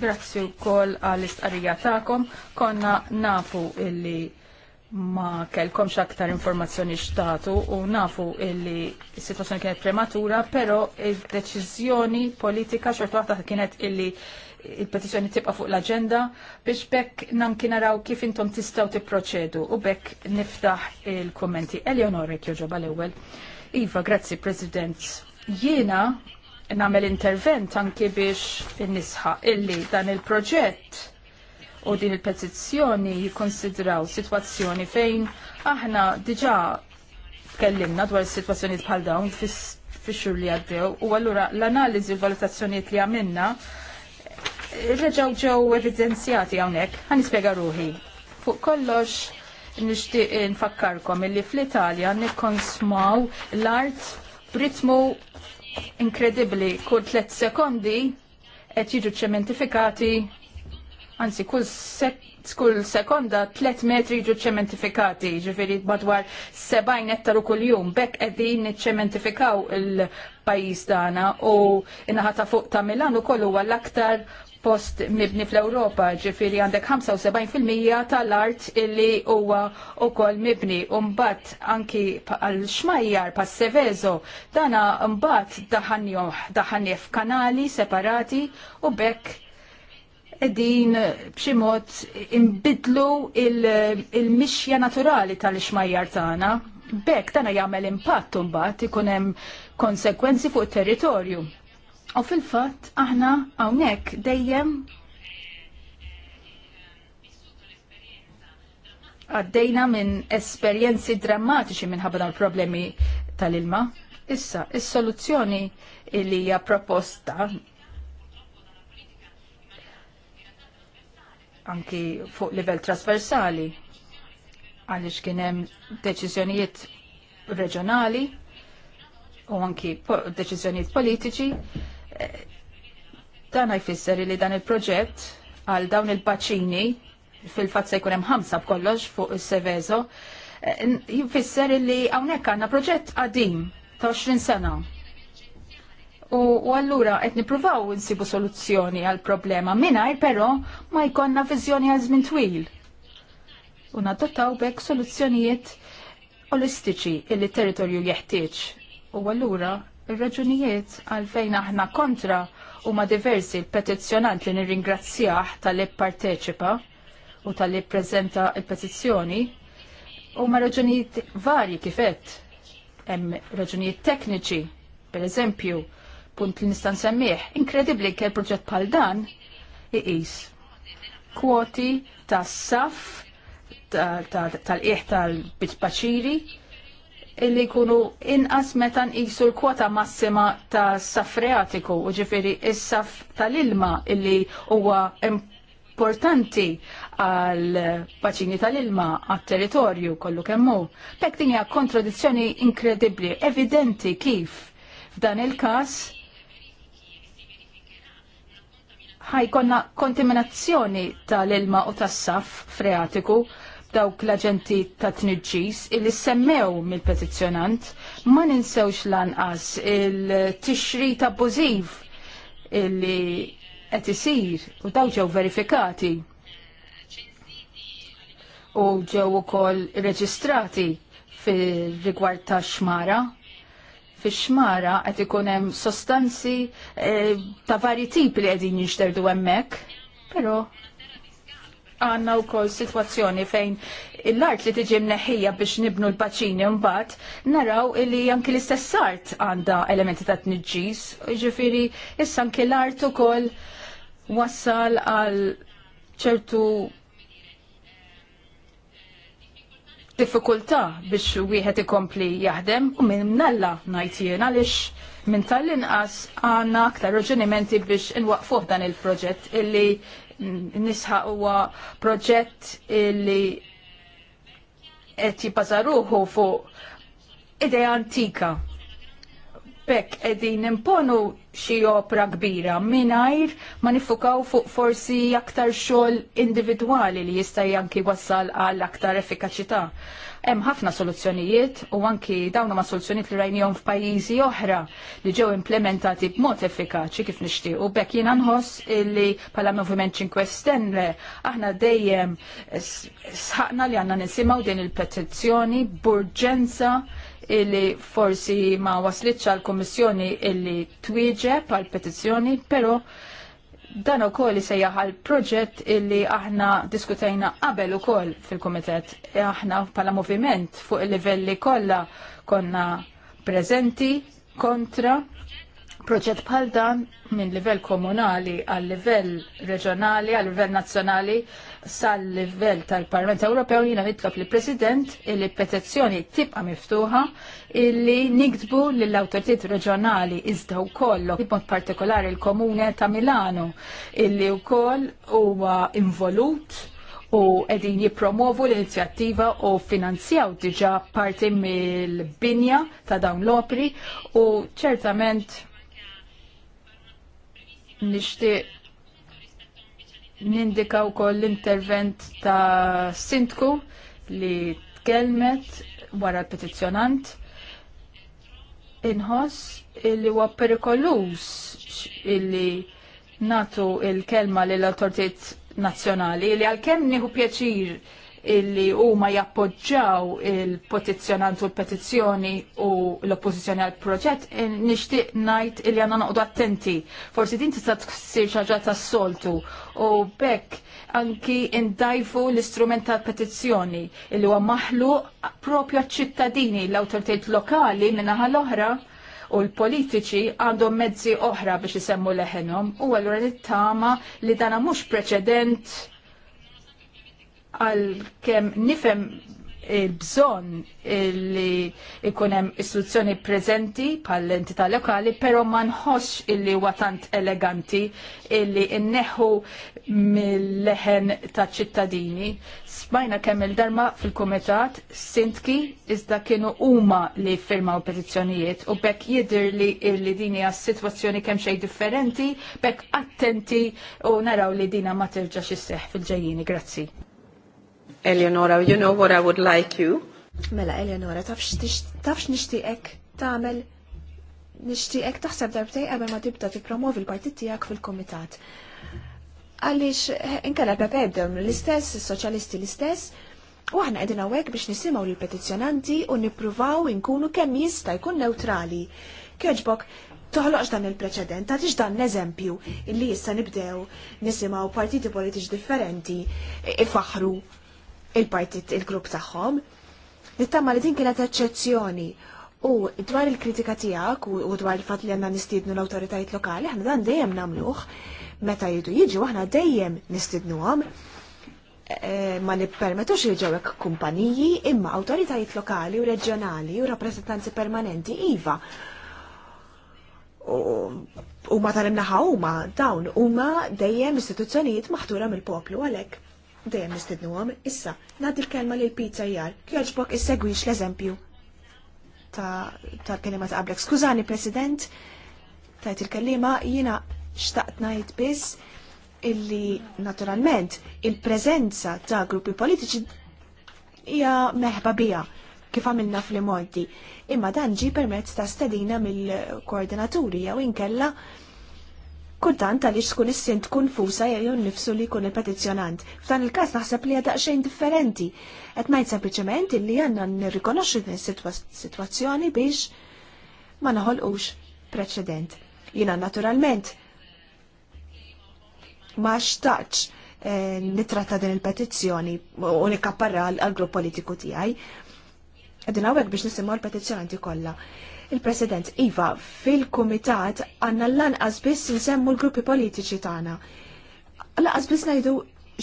Speaker 2: grazzi wkoll għall istqarrija tagħkom. Konna nafu illi ma kelkomx aktar informazzjoni xtatu u nafu illi situazzjoni kienet prematura, pero il-deċizjoni politika xorta waħda kienet illi il-petizjoni tibqa fuq l-agenda biex bekk nam kienaraw kif intom tistaw tipproċedu u bekk niftaħ il-kommenti. Eleonore kjoġoba l-ewel. Iva, grazzi, President. Jiena namel intervent anki biex nisħa illi dan il-proġett u din il-petizzjoni jikkonsidraw situazzjoni fejn aħna diġa tkellimna dwar situazzjoni bħal dawn fix-xhur li għaddew u allura l-analiżi u valutazzjonijiet li għamilna eh, reġgħu ġew evidenzjati hawnhekk. Ħa nispjega ruħi. Fuq kollox nixtieq nfakkarkom illi fl-Italja nikkonsmaw l-art b'ritmu inkredibbli kull tliet sekondi qed jiġu ċementifikati anzi kull kull sekonda 3 metri ġu ċementifikati, ġifiri madwar 70 ettaru kull jum, bekk edin ċementifikaw il-pajis dana u innaħata fuq ta' Milano kollu għall-aktar post mibni fl-Europa, ġifiri għandek 75% tal-art illi huwa ukoll mibni. Umbat anki għal xmajjar pas Sevezo, dana umbat daħanjoħ, daħanjef kanali separati u bekk edin bximot imbidlu il-mixja il naturali tal-ixmajjar tagħna. Bek tana jagħmel impatt imbagħad ikun hemm konsekwenzi fuq territorju. U fil-fatt aħna hawnhekk dejjem għaddejna minn esperjenzi drammatiċi minħabba l problemi tal-ilma. Issa, is-soluzzjoni li hija proposta anki fuq livell trasversali għaliex kien hemm deċiżjonijiet reġjonali u anki po deċiżjonijiet politiċi eh, dan jfisser li dan il-proġett għal dawn il-baċini fil-fatt se jkun hemm ħamsa b'kollox fuq is-Seveso eh, jfisser li hawnhekk għandna proġett qadim ta' 20 sena U allura qed nippruvaw insibu soluzzjoni għal problema mingħajr però ma jkollna viżjoni għal żmien twil. U nadottaw bekk soluzzjonijiet olistiċi illi territorju jeħtieġ. U allura ir-raġunijiet għalfejn aħna kontra huma diversi l-petizzjonant li nirringrazzjah tal-li parteċipa u tal-li preżenta l-petizzjoni huma raġunijiet varji kifet. Hemm raġunijiet tekniċi, per eżempju, punt li nistan semmieħ. Inkredibbli kell proġett bħal dan iqis kwoti ta' saf tal iħ tal-bitpaċiri illi jkunu inqas meta nqisu l-kwota massima ta' saf reatiku, u ġifiri is-saf tal-ilma illi huwa importanti għal paċini tal-ilma għat territorju kollu kemmu. Pek din hija kontradizzjoni inkredibbli, evidenti kif f'dan il-każ ħajkonna kontaminazzjoni tal-ilma u tas-saf freatiku dawk l-aġenti ta' tniġġis illi semmew mill-petizzjonant ma ninsewx lanqas il-tixrit abbużiv illi qed isir u daw ġew verifikati u ġew ukoll reġistrati fir rigward ta' xmara fi xmara qed ikun hemm sostanzi eh, ta' vari tipi li qegħdin jinxterdu hemmhekk, però għanna u kol situazzjoni fejn l-art li tiġi mneħija biex nibnu l-paċini mbagħad naraw li anki l-istess art għandha elementi ta' tniġġis, ġifiri issa anki l-art ukoll wassal għal ċertu diffikultà biex wieħed ikompli jaħdem u minn nalla ngħid jien għaliex minn tal-inqas għandna aktar raġunimenti biex inwaqfuh dan il-proġett illi nisħaq huwa proġett illi qed jibbażaruhu fuq idea antika bekk edin imponu xi opra kbira mingħajr ma nifukaw fuq forsi aktar xogħol individwali li jista' janki wassal għal aktar effikaċità. Hemm ħafna soluzzjonijiet u anki dawn ma soluzzjonijiet li rajnihom f'pajjiżi oħra li ġew implementati b'mod effikaċi kif nixtieq u bekk jiena nħoss illi bħala Moviment 5 Stelle aħna dejjem sħaqna li għandna nisimgħu din il-petizzjoni b'urġenza illi forsi ma waslitx għal kommissjoni illi twieġeb għal petizzjoni, pero dan ukoll sejjaħ għal proġett illi aħna diskutejna qabel ukoll fil-kumitet. Aħna pala moviment fuq il-livelli kollha konna preżenti kontra proġett bħal dan minn livell komunali għal livell reġjonali għal livell nazzjonali sal-livell tal-Parlament Ewropew jiena nitlob li President illi petizzjoni tibqa' miftuħa illi niktbu lill awtoritiet reġjonali iżda wkoll b'mod partikolari l-Komune ta' Milano illi wkoll huwa involut u qegħdin jippromovu l-inizjattiva u finanzjaw diġà parti mill-binja ta' dawn l-opri u ċertament nixtieq nindika wkoll l-intervent ta' Sintku li tkellmet wara l-petizzjonant inħoss li huwa perikolus illi natu il-kelma l-autoritet nazzjonali li għal-kem nieħu pjaċir illi huma jappoġġaw il-petizzjonant u l-petizzjoni u l-oppożizzjoni għal proġett e, nixtieq ngħid illi għandna noqgħdu attenti. Forsi din tista' tsir xi ħaġa tas-soltu u bekk anki ndajfu l-istrument tal-petizzjoni illi huwa maħluq propju ċittadini l-awtoritajiet lokali minnaħa l-oħra u l-politiċi għandhom mezzi oħra biex isemmu leħenhom u allura nittama li dana mhux preċedent għal kem nifem il-bżon li ikunem istruzzjoni prezenti pal-entità lokali, pero ma illi watant eleganti illi inneħu mill-leħen ta' ċittadini. Smajna kemm il-darma fil-komitat, sintki iżda kienu huma li firmaw petizzjonijiet u bekk jidir li illi dini għas situazzjoni kemm xej differenti, bekk attenti u naraw li dina ma terġax isseħ fil-ġejjini. Grazzi.
Speaker 1: Eleonora, you know what I would like you?
Speaker 3: Mela, Eleonora, tafx nishtiqek tamel nishtiqek taħseb darbtej qabel ma tibda tippromovi l-partit tiegħek fil-kumitat. Għaliex eh, inkella pepe l-istess, is-soċjalisti l-istess, u aħna qegħdin hawnhekk biex nisimgħu lill-petizzjonanti u nippruvaw inkunu kemm jista' jkun neutrali. Kieġbok, toħloqx dan il-preċedent, tagħtix dan l-eżempju illi issa nibdew nisimgħu partiti politiċi differenti ifaħru il-partit il-grupp tagħhom. Nittama li din kienet eċċezzjoni U dwar il-kritika tijak u dwar il-fat li għanna nistidnu l-autoritajt lokali, ħna dan dejjem namluħ, meta jidu jiġu, ħna dejjem nistidnu għom, eh, ma nippermetux il-ġewek kumpaniji imma awtoritajiet lokali u reġjonali u rappresentanzi permanenti IVA.
Speaker 2: U
Speaker 3: ma tal-imnaħa u ma dawn u ma dejjem istituzzjonijiet maħtura mill-poplu għalek dejjem nistednu għom, issa, nad il-kelma li l-pizza jgħar, kjoġbok is-segwix l-eżempju ta' kelima ta' għablek, Skużani, President, tajt il-kelima, jina xtaqt najt biss illi naturalment il-prezenza ta' gruppi politiċi hija meħba bija kif għamilna fl-Monti. Imma dan ġi permezz ta' stedina mill-koordinaturi jew inkella kella Kultant għaliex tkun is-sint konfusa jew nifsu li jkun il-petizzjonant. F'dan il-każ naħseb li hija daqsxejn differenti. Qed ngħid sempliċement illi għandna nirrikonoxxu din is-sitwazzjoni biex ma naħolqux preċedent. Jiena naturalment ma xtaqx eh, nitratta din il-petizzjoni u nikkapparra għal-grupp politiku tiegħi. Għedin għawek biex nisimgħu l-petizzjonanti kollha. Il-President Iva, fil-Kumitat għanna l-lanqas biss nsemmu l-gruppi politiċi tagħna. Lanqas biss ngħidu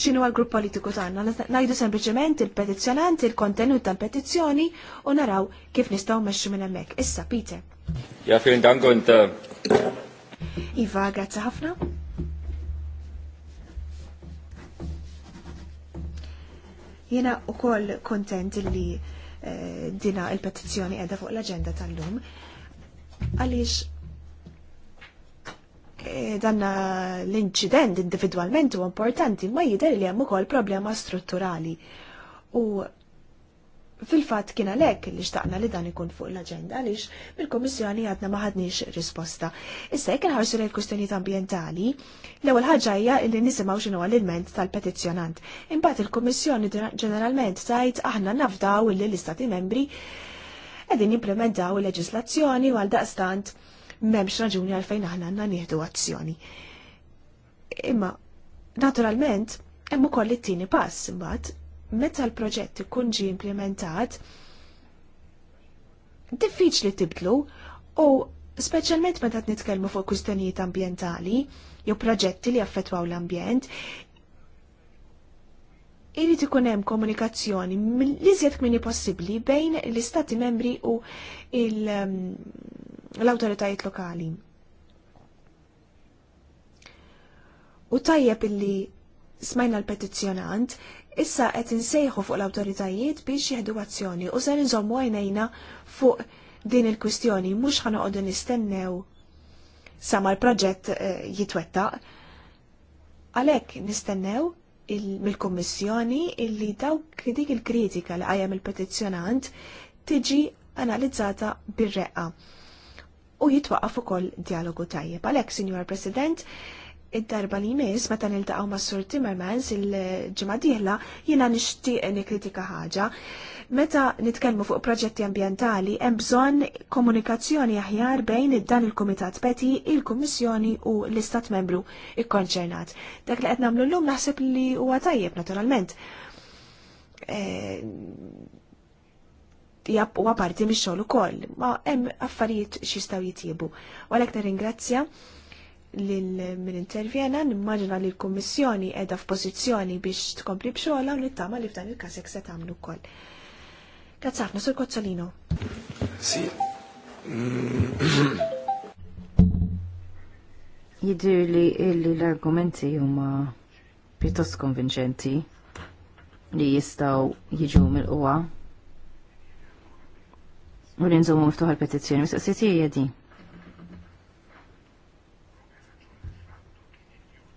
Speaker 3: xinu għal-grupp politiku tagħna, ngħidu sempliċement il petizzjonanti il-kontenut tal-petizzjoni u naraw kif nistgħu mexxu minn hemmhekk. Issa Peter.
Speaker 1: Ja, vielen Dank und äh,
Speaker 3: Iva, grazzi ħafna. Jena u koll kontent li Eh, dina il-petizzjoni edha fuq l-agenda tal-lum. Għaliex eh, danna l-inċident individualment u importanti ma jider li hemm ukoll problema strutturali. U Fil-fat kien għalek li xtaqna li dan ikun fuq l-agenda għaliex bil komissjoni għadna maħadniex risposta. Issa jekk nħarsu lejn kustjonijiet ambientali, l-ewwel ħaġa hija li nisimgħu x'inhu għal ilment tal-petizzjonant. Imbagħad il-Kummissjoni ġeneralment tajt aħna nafdaw li l-Istati membri qegħdin jimplementaw il-leġislazzjoni għal daqstant m'hemmx raġuni għalfejn aħna għandna nieħdu azzjoni. Imma naturalment hemm ukoll it-tieni pass imbagħad meta l-proġett ikun ġi implementat, diffiċli tibdlu u speċjalment meta nitkellmu fuq kwistjonijiet ambjentali jew proġetti li affettwaw l-ambjent, irid ikun hemm komunikazzjoni l-iżjed kmini possibbli bejn l-istati membri u um, l-awtoritajiet lokali. U tajjeb illi smajna l-petizzjonant Issa qed insejħu fuq l-awtoritajiet biex jieħdu azzjoni u ser inżommu għajnejna fuq din il-kwistjoni mhux ħanoqogħdu nistennew sa ma l-proġett eh, jitwettaq. Għalhekk nistennew mill-Kummissjoni illi dawk dik il-kritika li qajjem il-petizzjonant tiġi analizzata bir-reqqa u jitwaqaf ukoll dialogu tajjeb. Għalhekk, Sinjor President, id-darba li jmiss meta niltaqgħu ma' Sur Timmermans il-ġimgħa dieħla jiena nixtieq nikkritika ħaġa. Meta nitkellmu fuq proġetti ambjentali hemm bżonn komunikazzjoni aħjar bejn id dan il-Kumitat Peti, il-Kummissjoni u l-Istat Membru ikkonċernat. Dak li qed nagħmlu llum naħseb li huwa tajjeb naturalment. E, huwa parti mix-xogħol ukoll, ma hemm affarijiet xistaw jistgħu jitjiebu. Walek nirringrazzja ringrazzja mill-intervjena, nimmaġina li l-Kommissjoni edha f'pożizzjoni biex tkompli bxola u nittama li f'dan il-każ se tagħmlu wkoll. Grazzafna sur Kozzolino. Si.
Speaker 4: Jidir li l-argumenti huma pjuttost konvinċenti li jistaw jiġu mill-qwa u li nżommu miftuħ l-petizzjoni. Mistaqsitija di.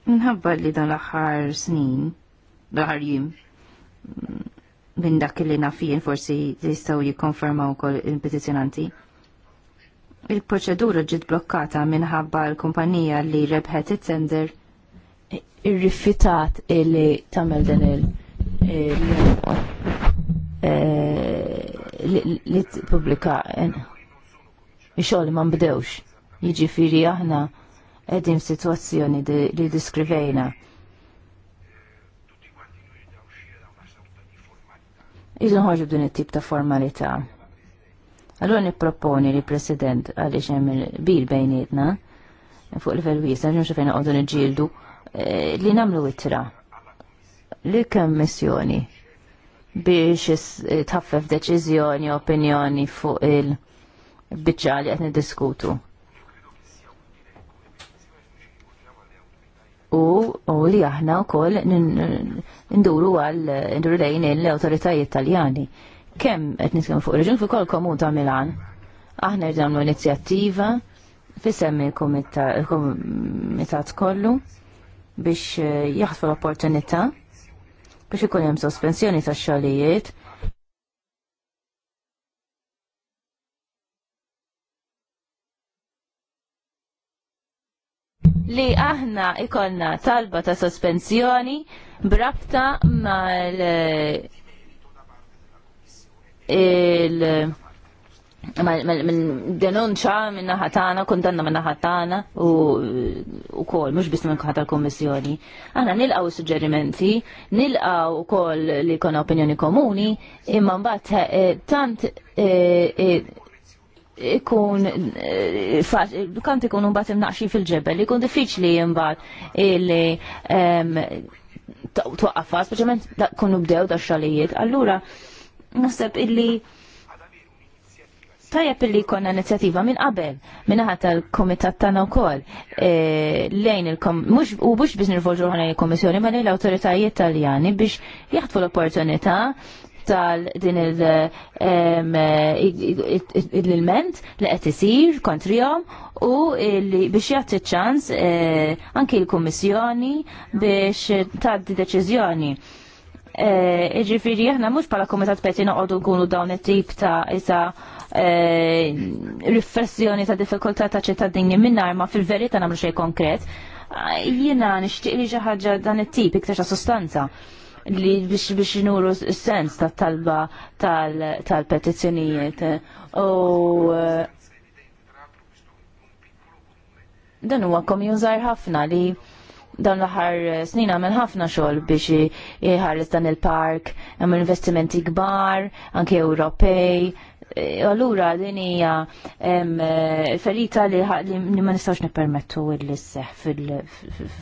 Speaker 4: Minħabba li dan l-aħħar snin, l axar jim, minn dak li nafijin forsi jistaw jikonfermaw kol il-petizjonanti. Il-proċedura ġiet blokkata minħabba l-kumpanija li rebħet it-tender irrifitat li tamel dan il- eh, li t-publika eh, xogħol ma nbdewx. Jiġifieri aħna edin situazzjoni li diskrivejna. Iżun ħoġu din it-tip ta' formalità. Allora nipproponi li president għaliex hemm il-bil bejnietna fuq il wiesa ġun xi fejn qogħdu niġġieldu eh, li nagħmlu ittra li kemm missjoni biex eh, tħaffef deċiżjoni opinjoni fuq il-biċċa li qed niddiskutu. u li aħna wkoll nduru għal nduru lejn l-awtoritajiet Taljani. Kemm qed nitkellmu fuq reġun fuq kol komun ta' Milan. Aħna rġamlu inizjattiva fi semmi il-komitat kollu biex eh, jaħsfu l-opportunità biex ikun hemm sospensjoni tax xogħlijiet li aħna ikonna talba ta' sospensjoni brabta mal eh, il denunċa minna ħatana, kundanna minna ħatana u, u kol, mux bis minn ħata l-kommissjoni. Għana nilqaw suġġerimenti, nilqaw u kol li kona opinjoni komuni, imma bat eh, tant eh, ikun kant ikun mbagħad imnaqxi fil-ġebel, ikun diffiċli il-li twaqqafha, speċjalment kunu bdew da xalijiet. Allura naħseb illi Tajja illi konna inizjativa minn qabel, minn ħadd tal-komitat tagħna wkoll e, lejn il-kom u mhux biex nirvolġu ħana il komissjoni ma lejn l-awtoritajiet Taljani biex jaħtfu l-opportunità tal-din il-ilment li qed isir kontrihom u biex jagħti ċans e, anki l-Kummissjoni biex tgħaddi deċiżjoni. E, Ġifiri, aħna mhux bħala komitat peti noqogħdu kunu dawn it-tip ta' isa e, riflessjoni ta' diffikultà ta' ċittadini minnar ma fil-verità nagħmlu xejn konkret. Jiena nixtieq li xi ħaġa dan it-tip iktar sostanza li biex biex nuru s-sens ta' talba tal-petizzjonijiet. U eh, dan huwa komjużar ħafna li dan l-aħħar snin għamel ħafna xogħol biex jħares dan il-park, hemm investimenti kbar, anke Ewropej. E, allura din hija ferita li ma nistgħux nippermettu l fil-kampanja, fil-kampanja.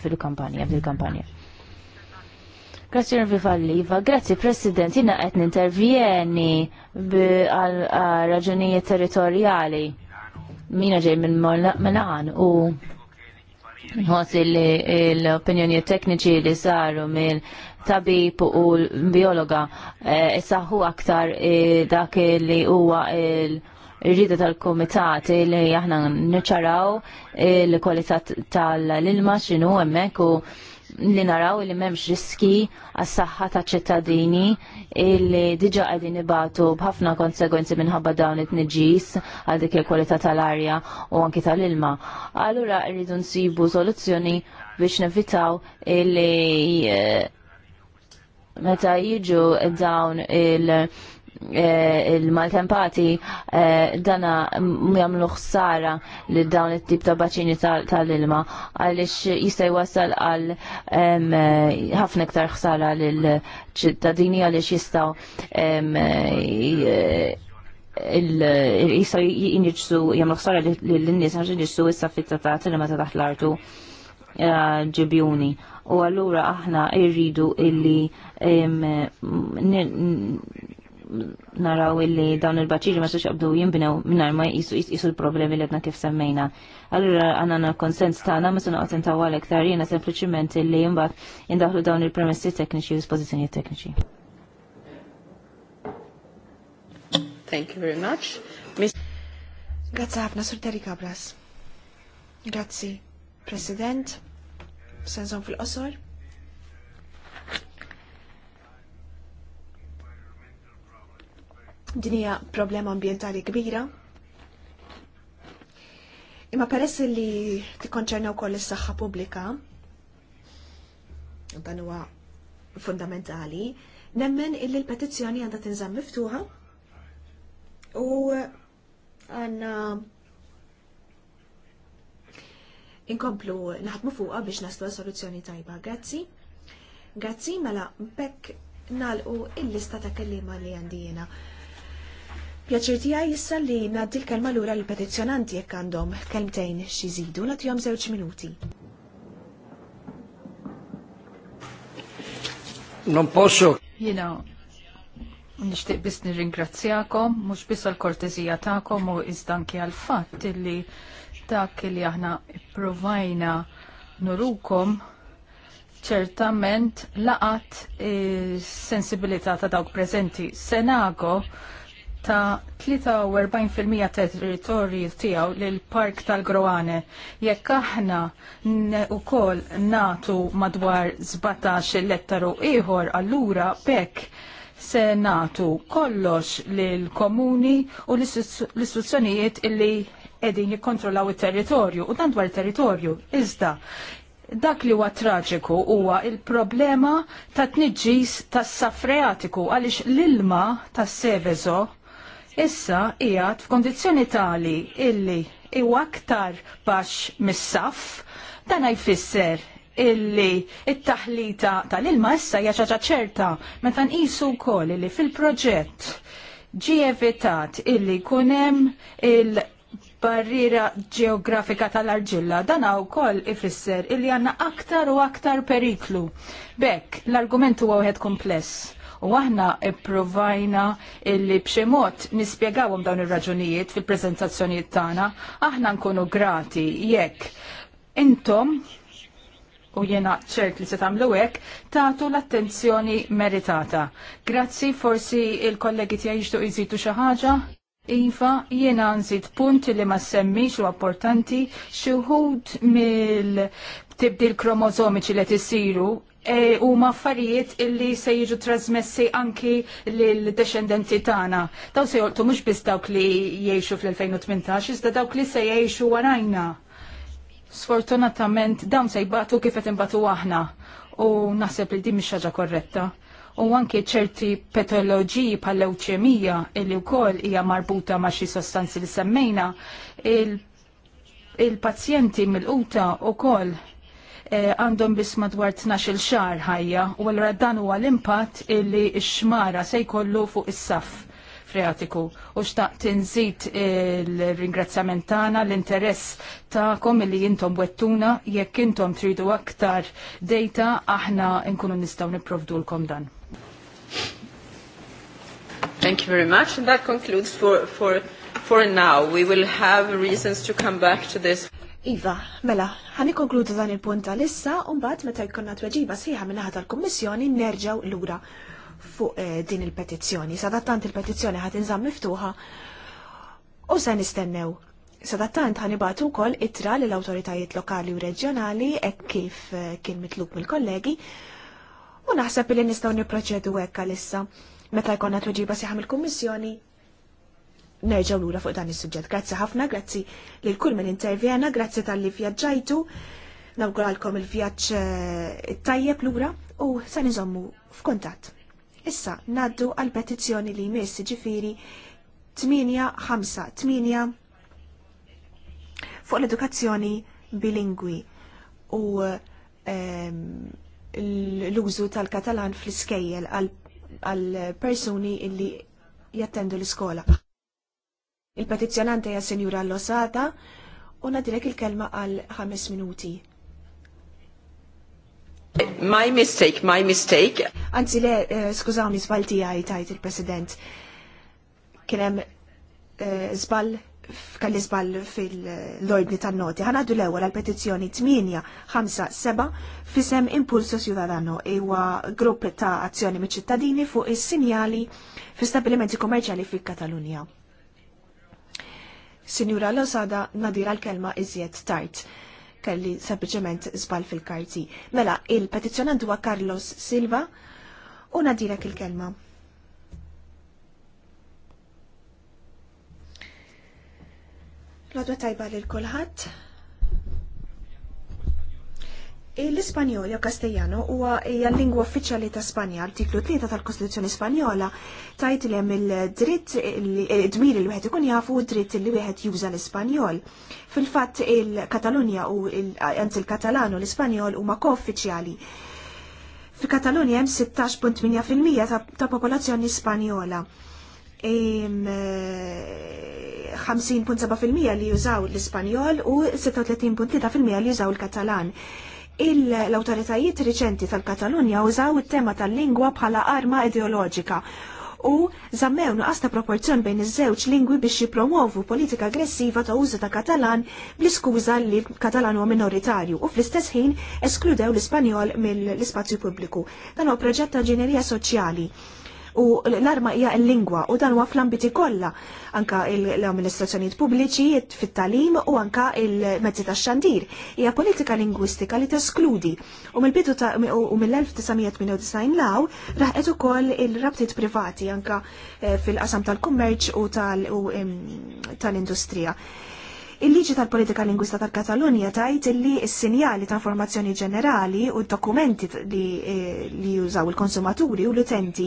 Speaker 4: fil-kampanja, fil-kampanja. Grazie Vivalli, va grazie President, jina qed nintervjeni għal raġunijiet territorjali. Mina ġej minn Milan u nħos l-opinjonijiet tekniċi li saru mill tabib u biologa eh, saħu aktar eh, dak li huwa il-rida tal-komitat li aħna niċċaraw il-kwalità tal-ilma x'inhu hemmhekk u li naraw li memx riski għas saħħa ta' ċittadini li diġa għadin ibatu bħafna konsegwenzi minħabba dawn it-nġis għal dik il-kwalità tal-arja u anki tal-ilma. Allura rridu nsibu soluzzjoni biex nevitaw li eh, meta jiġu dawn il- Eh, il-maltempati eh, dana jamlu sara li dawn it-tip ta' baċini tal-ilma għalix jista' wasal għal eh, ħafna iktar ħsara lill-ċittadini għalix jistaw jistaw jinġsu jamluħ ħsara lill-nies għax jinġsu issa fitta ta' tilma ta' taħt l-artu ġibjuni u għallura aħna irridu illi naraw illi dawn il-baċiri ma xaqbdu jimbinaw minnar ma jisu l-problemi li għedna kif semmejna. Allura għanna konsens tagħna ma sunu għatin tawa ektar jena sempliciment illi jimbat indaħlu dawn il-premessi tekniċi u dispożizzjoni tekniċi.
Speaker 3: Thank you very much. Grazie ħafna, Sur Terry Cabras. Grazzi, President. Senżon fil-qosor. Din hija problema ambientali kbira. Imma peress li tikkonċerna wkoll is-saħħa pubblika, dan huwa fundamentali, nemmen illi l-petizzjoni għandha tinżamm miftuħa u għanna inkomplu naħdmu fuqa biex naslu soluzzjoni tajba. Grazzi. Grazzi mela bekk nalqu il-lista ta' kellima li għandijena. Pjaċir tiegħi issa li ngħaddi l-kelma lura l-petizzjonanti jekk għandhom kelmtejn xi jżidu nagħtihom żewġ minuti. Non posso. Jina, nishtiq
Speaker 2: biss nirringrazzjakom, mhux biss għall-kortezija tagħkom u iżda għal għall-fatt li dak li aħna provajna nurukom ċertament laqat sensibilità ta' dawk prezenti. Senago ta' 43% ta' territorju tiegħu lil park tal-Groane. Jekk aħna kol natu madwar 17 lettaru ieħor allura pek se natu kollox lil komuni u l istruzzjonijiet illi edin jikontrollaw il-territorju u dan dwar il-territorju. Iżda, dak li huwa traġiku huwa il-problema ta' tniġġis tas safreatiku għaliex l-ilma tas sevezo issa qiegħed f'kondizjoni tali illi huwa aktar baxx mis-saf dan jfisser illi it-taħlita tal-ilma issa hija ċaċa ċerta meta nqisu wkoll illi fil-proġett ġie evitat illi jkun hemm il barriera ġeografika tal-arġilla dan wkoll ifisser illi għandna aktar u aktar periklu. Bekk, l-argument għawħed kompless u aħna ipprovajna illi b'xi mod nispjegawhom dawn ir-raġunijiet fil-preżentazzjonijiet tagħna, aħna nkunu grati jekk intom u jena ċert li se tagħmlu hekk tagħtu l-attenzjoni meritata. Grazzi forsi il-kollegi tiegħi jiġdu jżidu xi ħaġa. Iva, jiena nżid punt li ma semmix u importanti xi wħud mill tibdil kromozomiċi li tisiru E, u maffarijiet illi se jiġu trasmessi anki l-descendenti tagħna. Daw se joltu mhux biss dawk li jgħixu fl-2018, iżda dawk li se jgħixu warajna. Sfortunatament dawn se jbatu kif qed inbatu aħna u naħseb li din mhix korretta. U anki ċerti petologiji pal lewċemija illi wkoll hija marbuta ma' xi sostanzi li semmejna, il-pazjenti il pazjenti il mill u wkoll Eh, għandhom bis biss madwar 12 xar ħajja u allura dan huwa l-impatt illi x-xmara se jkollu fuq is-saf freatiku u xtaqt tinżid il-ringrazzjament tagħna l-interess tagħkom illi intom wettuna jekk intom tridu aktar data aħna nkunu nistgħu nipprovdulkom dan. Thank
Speaker 1: you very much and that concludes for, for, for now. We will have reasons to come back
Speaker 3: to this. Iva, mela, ħani konkludu dan il-punt un unbat meta jkonna tweġiba siħa minnaħat tal-Kommissjoni nerġaw l-ura fuq eh, din il-petizzjoni. Sadattant il-petizzjoni ħat inżam miftuħa u se nistennew. Sadattant ħani batu kol itra l-autoritajiet lokali u reġjonali e kif eh, kien mitluk mill-kollegi u naħseb li nistaw niproċedu hekk għalissa. Meta jkonna tweġiba sħiħa mill-Kommissjoni, nerġaw lura fuq dan is-suġġett. Grazzi ħafna, grazzi li l-kull minn intervjena, grazzi tal-li vjaġġajtu. Nawguralkom il-vjaġġ eh, tajjeb lura u sa niżommu f'kuntatt. Issa naddu għal petizzjoni li jmiss ġifiri 8-5-8 fuq l-edukazzjoni bilingwi u ehm, l-użu tal-Katalan fl-iskejjel għal persuni illi jattendu l-iskola il petizzjonante hija Sinjura Losada u nadirek il-kelma għal 5 minuti.
Speaker 1: My mistake, my mistake.
Speaker 3: Anzi le, eh, skużawni, zbal tiegħi tajt il-President. Kien hemm eh, żball kalli zbal fil-ordni tan-noti. Ħanaddu l-ewwel għall-petizzjoni 857 fisem Impulso Ciudadano iwa grupp ta' azzjoni miċ-ċittadini fuq is-sinjali fi stabilimenti komerċali fil-Katalunja. Sinjura Lozada nadira l-kelma iżjed tard kelli sempliciment zbal fil-karti. Mela, il-petizjonant huwa Carlos Silva u nadirek il-kelma. L-għadwa tajba l-kulħadd. L-Ispanjol jew Kastejano huwa hija lingwa uffiċjali ta' Spanja, artiklu 3 tal-Kostituzzjoni Spanjola tajt li hemm il-dritt eh, dmir li wieħed ikun jafu u dritt li wieħed juża l-Ispanjol. Fil-fatt il-Katalunja u eh, anzi il-Katalan u l-Ispanjol huma kouffiċjali. Fi Katalunja hemm 16.8% ta' popolazzjoni Spanjola. 50.7% eh, li jużaw l-Ispanjol u 36.3% li jużaw il-Katalan l-autoritajiet riċenti tal-Katalunja użaw it-tema tal-lingwa bħala arma ideoloġika u zammew nuqqas ta' proporzjon bejn iż-żewġ lingwi biex jipromovu politika aggressiva ta' użu ta' Katalan bl-iskuża li Katalan huwa minoritarju u fl-istess ħin eskludew l-Ispanjol mill-ispazju pubbliku. Dan huwa proġett ta' ġenerija soċjali u l-arma hija l-lingwa u dan huwa fl-ambiti kollha anka l-amministrazzjonijiet pubbliċi fit-talim u anka il-mezzi tax-xandir. Hija politika lingwistika li teskludi u mill-bidu ta' u mill-1998 law raħqet ukoll il-rabtiet privati anka eh, fil-qasam tal-kummerċ u tal-industrija. Tal Il-liġi tal-politika lingwista tal-Katalunja tajt li s-sinjali ta' informazzjoni ġenerali u dokumenti eh, li jużaw il-konsumaturi u l-utenti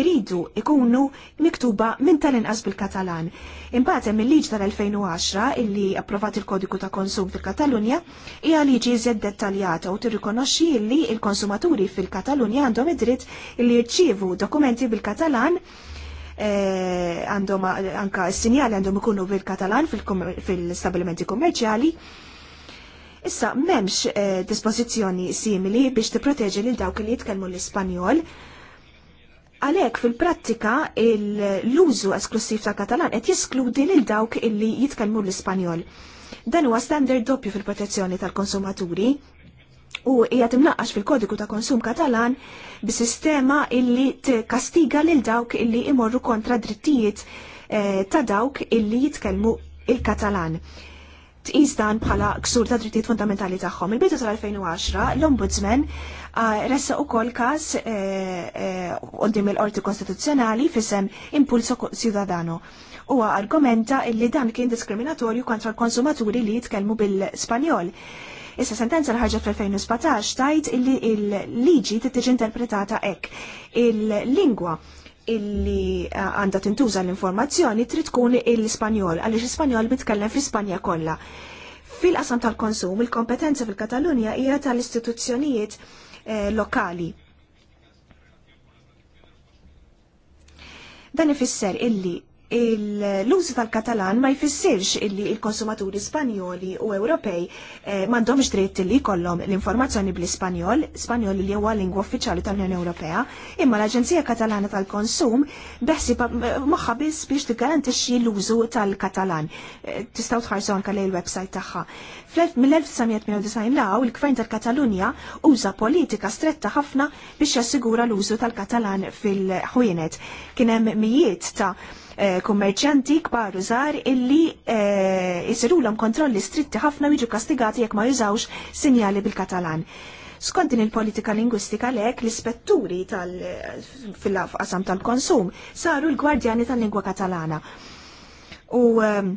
Speaker 3: iridu ikunu miktuba minn tal-inqas bil-Katalan. Imbagħad hemm il-liġi tal-2010 illi approvat il-kodiku ta' konsum fil-Katalunja hija liġi iżjed dettaljata u tirrikonoxxi li il-konsumaturi fil-Katalunja għandhom id-dritt li jirċievu dokumenti bil-Katalan Eh, għandhom eh, anka s-sinjali għandhom ikunu bil-Katalan fil-stabilimenti kummerċjali. Issa memx eh, dispozizjoni dispożizzjoni simili biex t-proteġi lil dawk li jitkellmu l-Ispanjol. Għalek fil-prattika l-użu esklusiv ta' Katalan qed jiskludi lil dawk illi jitkellmu l-Ispanjol. Dan huwa standard doppju fil-protezzjoni tal-konsumaturi u hija timnaqqax fil-kodiku ta' konsum katalan bi sistema illi t-kastiga lil dawk illi imorru kontra drittijiet eh, ta' dawk illi jitkellmu il-Katalan. Tqis dan bħala ksur ta' drittijiet fundamentali tagħhom. Il-bidu tal-2010 l-Ombudsman ah, ressa ukoll każ eh, eh, qudiem il-Qorti Kostituzzjonali fisem Impulso Ciudadano huwa argumenta illi dan kien diskriminatorju kontra l-konsumaturi li jitkellmu bil-Spanjol. Issa sentenza l-ħarġa fl-2017 tajt illi il-liġi tittiġi interpretata hekk. Il-lingwa illi eh, għanda tintuża l-informazzjoni trid tkun il-Spanjol, għaliex l-Spanjol bitkellem fi Spanja kollha. Fil-qasam tal-konsum, il-kompetenza fil-Katalunja hija tal-istituzzjonijiet eh, lokali. Dan ifisser illi l-użu tal-Katalan ma jfissirx illi il-konsumaturi Spanjoli u Ewropej eh, m'għandhomx dritt li jkollhom l-informazzjoni bl-Ispanjol, Spanjol li huwa lingwa uffiċjali tal-Unjoni Ewropea, imma l-Aġenzija Katalana tal-Konsum beħsi eh, magħha biss biex tigarantixxi l-użu tal-Katalan. Eh, tistgħu tħarsu anke lejn il-website tagħha. Mill-1998 law il-Gvern tal-Katalunja uża politika stretta ħafna biex jassigura l-użu tal-Katalan fil-ħwienet. Kien hemm mijiet ta' Eh, kummerċanti kbar użar illi jisirulhom eh, kontrolli stritti ħafna jiġu kastigati jekk ma jużawx sinjali bil-Katalan. Skont din il-politika lingwistika lek l-ispetturi fil-qasam tal-konsum saru l-gwardjani tal-lingwa katalana. U ehm,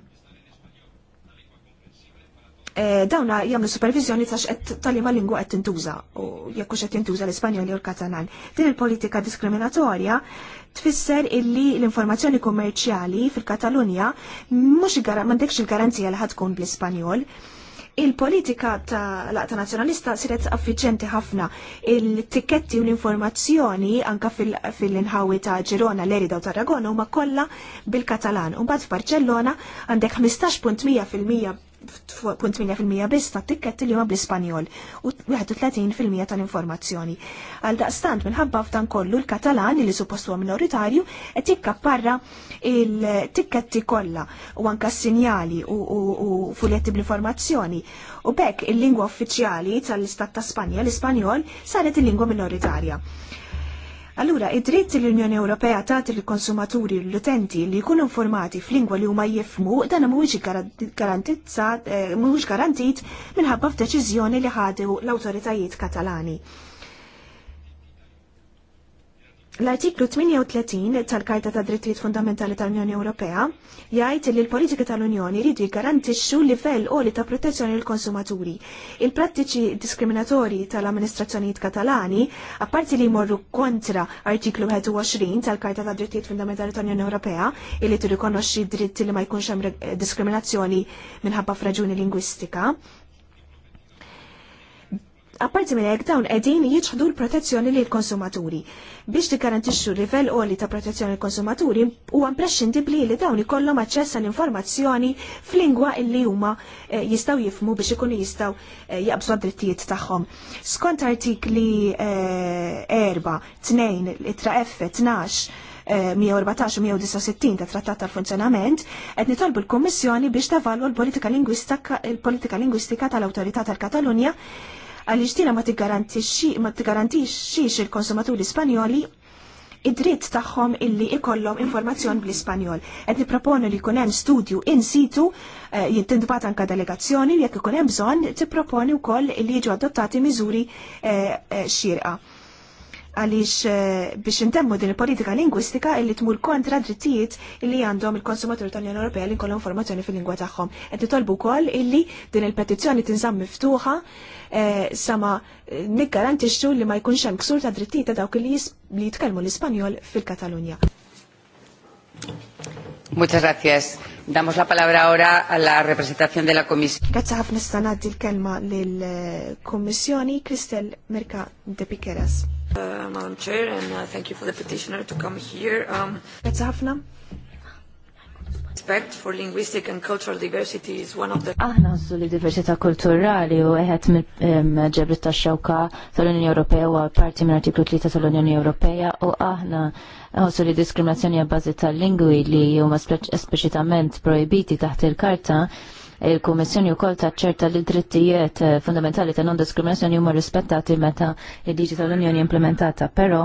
Speaker 3: Eh, dawna jagħmlu supervizjoni ta' x'qed tal-liema lingwa qed tintuża u jekk hux qed tintuża l-Ispanjol jew l-Katalan. Din il-politika diskriminatorja tfisser illi l-informazzjoni kummerċjali fil-Katalunja mhux m'għandekx il-garanzija li ħad tkun bl-Ispanjol. Il-politika ta' laqta nazjonalista siret affiċenti ħafna. Il-tiketti u l-informazzjoni anka fil-inħawi ta' Girona, Lerida u Tarragona huma kollha bil-Katalan. bad f'Barcellona għandek 15.100% fil-mija biss ta' tikket li huma bl-Ispanjol u 31% tal-informazzjoni. Għal daqstant minħabba f'dan kollu l-Katalan li suppost huwa minoritarju qed jikkapparra il-tikketti kollha u anke s-sinjali u fuletti bl-informazzjoni. U bekk il-lingwa uffiċjali tal-Istat ta' Spanja l-Ispanjol saret il-lingwa minoritarja. Allura, id-dritt li l-Unjoni Ewropea tagħti lill-konsumaturi l-utenti li jkunu informati f'lingwa li huma jifmu dan mhuwiex eh, garantit minħabba f'deċiżjoni li ħadu l-awtoritajiet Katalani. L-artiklu 38 tal-Karta ta' Drittijiet Fundamentali tal-Unjoni Ewropea jgħid li l-politika tal-Unjoni jridu jgarantixxu livell qoli ta' protezzjoni l konsumaturi Il-prattiċi diskriminatorji tal-amministrazzjonijiet katalani, apparti li jmorru kontra artiklu 21 tal-Karta ta' Drittijiet Fundamentali tal-Unjoni Ewropea, illi tirrikonoxxi dritti li ma jkunx hemm diskriminazzjoni minħabba fraġuni lingwistika, Apparti minn hekk dawn qegħdin jitħdu l-protezzjoni l konsumaturi. Biex tikkarantixxu u qoli ta' protezzjoni l-konsumaturi huwa imprescindibbli li dawn ikollhom aċċess għall informazzjoni f'lingwa illi huma eh, jistgħu jifmu biex ikunu jistgħu eh, jaqbżu drittijiet tagħhom. Skont artikli 4, 2, itra F, 12, 114 eh, u 169 ta' trattat tal-funzjonament, qed nitolbu l-Kummissjoni biex tavallu l-politika lingwistika tal-Awtorità tal-Katalunja għaliex dina ma xiex il-konsumaturi Spanjoli id-dritt tagħhom illi ikollom informazzjoni bl-Ispanjol. Ed nipproponu li jkun hemm studju in situ eh, jintindbat anka delegazzjoni li jekk ikun hemm bżonn tipproponi wkoll li jiġu adottati miżuri eh, eh, xirqa għaliex eh, biex intemmu din il-politika lingwistika illi tmur kontra drittijiet illi għandhom il-konsumatur tal-Unjoni Ewropea li nkollhom informazzjoni fil-lingwa tagħhom. Qed nitolbu wkoll illi din il-petizzjoni tinżamm miftuħa eh, sama eh, niggarantixxu li ma jkunx hemm ksur ta' drittijiet ta' dawk li jitkellmu l-Ispanjol fil-Katalunja.
Speaker 1: Muchas gracias. Damos la palabra ahora a la representación de la Comisión.
Speaker 3: Grazie ħafna stanaddi l-kelma lill-Kommissjoni Kristel Merca de Piqueras. Uh, Madam Chair, and uh, thank you for the petitioner to come here. Um,
Speaker 2: Respect for linguistic and cultural diversity is one of the...
Speaker 4: Aħna għazzu li diversità kulturali u eħet mill-ġebri ta' xewka tal-Unjoni Ewropea u parti minn artiklu 3 tal-Unjoni Ewropea u aħna għazzu li diskriminazzjoni għabbażi tal-lingwi li huma espliċitament projbiti taħt il-karta Il-Kummissjoni wkoll taċċerta li drittijiet eh, fundamentali ta' non-diskriminazzjoni huma rispettati meta il digital tal-Unjoni implementata, però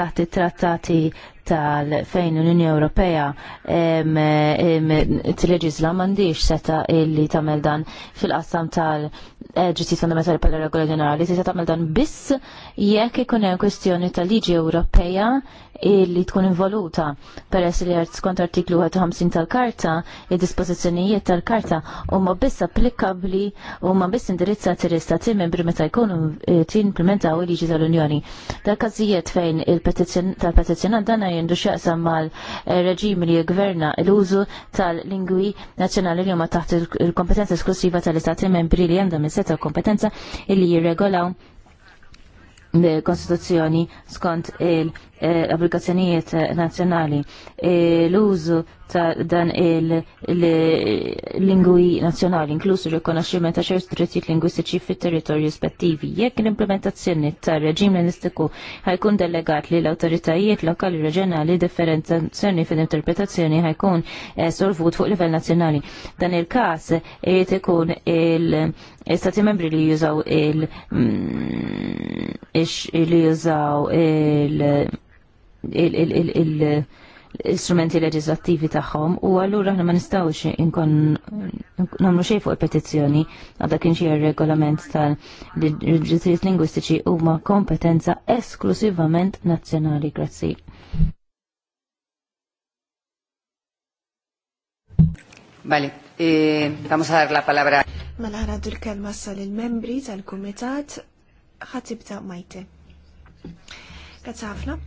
Speaker 4: taħt it-trattati tal fejn l-Unjoni Ewropea t-leġizla mandiġ seta illi tamel dan fil-qassam tal-ġisti fundamentali pal regola ġenerali, seta tamel dan biss jekk ikun hemm kwestjoni tal-liġi Ewropea illi tkun involuta peress li għart skont artiklu 51 tal-karta, id-dispożizzjonijiet tal-karta huma biss applikabbli u ma biss indirizzati l-istati membri meta jkunu eh, timplementaw il-liġi tal-Unjoni. Dal-każijiet fejn il-petizzjonant dan dan jendu xaqsam mal-reġim li jgverna l-użu tal-lingwi nazjonali li huma taħt il-kompetenza esklusiva tal-istati membri li għandhom il-seta kompetenza illi jirregolaw kostituzzjoni skont il- Eh, applikazzjonijiet eh, nazzjonali. Eh, l-użu ta' dan il-lingwi nazzjonali, inklusu rikonoxximent ta' ċertu drittijiet lingwistiċi fit-territorju spettivi. Jekk l-implementazzjoni tar reġim lingwistiku ħajkun delegat li l-autoritajiet lokali reġjonali differenzazzjoni fil-interpretazzjoni ħajkun solvut fuq livell nazzjonali. Dan il-każ irid ikun il- Stati membri li jużaw il- mm, li jużaw il- l-istrumenti leġislattivi tagħhom u allura aħna ma nistgħux inkon nagħmlu xejn fuq il-petizzjoni għadha kien xi regolament tal-ġittijiet lingwistiċi huma kompetenza esklusivament nazzjonali. Grazzi.
Speaker 2: Vale, eh, vamos a dar la palabra.
Speaker 3: Mela ħaradu l-kelma sal il-membri tal-kumitat ħatibta majte. Grazie ħafna.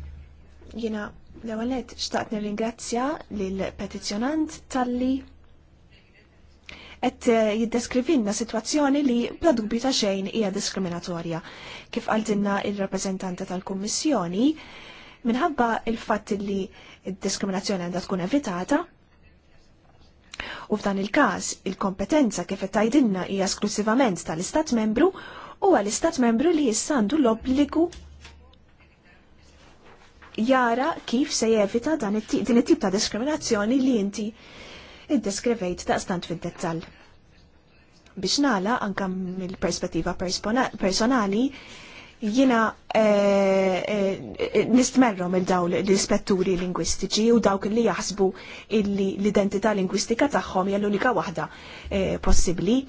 Speaker 3: Jena l-ewelet xtaqt nir-ringrazzja l-petizjonant tal-li et eh, jiddeskrivinna situazzjoni li bla dubju ta' xejn hija diskriminatorja. Kif għaltinna il-rappreżentanta tal-Kummissjoni, minħabba il-fatt li id-diskriminazzjoni għandha tkun evitata, u f'dan il-każ il-kompetenza kif qed tgħidilna hija esklusivament tal-Istat Membru u l istat Membru li jissandu l-obbligu jara kif se jevita din it-tip ta' diskriminazzjoni li inti iddeskrivejt ta' stant fid-dettall. Biex nala anka mill-perspettiva personali, jina eh, eh, eh, nistmerrom il-daw l-ispetturi lingwistiċi u dawk li jaħsbu l-identità lingwistika tagħhom hija l-unika waħda possibbli.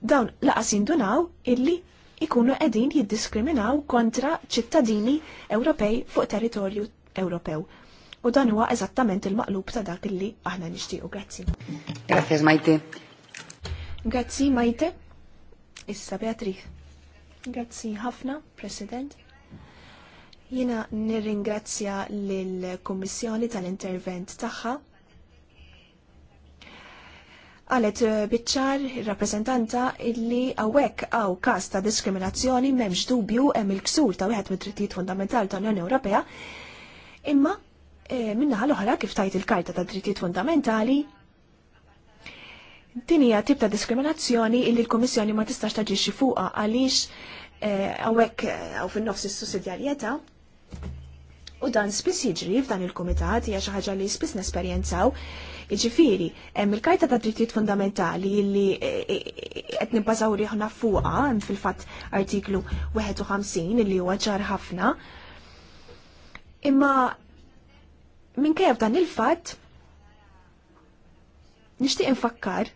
Speaker 3: Dawn laqas jindunaw illi ikunu qegħdin jiddiskriminaw kontra ċittadini Ewropej fuq territorju Ewropew. U dan huwa eżattament il-maqlub ta' dak li aħna nixtiequ. Grazzi.
Speaker 4: Grazzi Majte.
Speaker 3: Grazzi Majte. Issa Beatri. Grazzi ħafna, President. Jina nirringrazzja lill kummissjoni tal-intervent tagħha Għalet eh, bitċar il-rappresentanta illi għawek għaw kas ta' diskriminazzjoni memx dubju hemm il-ksur ta' wieħed mit-trittijiet fundamentali ta' Unjoni Ewropea, imma minna eh, minnaħa l-oħra kif tajt il-Karta ta' Drittijiet Fundamentali din hija tip ta' diskriminazzjoni illi l-Kummissjoni ma tistax taġixxi fuqha għaliex għawek eh, għaw fin-nofs is-sussidjarjetà U dan spiss jiġri f'dan il-kumitat hija xi ħaġa li spiss nesperjenzaw Iġifiri, hemm il-Karta ta' Drittijiet Fundamentali li e, e, e, qed nibbażaw riħna fuqha hemm fil-fatt artiklu 51 li huwa ċar ħafna. Imma minkejja dan il-fatt nixtieq infakkar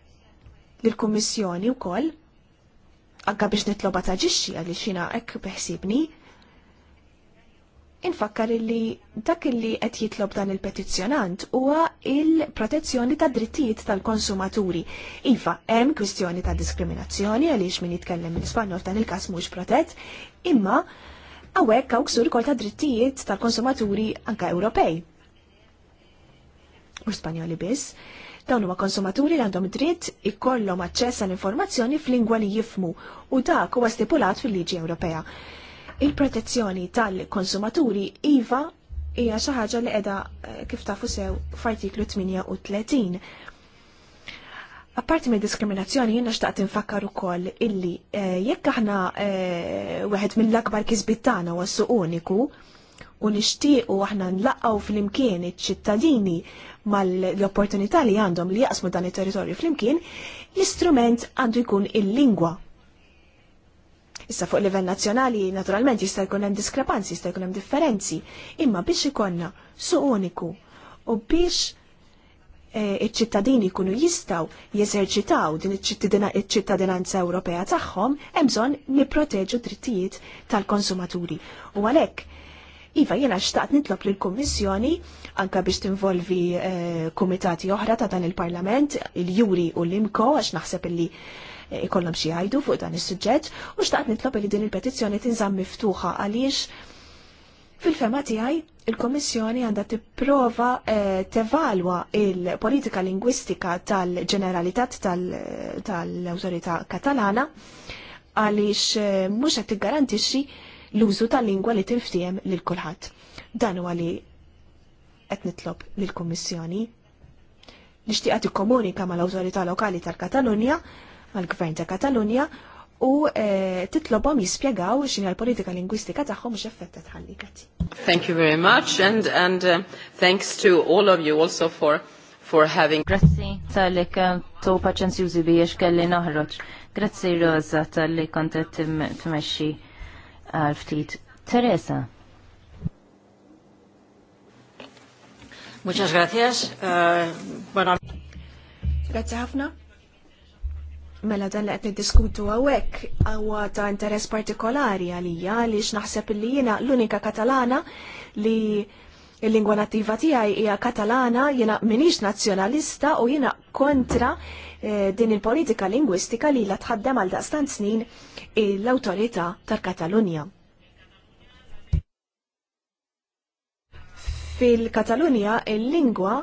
Speaker 3: lill-Kummissjoni wkoll anka biex nitloba taġixxi għalli xina hekk beħsibni Infakkar illi dak illi qed jitlob dan il-petizzjonant huwa il-protezzjoni ta' drittijiet tal-konsumaturi. Iva, hemm kwistjoni ta' diskriminazzjoni għaliex min jitkellem l-Ispanjol dan il-każ mhux protett, imma hawnhekk hawn ksur ukoll ta' drittijiet tal-konsumaturi anke Ewropej. U Spanjoli biss dawn huma konsumaturi li għandhom dritt ikollhom aċċess għall informazzjoni f'lingwa li jifmu u dak huwa stipulat fil-liġi Ewropea. Il-protezzjoni tal-konsumaturi iva hija xi ħaġa li qiegħda eh, kif tafu sew f'artiklu 38. Apparti minn diskriminazzjoni jiena xtaqt infakkar ukoll illi eh, jekk aħna eh, wieħed mill-akbar kisbit tagħna was uniku u nixtiequ aħna nlaqgħu flimkien iċ-ċittadini mal-opportunità li għandhom li jaqsmu dan it-territorju flimkien, l-istrument għandu jkun il-lingwa Issa fuq livell nazzjonali naturalment jista' jkun hemm diskrepanzi, jista' jkun hemm differenzi, imma biex ikonna suq uniku u biex eh, iċ-ċittadini jkunu jistaw jeżerċitaw din iċ-ċittadinanza Ewropea tagħhom hemm bżonn nipproteġu drittijiet tal-konsumaturi. U għalhekk Iva, jena xtaqt nitlob lill-Kummissjoni, anka biex tinvolvi eh, kumitati komitati oħra ta' dan il-Parlament, il-Juri u l-Imko, għax naħseb illi ikollom xi jgħidu fuq dan is-suġġett u xtaqt nitlob li din il-petizzjoni tinżamm miftuħa għaliex fil-fema tiegħi il-Kommissjoni għandha tipprova eh, tevalwa il-politika lingwistika tal-ġeneralitat tal-Awtorità Katalana għaliex eh, mhux qed tiggarantixxi l-użu tal-lingwa li tinftijem lil kulħadd. Dan huwa li qed nitlob lill-Kummissjoni nixtieqat ikkomunika mal-awtorità lokali tal-Katalunja mal-Gvern ta' Katalunja u eh, titlobom jispjegaw x'inhi l-politika lingwistika tagħhom xeffetta tħalli.
Speaker 1: Thank you very much and and uh, thanks to all of you also for
Speaker 4: for having Grazzi tal lik uh, to paċenzi użi biex kelli naħroċ. Grazzi Rosa tal lik kontet tmexxi għal uh, ftit. Teresa.
Speaker 2: Muchas gracias. Uh,
Speaker 3: Grazie ħafna. Mela dan li qed niddiskutu hawnhekk għawa ta' interess partikolari għalija għaliex naħseb li jiena l-unika Katalana li il-lingwa nattiva tiegħi hija Katalana, jiena minix nazzjonalista u jiena kontra eh, din il-politika lingwistika li la tħaddem għal daqstan snin l-awtorità tal-Katalunja. Fil-Katalunja il-lingwa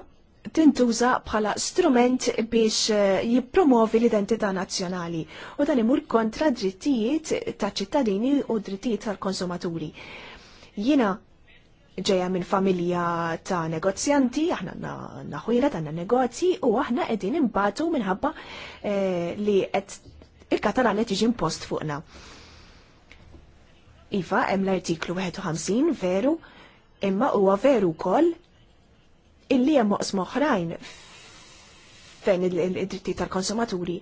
Speaker 3: tintuża bħala strument biex eh, jippromovi l-identità nazzjonali u dan imur kontra drittijiet ta' ċittadini u drittijiet tal-konsumaturi. Jina ġeja minn familja ta' negozjanti, aħna naħwira ta' negozji u aħna qegħdin imbatu minħabba eh, li qed il-Katalan qed jiġi impost fuqna. Iva, hemm l-artiklu 51 veru, imma huwa veru wkoll illi hemm oqsma oħrajn fejn id-dritti tal-konsumaturi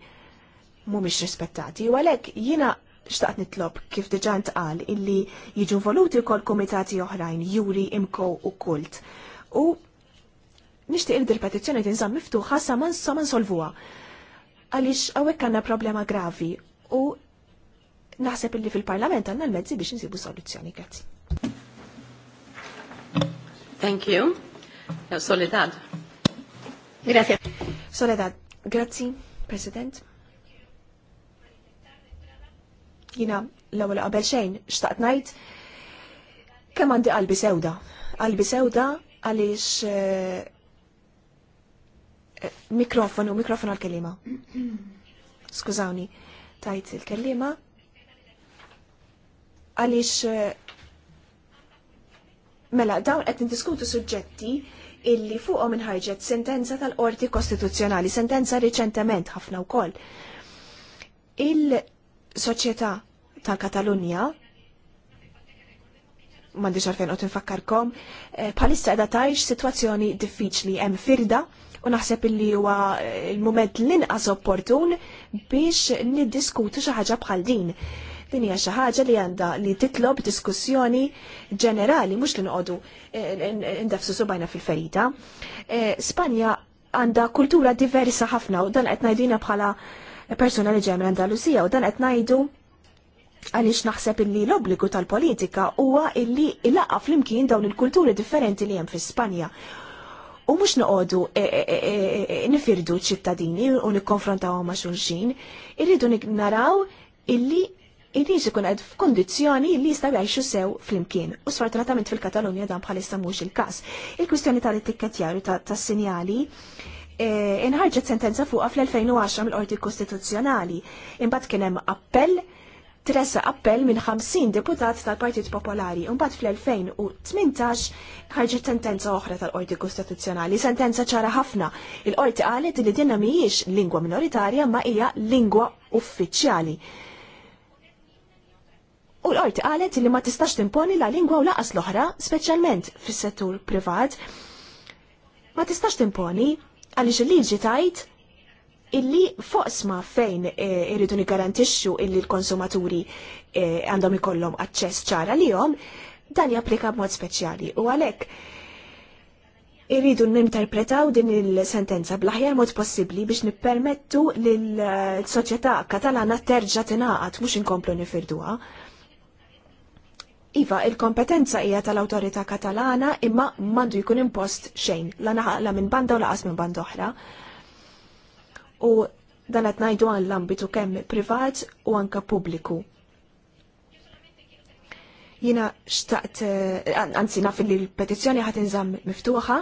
Speaker 3: mhumiex rispettati. U għalhekk jiena xtaqt nitlob kif diġà ntqal illi jiġu voluti wkoll komitati oħrajn, juri, imko u kult. U nixtieq il petizzjoni tinżamm miftuħa sa ma nsolvuha. Għaliex hawnhekk għandna problema gravi u naħseb illi fil-parlament għandna l-mezzi biex nsibu soluzzjoni. Grazzi. Thank you. Soledad. Grazie. Soledad, grazzi, President. Jina, l-ewwel qabel xejn, xtaqt ngħid kemm għandi qalbi sewda. Qalbi sewda għaliex eh, eh, mikrofonu, mikrofonu għal-kelima. Skużawni, tajt il-kelima. Għaliex eh, mela dawn qed niddiskutu suġġetti illi fuqhom inħarġet sentenza tal-Qorti Kostituzzjonali, sentenza riċentement ħafna wkoll. Il-soċjetà tal Katalunja mandi xarfen u tinfakkarkom, palissa eh, edha tajx situazzjoni diffiċli hemm firda u naħseb illi huwa eh, l-mument l-inqas opportun biex niddiskutu xi ħaġa bħal din. Din hija xi ħaġa li għandha li titlob diskussjoni ġenerali mhux li noqogħdu indefsu eh, subajna fil-ferita. Eh, Spanja għandha kultura diversa ħafna u dan qed ngħidina bħala persuna li ġej minn Andalusija u dan qed ngħidu għaliex naħseb illi l-obbligu tal-politika huwa illi ilaqqa flimkien dawn il-kulturi differenti li hemm fi Spanja. U mhux noqogħdu eh, nifirdu ċittadini u nikkonfrontaw ma' xulxin, irridu naraw illi Irriġ ikun qed f'kondizjoni li jistaw jgħixu sew flimkien. U sfortunatament fil-Katalunja dan bħalissa mhux il-każ. Il-kwistjoni tal-ittikketjaru tas-sinjali e, inħarġet sentenza fuqha fl-2010 mill-Qorti Kostituzzjonali. Imbagħad kien hemm appell tressa appell minn 50 deputat tal-Partit Popolari. mbagħad fl-2018 ħarġet sentenza oħra tal-Qorti Kostituzzjonali, sentenza ċara ħafna. Il-Qorti qalet li dinna mhijiex lingwa minoritarja ma hija lingwa uffiċjali. U l art qalet li ma tistax timponi la lingwa u laqas l-oħra, speċjalment fis-settur privat. Ma tistax timponi għaliex il-liġi tajt illi foqsma fejn e, irridu garantixxu illi l-konsumaturi e, għandhom ikollhom aċċess ċara jom, dan japplika b'mod speċjali. U għalhekk irridu ninterpretaw din il-sentenza bl-aħjar mod possibbli biex nippermettu lill soċjetà Katalana terġa' tingħaqad mhux inkomplu nifirduha. Iva, il-kompetenza hija tal awtorità katalana imma mandu jkun impost xejn, la naħaqla minn banda u laqas minn banda oħra. U dan qed ngħidu għan l-ambitu kemm privat u anka pubbliku. Jina xtaqt, eh, anzi naf li l-petizzjoni ħat inżamm miftuħa,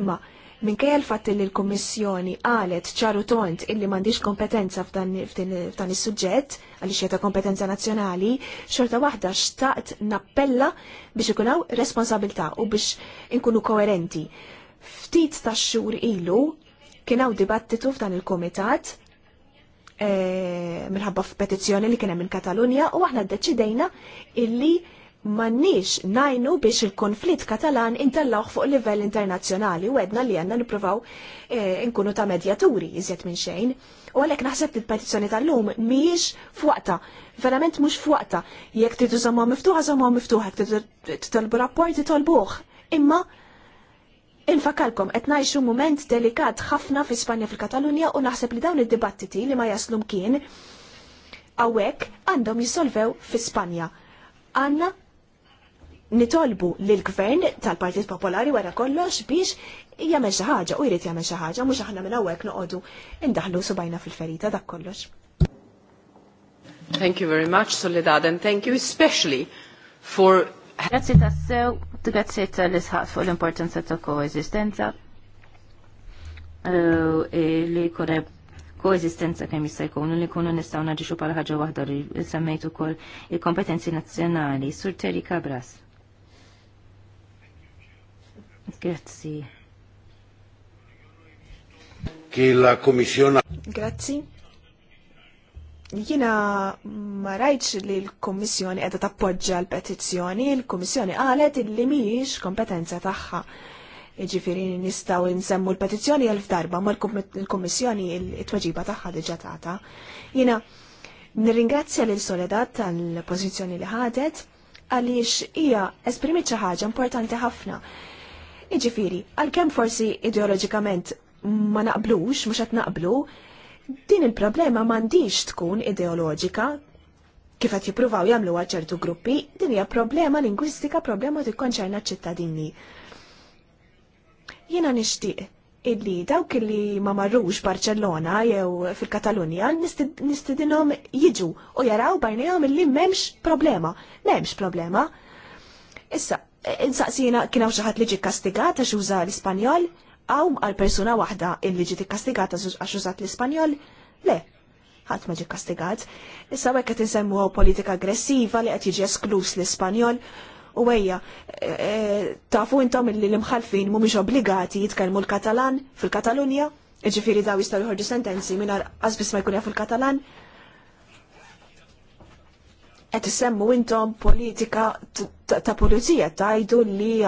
Speaker 3: imma Minkejja l-fatt li l-Kommissjoni qalet ċaru tont illi m'għandix kompetenza f'dan is-suġġett għaliex xieta kompetenza nazzjonali, xorta waħda xtaqt nappella biex ikun hawn responsabilità u biex inkunu koerenti. Ftit ta' xhur ilu kienaw dibattitu f'dan il-Kumitat eh, minħabba f'petizzjoni li kien hemm il-Katalunja u aħna ddeċidejna illi mannix najnu biex il-konflitt katalan intallawħ fuq livell internazzjonali u għedna li għanna niprofaw eh, nkunu ta' medjaturi iżjed minn xejn. U għalek naħseb li l-petizjoni tal-lum miex fuqta, verament mux fuqta. Jek titu zamma miftuħa, zamma miftuħa, jek titolbu rapporti tolbuħ. Imma, infakalkom, qed ngħixu mument delikat ħafna fi Spanja fil-Katalunja u naħseb li dawn id-dibattiti li ma jaslum kien għawek għandhom jisolvew fi Spanja. Għanna nitolbu l gvern tal-Partit Popolari wara kollox biex jagħmel xi ħaġa u jrid jagħmel xi ħaġa mhux aħna minn hawnhekk noqogħdu indaħlu subajna fil-ferita dak kollox.
Speaker 1: Thank you very much, Soledad, and thank you especially for Grazzi
Speaker 4: tassew, grazzi tal isħat fuq l-importanza ta' koesistenza. Eh, li koreb koesistenza kemm jista' jkun li jkunu nistgħu naġixu bħala ħaġa waħda li semmejt ukoll il-kompetenzi nazzjonali. Sur Terry Cabras.
Speaker 3: Grazzi. Che la Commissione. Grazzi. Jina ma rajtx li l-Kommissjoni edha tappoġġa l-petizzjoni, l-Kommissjoni qalet illi mhijiex kompetenza tagħha. Ġifieri nistgħu nsemmu l-petizzjoni għal darba ma l-Kommissjoni t-tweġiba tagħha diġà tagħta. Jiena nirringrazzja l soledat tal-pożizzjoni li ħadet għaliex hija esprimit xi ħaġa importanti ħafna Iġifiri, għal-kem forsi ideologikament ma naqblux, mux għat naqblu, din il-problema mandiġ tkun ideologika, kif qed jippruvaw jagħmluha ċertu gruppi, din hija problema lingwistika, problema tikkonċerna ċ-ċittadini. Jiena nixtieq illi dawk li ma marrux Barcellona jew fil-Katalunja nistidinhom jiġu u jaraw bajnejhom illi m'hemmx problema, m'hemmx problema. Issa, insaqsina kien hawn xi ħadd li ġi kastigata xi uża l-Ispanjol, għaw għal persuna waħda li ġiet ikkastigata għax użat l-Ispanjol, le, ħadd ma ġi kastigat. Issa hekk qed insemmu politika aggressiva li qed jiġi esklus l-Ispanjol, u għeja, e, e, tafu intom illi l-imħalfin mhumiex obbligati jitkellmu l-Katalan fil-Katalunja, ġifiri daw jistaw jħorġu sentenzi minn għazbis ma jkunja fil-Katalan. Et semmu intom politika ta' pulizija tajdu li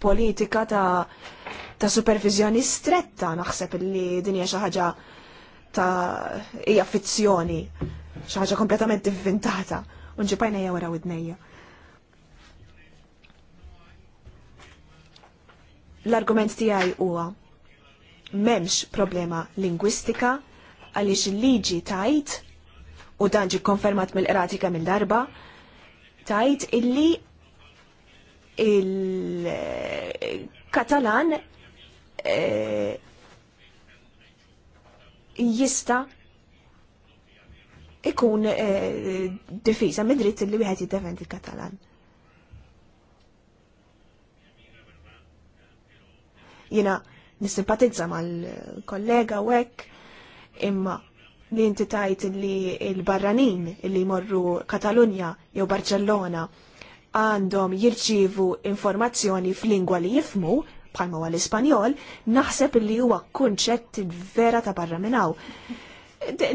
Speaker 3: politika ta' ta' supervizjoni stretta naħseb li din hija xi ħaġa ta' hija fizzjoni, xi ħaġa kompletament inventata u nġibajna jew wara widnejja. L-argument tiegħi huwa m'hemmx problema lingwistika għaliex il-liġi tajt u dan ġie konfermat mill kemm mill-darba tajt illi il-Katalan eh, jista ikun e, difiża mid-dritt li wieħed jiddefendi il-Katalan. Jina nissimpatizza mal-kollega u hekk imma li inti tajt li l-barranin li jmorru Katalunja jew Barcellona għandhom jirċivu informazzjoni f'lingwa li jifmu, bħalma għal ispanjol naħseb li huwa kunċett vera ta' barra minnaw.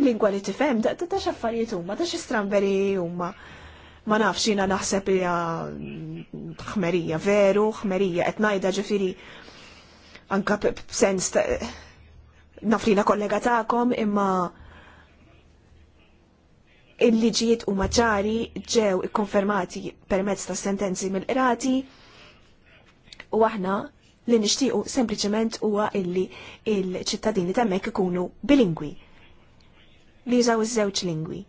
Speaker 3: Lingwa li tifhem, da' ta' xaffariet huma, ta' xistranveri huma. Ma nafx jiena naħseb li ħmerija veru, ħmerija qed ngħidha b-sens ta' nafrina kollega tagħkom imma il-liġijiet u maġari ġew ikkonfermati permezz ta' sentenzi mill-qrati u aħna li nixtiequ sempliċement huwa illi il-ċittadini temmek ikunu bilingwi li jużaw iż-żewġ lingwi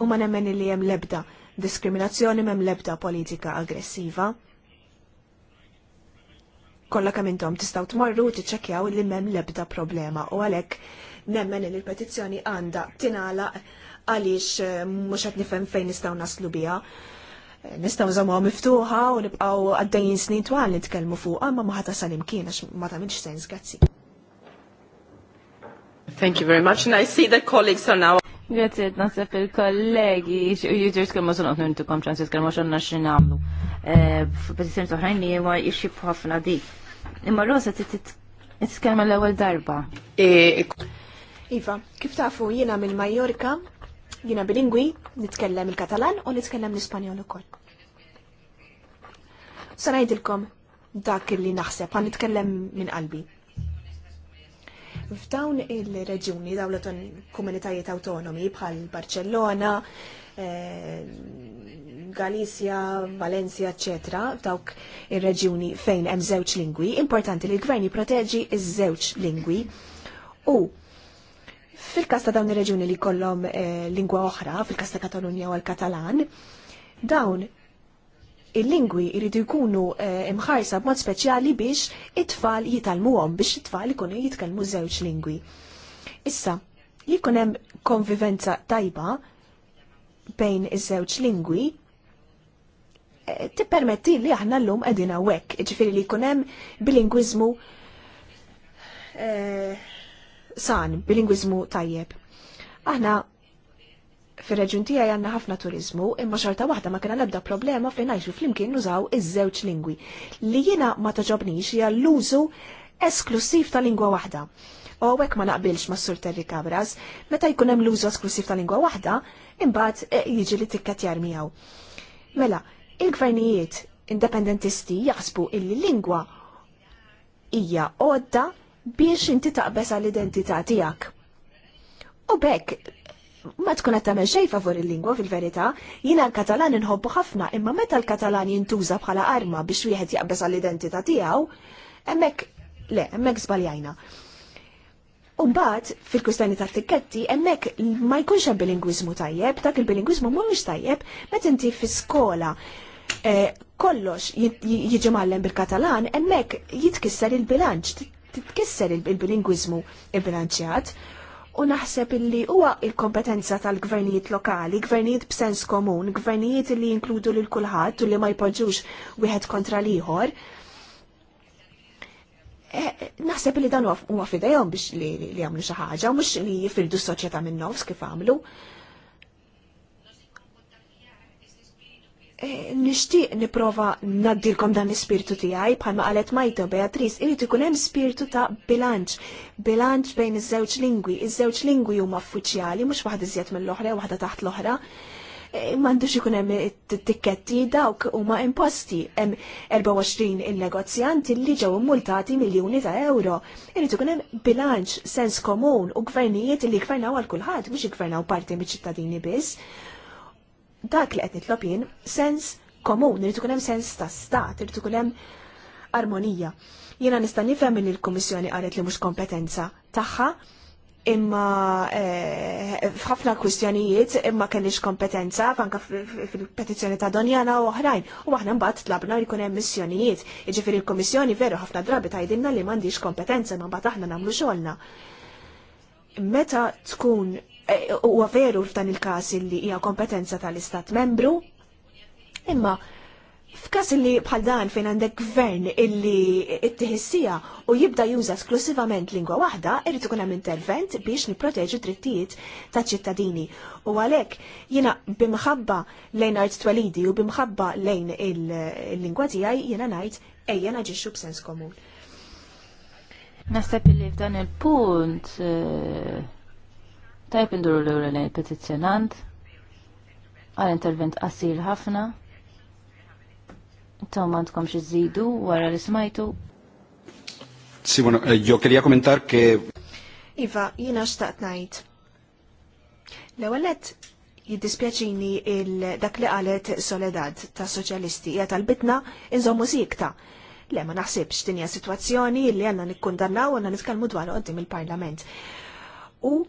Speaker 3: u ma nemmen li hemm lebda diskriminazzjoni m'hemm lebda politika aggressiva. Kollha kemm intom tistgħu tmorru u tiċċekkjaw li m'hemm lebda problema u għalhekk nemmen li l-petizzjoni għandha tingħalaq għaliex eh, mhux qed nifhem fejn nistgħu naslu biha. Eh, nistgħu nżammuha miftuħa u nibqgħu għaddejjin snin twal nitkelmu fuqha ma ma ħatasal kien għax ma tagħmilx sens grazzi.
Speaker 1: Thank you very much and I see the colleagues are
Speaker 4: now Grazie, naħseb il-kollegi, jġir tkellmu sunqot nintukom ċans jitkellmu xonna xin għamlu. F'pożizzjoni toħrajn li huwa jixib ħafna dik. Imma Rosa titkellmu l-ewwel darba.
Speaker 2: Eh,
Speaker 3: iva, kif tafu jiena minn Majorka Jina bilingwi, nitkellem il-Katalan u nitkellem l-Ispanjol ukoll. Sa ngħidilkom dak li naħseb għan nitkellem minn qalbi. F'dawn il-reġjuni, dawn l-komunitajiet autonomi bħal Barcellona, eh, Galizja, Valencia, etc. dawk ir-reġjuni fejn hemm żewġ lingwi, importanti li l-gvern jipproteġi iż-żewġ lingwi. U fil kasta ta' dawn ir-reġuni li kollom eh, lingwa oħra, fil kasta Katalunja u l-Katalan, dawn il-lingwi jridu jkunu eh, imħarsa b'mod speċjali biex it-tfal jitalmuhom biex it-tfal ikunu jitkellmu żewġ lingwi. Issa, li hemm konvivenza tajba bejn iż-żewġ lingwi, eh, tippermetti li aħna llum qegħdin hawnhekk, ġifieri li jkun hemm san, bilingwizmu tajjeb. Aħna fir-reġjun tiegħi għandna ħafna turiżmu, imma xorta waħda ma kien ebda problema fejn ngħixu flimkien nużaw iż-żewġ lingwi. Li jiena ma taġobnix hija l-użu esklusiv ta' lingwa waħda. U hekk ma naqbilx ma' Sur Terri Cabras, meta jkun hemm l-użu esklusiv ta' lingwa waħda, imbagħad e, jiġi li tikkat miegħu. Mela, il-gvernijiet independentisti jaħsbu illi lingwa hija għodda biex inti taqbes għall-identità tiegħek. U bekk, ma tkun qed tagħmel xejn favur il-lingwa fil-verità, jiena l-Katalan inħobbu ħafna, imma meta l-Katalan jintuża bħala arma biex wieħed jaqbes għall-identità tiegħu, hemmhekk le, hemmhekk żbaljajna. U mbagħad fil-kustani ta' tikketti hemmhekk ma jkunx hemm bilingwizmu tajjeb, dak il-bilingwiżmu mhumiex tajjeb meta inti fi skola eh, kollox jiġi mallem bil-Katalan, hemmhekk jitkisser il-bilanċ titkisser il bilingwizmu il-bilanċjat. U naħseb li huwa il-kompetenza tal-gvernijiet lokali, gvernijiet b'sens komun, gvernijiet li jinkludu lil kulħadd u li ma jpoġġux wieħed kontra l-ieħor. Eh, naħseb li dan huwa fidejhom biex li jagħmlu xi ħaġa, mhux li jifirdu s-soċjetà minn nofs kif għamlu. Eh, nishtiq niprofa naddilkom dan l-spiritu tijaj, bħalma għalet majta Beatriz, irrit ikun hemm spiritu ta' bilanċ, bilanċ bejn iż-żewġ lingwi, iż-żewġ lingwi huma uffiċjali, mhux waħda iżjed mill-oħra waħda taħt l-oħra. Eh, m'għandux ikun hemm it-tikketti dawk huma imposti hemm 24 il-negozjanti li ġew immultati miljuni ta' euro. Irrid ikun hemm bilanċ, sens komun u gvernijiet li gvernaw għal kulħadd mhux gvernaw parti miċ-ċittadini biss dak li qed nitlob jien sens komun, irid ikun hemm sens ta' stat, irid ikun hemm armonija. Jiena nista' nifhem li l-Kummissjoni qalet li mhux kompetenza tagħha, imma eh, f'ħafna kwistjonijiet imma kellix kompetenza anke fil-petizzjoni ta' Donjana u oħrajn. U aħna mbagħad tlabna li jkun hemm missjonijiet. Jiġifieri l-Kummissjoni veru ħafna drabi tgħidilna li m'għandix kompetenza imma mbagħad aħna nagħmlu xogħolna. Meta tkun Eh, huwa veru f'dan il-każ li hija kompetenza tal-Istat membru, imma f'każ li bħal dan fejn għandek gvern illi it-tihissija u jibda juża esklusivament lingwa waħda, irid ikun hemm intervent biex nipproteġu drittijiet ta' ċittadini. U għalhekk jiena bimħabba lejn art twelidi u bimħabba lejn il-lingwa tiegħi jiena ngħid ejja naġixxu b'sens komun. Naħseb li f'dan
Speaker 4: il-punt eh, Tajb induru l-ewra lejn il-petizzjonant għal intervent qasir ħafna. Tom għandkom xi
Speaker 3: żidu wara li smajtu. Si, bueno, jo eh, kerja komentar ke. Iva, jina xtaqt ngħid. L-ewwel jiddispjaċini il-dak li qalet Soledad ta' Soċjalisti hija tal-bitna inżommu sikta. Le ma naħsibx dinja sitwazzjoni li għandna nikkundannaw u għandna nitkellmu dwar għoddim il-Parlament. U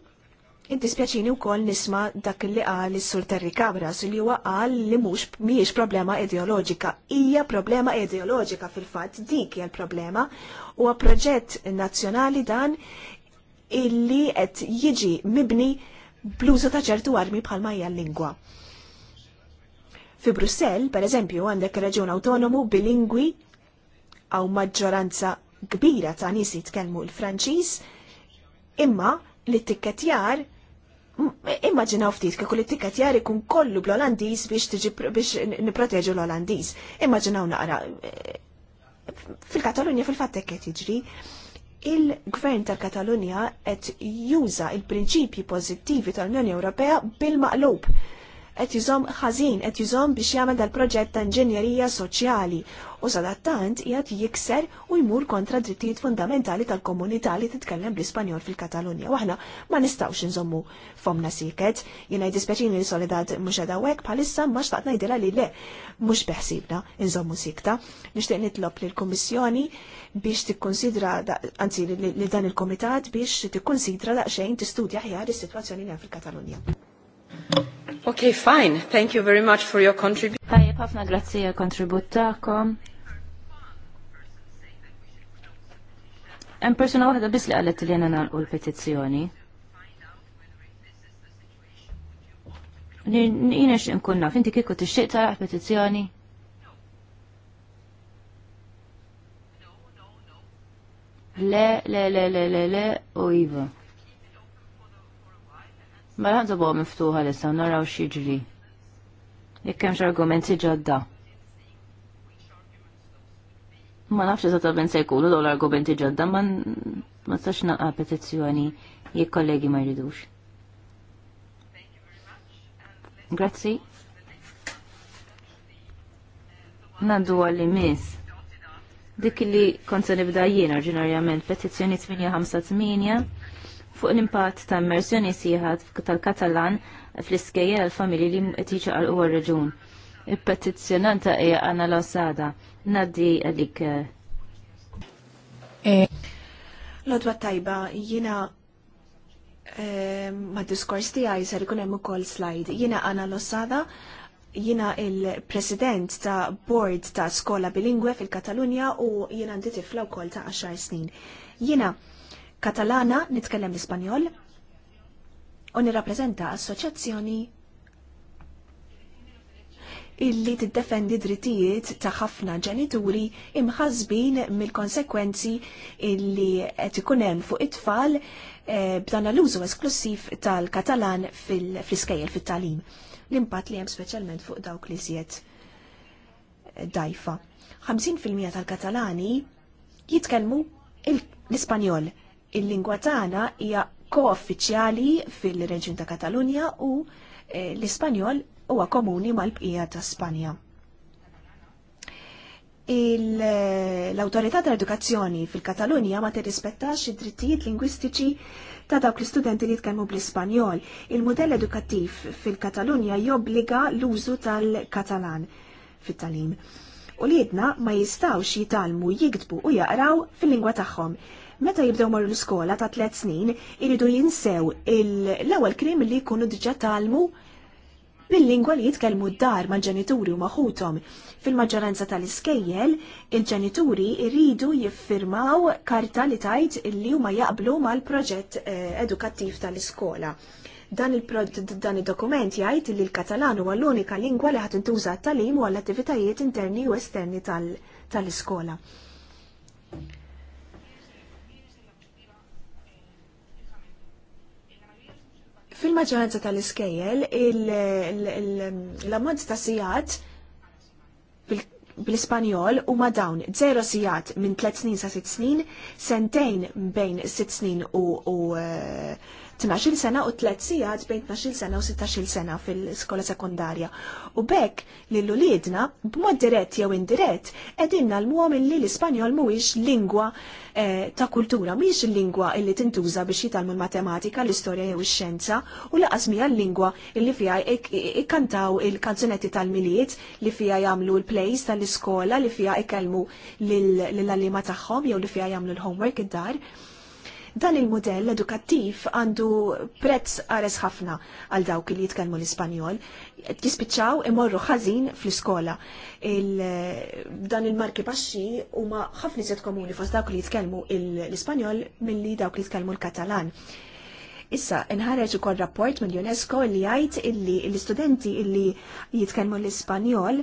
Speaker 3: Inti spjaċini u koll nisma dak li għal sur Terri Kabras li huwa għal li mux miex problema ideologika. Ija problema ideologika fil-fat dik hija l-problema u proġett nazzjonali dan illi qed jiġi mibni bluzu ta' ċertu armi bħalma hija lingwa. Fi Brussell, per eżempju, għandek reġun autonomu bilingwi għaw maġġoranza kbira ta' nies jitkellmu l-Franċiż, imma t tikketjar immaġinaw ftit kieku li t-tikkatjar kollu bl-Olandiż biex tiġi biex niproteġu l-Olandiż. Immaġinaw naqra eh, fil-Katalunja fil-fatt hekk qed jiġri. Il-Gvern tal-Katalunja qed juża il-prinċipji pożittivi tal-Unjoni Ewropea bil-maqlub qed jużom ħażin, qed jużom biex jagħmel dal-proġett ta' inġenjerija soċjali u sadattant qiegħed jikser u jmur kontra drittijiet fundamentali tal-komunità li titkellem bl-Ispanjol fil-Katalunja. Waħna ma nistgħux inżommu fomna siket, jiena jdispjaċini li Soledad mhux qed bħalissa ma xtaqt ngħidilha li le mhux beħsibna inżommu sikta. Nixtieq nitlob lill-Kummissjoni biex tikkunsidra anzi li dan il-Komitat biex tikkunsidra daqsxejn tistudja ħjar is-sitwazzjoni fil-Katalunja. Okay,
Speaker 4: fine. Thank you very much for your contribution. Tajjeb, ħafna grazzi għal kontribut ta'kom. Hemm persuna waħda biss li qalet li jiena l-petizzjoni. Jiena xtieq nkun naf, inti kieku tixtieq tara petizzjoni? Le, le, le, le, le, le, o iva. Ma ħandu bo miftuħa lissa, naraw xieġri. Jekk hemmx argumenti ġodda. Ma nafx eżatt ben se jkunu dawn l-argumenti ġodda, ma ma stax naqa petizzjoni jekk kollegi ma jridux. Grazzi. Nandu għalli miss. Dik li kont se nibda jiena ordinarjament petizzjoni 858 fuq l-impatt ta' immersjoni sieħad tal-Katalan fl-iskejjer għal-familji li tiġi għal huwa reġun. Il-petizzjonanta hija Anna Losada. Naddi għalik. Eh. Eh,
Speaker 3: Lodwa tajba, jina eh, ma diskors tiegħi ser ikun hemm ukoll slide. Jina Anna Losada, jina il-president ta' board ta' skola bilingwe fil-Katalunja u jina nditi tifla wkoll ta' 10 snin. Jina Katalana nitkellem l-Ispanjol u nirrappreżenta assoċjazzjoni illi tiddefendi drittijiet ta' ħafna ġenituri imħazbin mill-konsekwenzi illi qed ikun hemm fuq it-tfal eh, b'dan l-użu esklusiv tal-Katalan fl-iskejjel fit-talim. L-impatt li hemm speċjalment fuq dawk li siet eh, dajfa. 50% tal-Katalani jitkellmu l-Ispanjol Il-lingwa tagħna hija kooffiċjali fil-Reġjun ta' Katalunja u eh, l-Ispanjol huwa komuni mal-bqija ta' Spanja. Eh, L-Awtorità tal-Edukazzjoni fil-Katalunja ma tirrispettax id-drittijiet lingwistiċi ta' dawk l-istudenti li tkellmu bl-Ispanjol. Il-modell edukattiv fil-Katalunja jobbliga l-użu tal-Katalan fit-talim. U liedna ma jistawx jitalmu, jiktbu u jaqraw fil-lingwa tagħhom. Meta jibdew marru l-iskola ta' tliet snin, iridu jinsew l-ewwel krim li jkunu diġà talmu bil-lingwa li jitkellmu d-dar ma' ġenituri u maħutom. Fil-maġġoranza tal-iskejjel, il-ġenituri iridu jiffirmaw karta li tajt li huma jaqblu mal-proġett eh, edukattiv tal-iskola. Dan il-dokument jgħid li l-Katalan huwa l-unika lingwa li ħadd intuża t-talim u għall-attivitajiet interni u esterni tal-iskola. tal iskola Fil-maġġoranza tal-iskejjel, l-ammont ta' sijat bl-Ispanjol u ma dawn 0 sijat minn 3 snin sa' 6 snin, sentejn bejn 6 snin u eh, 12 sena u 3 sijad bejn 12 sena u 16 sena fil-skola sekundarja. U bekk li l-ulidna, b'mod dirett jew indirett, edinna l muħom li l-Ispanjol mhuwiex lingwa eh, ta' kultura, mhijiex lingwa illi tintuża biex jitalmu l-matematika, l-istorja jew ix-xjenza, u laqas mija l-lingwa illi fiha ikkantaw il-kanzunetti tal-miliet li fija jagħmlu l-plays tal-iskola li fija ikkelmu lill-allima tagħhom jew li fija jagħmlu l-homework id-dar. Dan il-modell edukattiv għandu prezz għares ħafna għal dawk li jitkellmu l-Ispanjol. Jispiċċaw imorru ħażin fl-iskola. dan il-marki baxxi huma ħafna iżjed komuni fost dawk li jitkellmu l-Ispanjol milli dawk li jitkellmu l-Katalan. Issa, nħareġ ukoll rapport mill-UNESCO li jgħid illi l-istudenti illi jitkellmu l-Ispanjol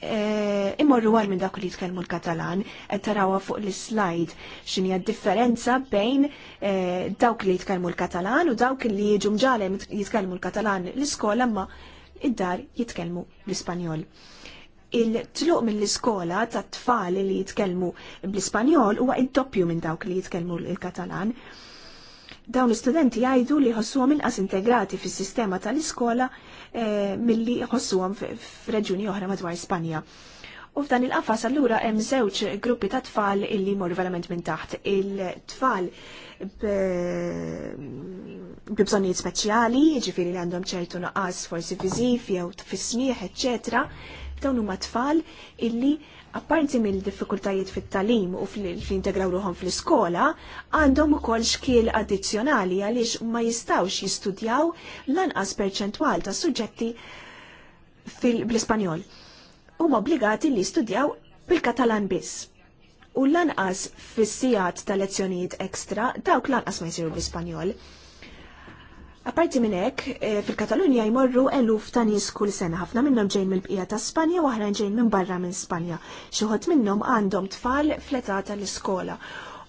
Speaker 3: Eh, Immorru għal minn dak li jitkellmu l-Katalan, qed tarawha fuq l-slide x'inhi differenza bejn eh, dawk li jitkellmu l-Katalan u dawk li jiġu mġalem jitkellmu l-Katalan l-iskola ma id-dar jitkellmu l-Ispanjol. Il-tluq mill-iskola ta' tfal li jitkellmu bl-Ispanjol huwa id-doppju minn dawk li jitkellmu l-Katalan. Dawn l-istudenti jgħidu li ħossuhom inqas integrati fis-sistema tal-iskola Eh, milli jħossuhom f'reġjuni oħra madwar Spanja. U f'dan il-qafas allura hemm żewġ gruppi ta' tfal illi jmorru verament minn taħt. Il-tfal b'bżonnijiet speċjali, ġifiri li għandhom ċertu naqas forsi fiżif jew fis-smieħ, eċċetera, dawn huma tfal illi apparti mill-diffikultajiet fit-talim u fl-integraw ruħom fl-iskola, għandhom ukoll xkiel addizzjonali għaliex ma jistawx jistudjaw lanqas perċentwal ta' suġġetti fil-Ispanjol. Huma obbligati li jistudjaw bil-Katalan biss. U lanqas fis-sijat ta' lezzjonijiet ekstra dawk lanqas ma jsiru bl-Ispanjol. Apparti minn hekk, eh, fil-Katalunja jmorru eluf ta' nies kull sena, ħafna minnhom ġejn mill-bqija ta' Spanja u oħrajn ġejn minn barra minn Spanja. Xi ħodd minnhom għandhom tfal fl-età tal-iskola.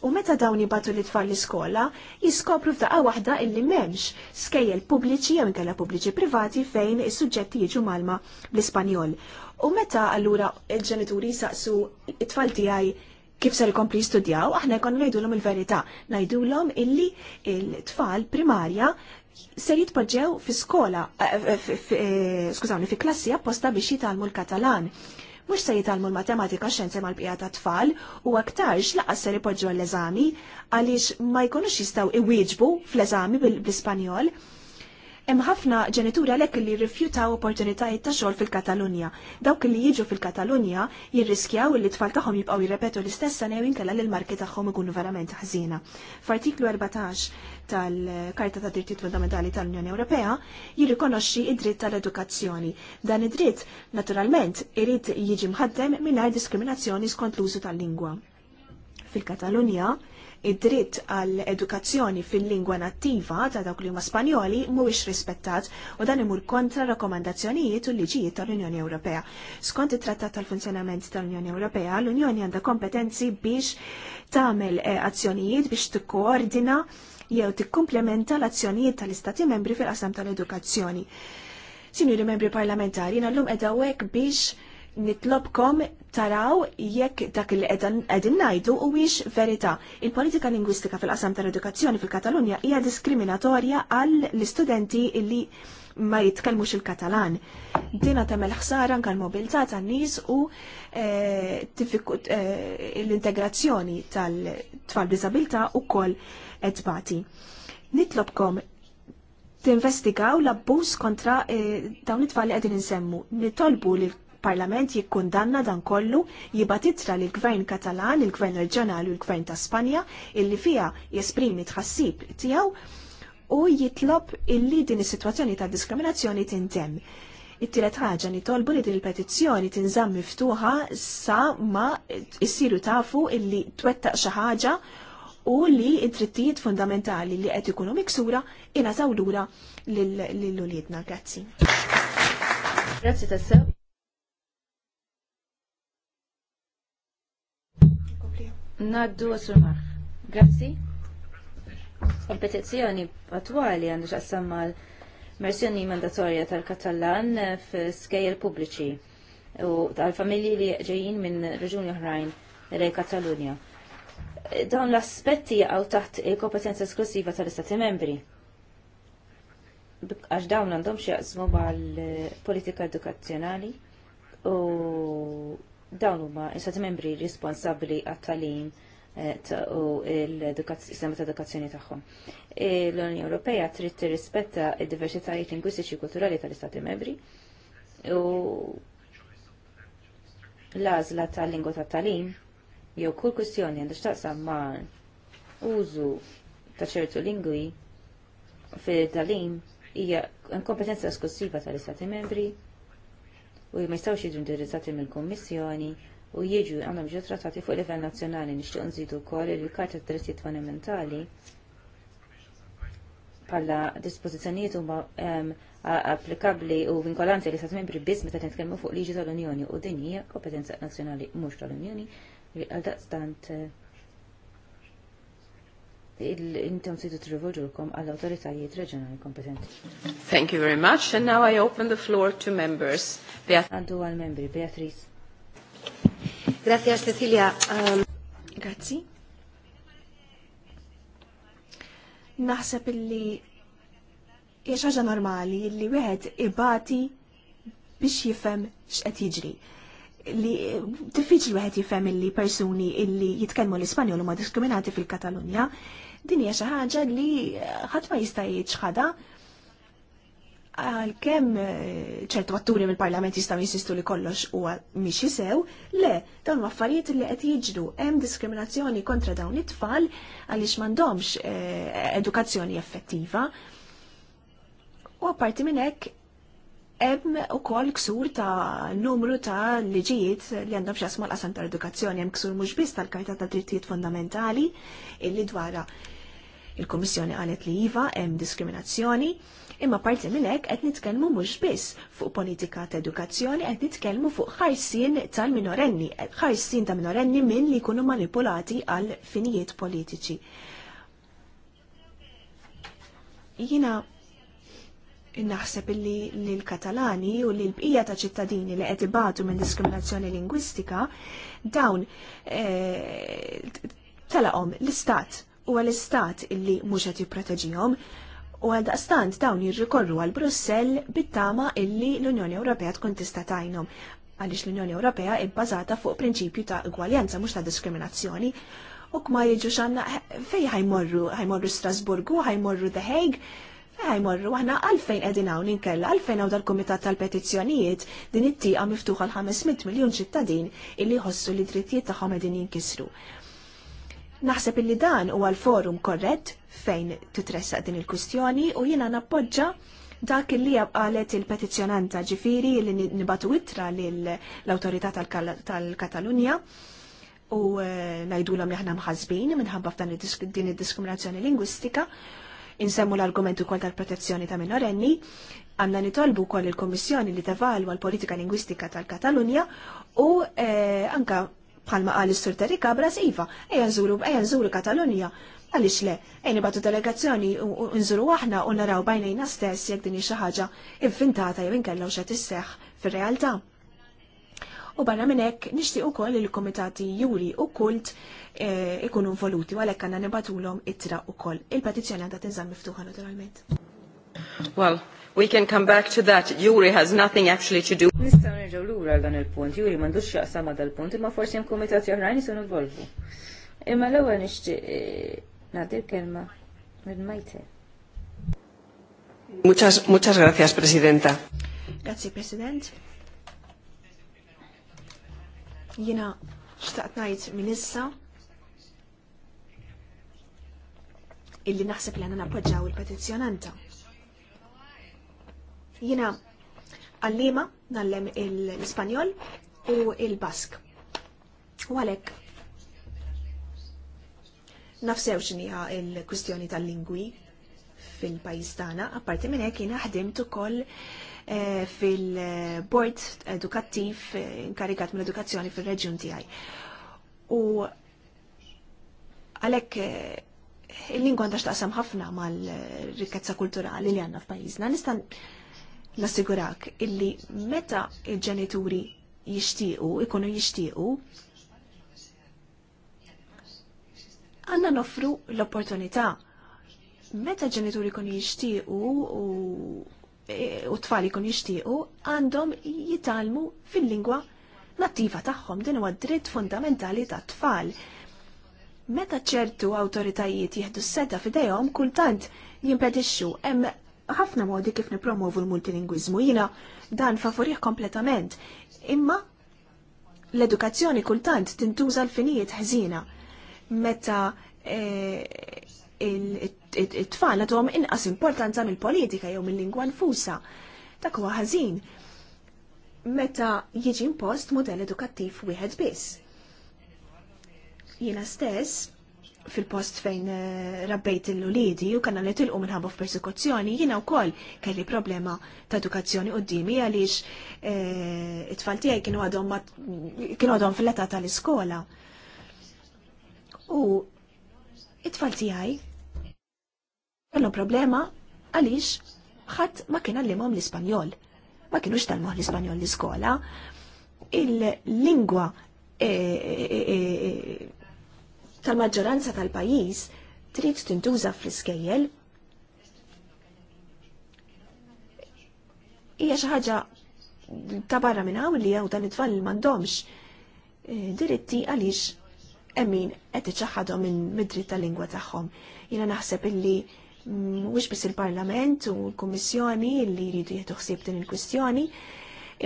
Speaker 3: U meta dawn jibatu l-tfal l-iskola, jiskopru f'daqqa waħda illi m'hemmx skejjel pubbliċi jew inkella pubbliċi privati fejn is-suġġetti jiġu malma bl-Ispanjol. U meta allura il-ġenituri saqsu it-tfal tiegħi kif ser ikompli jistudjaw, aħna jkun ngħidulhom il-verità, ngħidulhom illi il-tfal primarja ser jitpoġġew fi skola, eh, eh, eh, skużawni, fi klassi apposta biex jitalmu l-Katalan. Mux se jitalmu l-matematika xenze mal bqija ta' tfal u aktarx laqqa ser jipoġġu l-eżami għaliex ma jkunux jistaw iwieġbu fl-eżami bil ispanjol Hemm ħafna ġenituri għalhekk li rrifjutaw opportunitajiet ta' xogħol fil-Katalunja. Dawk li jiġu fil-Katalunja jirriskjaw li t-tfal tagħhom jibqgħu jirrepetu l-istess sena jew inkella l-marki tagħhom ikunu verament ħażina. F'artiklu 14 tal-Karta ta' dritti Fundamentali tal-Unjoni Ewropea jirrikonoxxi id-dritt tal-edukazzjoni. Dan id-dritt, naturalment, irid jiġi mħaddem mingħajr diskriminazzjoni skont l-użu tal-lingwa. Fil-Katalunja, id-dritt għall edukazzjoni fil-lingwa nattiva ta' dawk li huma Spanjoli mhuwiex rispettat u dan imur kontra rakkomandazzjonijiet u liġijiet tal-Unjoni Ewropea. Skont it-Trattat tal-Funzjonament tal-Unjoni Ewropea, l-Unjoni għandha kompetenzi biex tagħmel eh, azzjonijiet biex tikkoordina jew tikkumplementa l-azzjonijiet tal-Istati membri fil-qasam tal-edukazzjoni. Sinjuri membri parlamentari, nallum edawek biex nitlobkom taraw jekk dak li qegħdin ngħidu u verità. Il-politika lingwistika fil-qasam tal-edukazzjoni fil-Katalunja hija diskriminatorja għal l-istudenti li ma jitkellmux il-Katalan. Dina temel ħsara anke l-mobilità tan-nies u eh, eh, l-integrazzjoni tal-tfal b'diżabilità ukoll qed Nitlobkom tinvestigaw l-abbuż kontra eh, dawn it-tfal li qegħdin insemmu. Nitolbu li parlament jikkundanna dan kollu jibatitra li l-gvern katalan, il-gvern reġjonali u l-gvern ta' Spanja illi fija jesprimi tħassib tiegħu u jitlob illi din is-sitwazzjoni ta' diskriminazzjoni tintemm. It-tielet ħaġa nitolbu li din il-petizzjoni tinżamm miftuħa sa ma jsiru tafu illi twettaq xi ħaġa u li id-drittijiet fundamentali li qed ikunu miksura ina lura lill-uliedna. Grazzi. Grazzi tassew. Naddu għasurmaħ.
Speaker 4: Grazzi. Kompetizzjoni attuali għandu xassam mal mersjoni mandatorja tal-Katallan f'skejjel pubbliċi u tal-familji li ġejjin minn reġuni oħrajn rej Katalunja dawn l-aspetti għaw taħt il-kompetenza esklusiva tal-Istati membri. Għax dawn għandhom xjaqsmu mal-politika edukazzjonali u dawn huma Istati membri responsabbli għat-talim eh, u l-sistema ta' edukazzjoni tagħhom. L-Unjoni Ewropea trid tirrispetta d-diversitajiet lingwistiċi kulturali tal-Istati membri u l-għażla tal-lingwa tat-talim jew kull kwistjoni għandu x'taqsam mal użu ta' ċertu lingwi fil-talim hija kompetenza esklusiva tal-Istati membri u ma jistgħux jiġu indirizzati mill-Kummissjoni u jiġu għandhom ġew trattati fuq livell nazzjonali nixtieq nżidu wkoll il-Karta tad-Drittijiet Fundamentali bħala dispożizzjonijiet huma applikabbli u vinkolanti li istati membri biss meta nitkellmu fuq liġi tal-Unjoni u din hija kompetenza nazzjonali mhux tal-Unjoni Għaldaqstant eh, intom t-trivuġu l-kom għal autoritajiet reġjonali kompetenti. Thank you very much, and now I open the floor to members. Għandu għal membri, Beatriz.
Speaker 3: Grazie, Cecilia. Um... Grazzi. Naħseb illi hija ħaġa normali li wieħed ibati biex jifem x'qed jiġri li diffiċli wieħed jifhem illi persuni illi jitkellmu l-Ispanjol huma diskriminati fil-Katalunja, din hija xi ħaġa li ħadd ma jista' jiġħada għalkemm eh, ċertu atturi mill-Parlament jistgħu jinsistu li kollox huwa mhix jisew, le dawn affarijiet li qed jiġru hemm diskriminazzjoni kontra dawn it-tfal għaliex m'għandhomx eh, edukazzjoni effettiva. U apparti minn hekk hemm ukoll ksur ta' numru ta' liġijiet li għandhom x'asma l-qasam ta' edukazzjoni hemm ksur mhux biss tal-Karta ta' Drittijiet Fundamentali illi dwarha il-Kummissjoni qalet li iva hemm diskriminazzjoni, imma parti minn hekk qed nitkellmu mhux biss fuq politika ta' edukazzjoni qed nitkellmu fuq ħarsien tal-minorenni, ħarsien ta' minorenni minn li jkunu manipulati għal finijiet politiċi. Jina naħseb li l-Katalani u li l-bqija ta' ċittadini li qed ibatu minn diskriminazzjoni lingwistika dawn eh, talaqhom l-istat u għal-istat illi mhux qed jipproteġihom u għal daqstant dawn jirrikorru għal Brussell bit-tama illi l-Unjoni Ewropea tkun tista' tajnhom għaliex l-Unjoni Ewropea bbażata fuq prinċipju ta' igwaljanza mhux ta' diskriminazzjoni. U kma jiġu xanna eh, fej ħajmorru, ħajmorru Strasburgu, ħajmorru The Hague, Ej, morru, għana għalfejn edin għaw ninkella, għalfejn għaw dal-Komitat tal-Petizzjonijiet din it tiqa miftuħa l-500 miljon ċittadin illi jħossu li drittijiet tagħhom edin jinkisru. Naħseb illi dan huwa l-forum korrett fejn titressaq din il-kustjoni u jiena nappoġġa dak illi qalet il-petizzjonanta ġifiri li nibatu ittra l-autorità tal-Katalunja u eh, najdu l-om jahna mħazbin minħabba f'dan id-diskriminazzjoni lingwistika insemmu l argumentu kol tal-protezzjoni ta' minorenni, għandna nitolbu wkoll il komissjoni li tevalwa l-politika lingwistika tal-Katalunja u eh, anka bħalma għal is-Sur Terika Brasiva, iva, nżuru zuru Katalunja. Għaliex le, ejja nibatu delegazzjoni unżuru nżuru aħna u naraw bajnejna stess jekk din xi ħaġa inventata jew inkella xa tisseħ fir-realtà. U barra minn hekk nixtieq ukoll il-Kumitati Juri u Kult Eh, ikunu involuti, għalhekk għandna nibatulhom u koll. Il-petizzjoni petizjoni t tinżamm miftuħa naturalment.
Speaker 1: Well, we can come back to that. Juri has nothing actually to do.
Speaker 4: Nistan nirġaw l-ura dan il-punt. Juri mandux xaqsama dal-punt, imma forsi jem komitati joħrajn jisun involvu. Imma l-ewel nishti eh,
Speaker 3: nadir kelma minn majte. Muchas, muchas gracias, Presidenta. Grazie, President. Jina xtaqt najt minn issa illi naħseb li għana nappoġġaw il-petizjonanta. Jina għallima nallem l-Ispanjol u il-Bask. U għalek nafsew xinija il-kwistjoni tal-lingwi fil-pajis tagħna, apparti minn hekk jiena ħdimt ukoll eh, fil-bord edukattiv eh, inkarikat mill-edukazzjoni fir-reġjun tiegħi. U għalhekk eh, il-lingwa għandax taqsam ħafna mal-rikkezza kulturali li għanna f'pajjiżna. Nistan nassigurak illi meta il-ġenituri jixtiequ, ikunu jixtiequ, għanna noffru l-opportunità. Meta ġenituri kun jixtiequ u u tfali kun jixtiequ għandhom jitalmu fil-lingwa nattiva tagħhom din huwa dritt fundamentali tat-tfal. Meta ċertu awtoritajiet jieħdu s-seta fidejhom kultant jimpedixxu hemm ħafna modi kif nipromovu l-multilingwiżmu jina dan favorih kompletament. Imma l-edukazzjoni kultant tintuża l-finijiet ħżina meta eh, it-tfal għadhom inqas importanza mill-politika jew mill-lingwa nfusa. Dak huwa ħażin meta jiġi impost modell edukattiv wieħed biss. Jiena stess, fil-post fejn eh, rabbejt l-ulidi u kanna li tilqu minħabba persekuzzjoni jina u koll kelli problema ta' edukazzjoni qoddimi għaliex eh, it-tfal tiegħi kienu għadhom fil-età tal-iskola. U it-tfal tiegħi kellhom problema għaliex ħadd ma kien għallimhom l-Ispanjol. Ma kienux talmuh l-Ispanjol l-iskola. Il-lingwa eh, tal-maġġoranza tal-pajjiż trid tintuża fl-iskejjel hija xi ħaġa ta' barra minn hawn li jew dan it-tfal m'għandhomx eh, diritti għaliex hemm min qed iċaħħadhom minn mid-dritt tal-lingwa tagħhom. Jiena naħseb illi mhux biss il-Parlament u l-Kummissjoni li jridu jieħdu ħsieb din il-kwistjoni,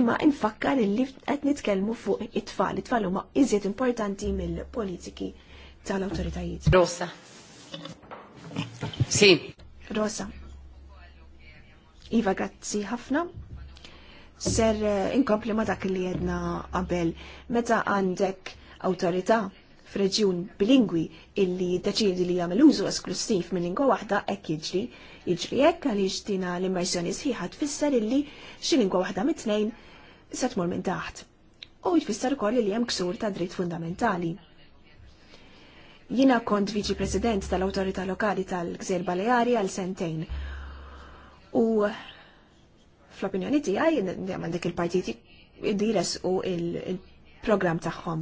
Speaker 3: imma infakkar illi qed nitkellmu fuq it-tfal. It-tfal huma iżjed importanti mill-politiki tal-autoritajiet. Rosa. Si. Rosa. Iva, grazzi ħafna. Ser eh, inkompli ma dak li jedna qabel meta għandek autorità f'reġjun bilingwi illi deċidi li jagħmel użu esklusiv minn lingwa waħda hekk jiġri. Jiġri hekk għaliex tina l-immersjoni sħiħa tfisser illi xi lingwa waħda mit-tnejn se tmur minn taħt. U jfisser ukoll li hemm ksur ta' dritt fundamentali. Jina kont viċi president tal autorita lokali tal-Gżir Baleari għal sentejn. U fl-opinjoni tiegħi dik il-partiti id-dires u il-programm tagħhom.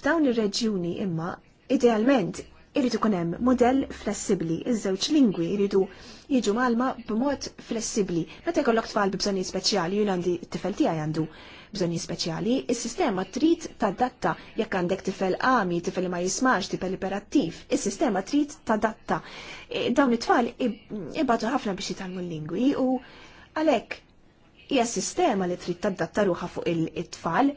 Speaker 3: F'dawn ir-reġjuni imma idealment irrid ikun hemm flessibli, flessibbli, iż-żewġ lingwi jridu jiġu malma b'mod flessibbli. Meta jkollok tfal bi bżonnijiet speċjali jien għandi t-tifel tiegħi għandu bżonni speċjali, is-sistema trid tadatta jekk għandek tifel għami, tifel li ma jismax, tifel iperattiv, is-sistema trid tadatta. E, dawn it-tfal ibatu ħafna biex jitalmu l-lingwi u għalhekk hija sistema li trid tadatta ruħa fuq it-tfal.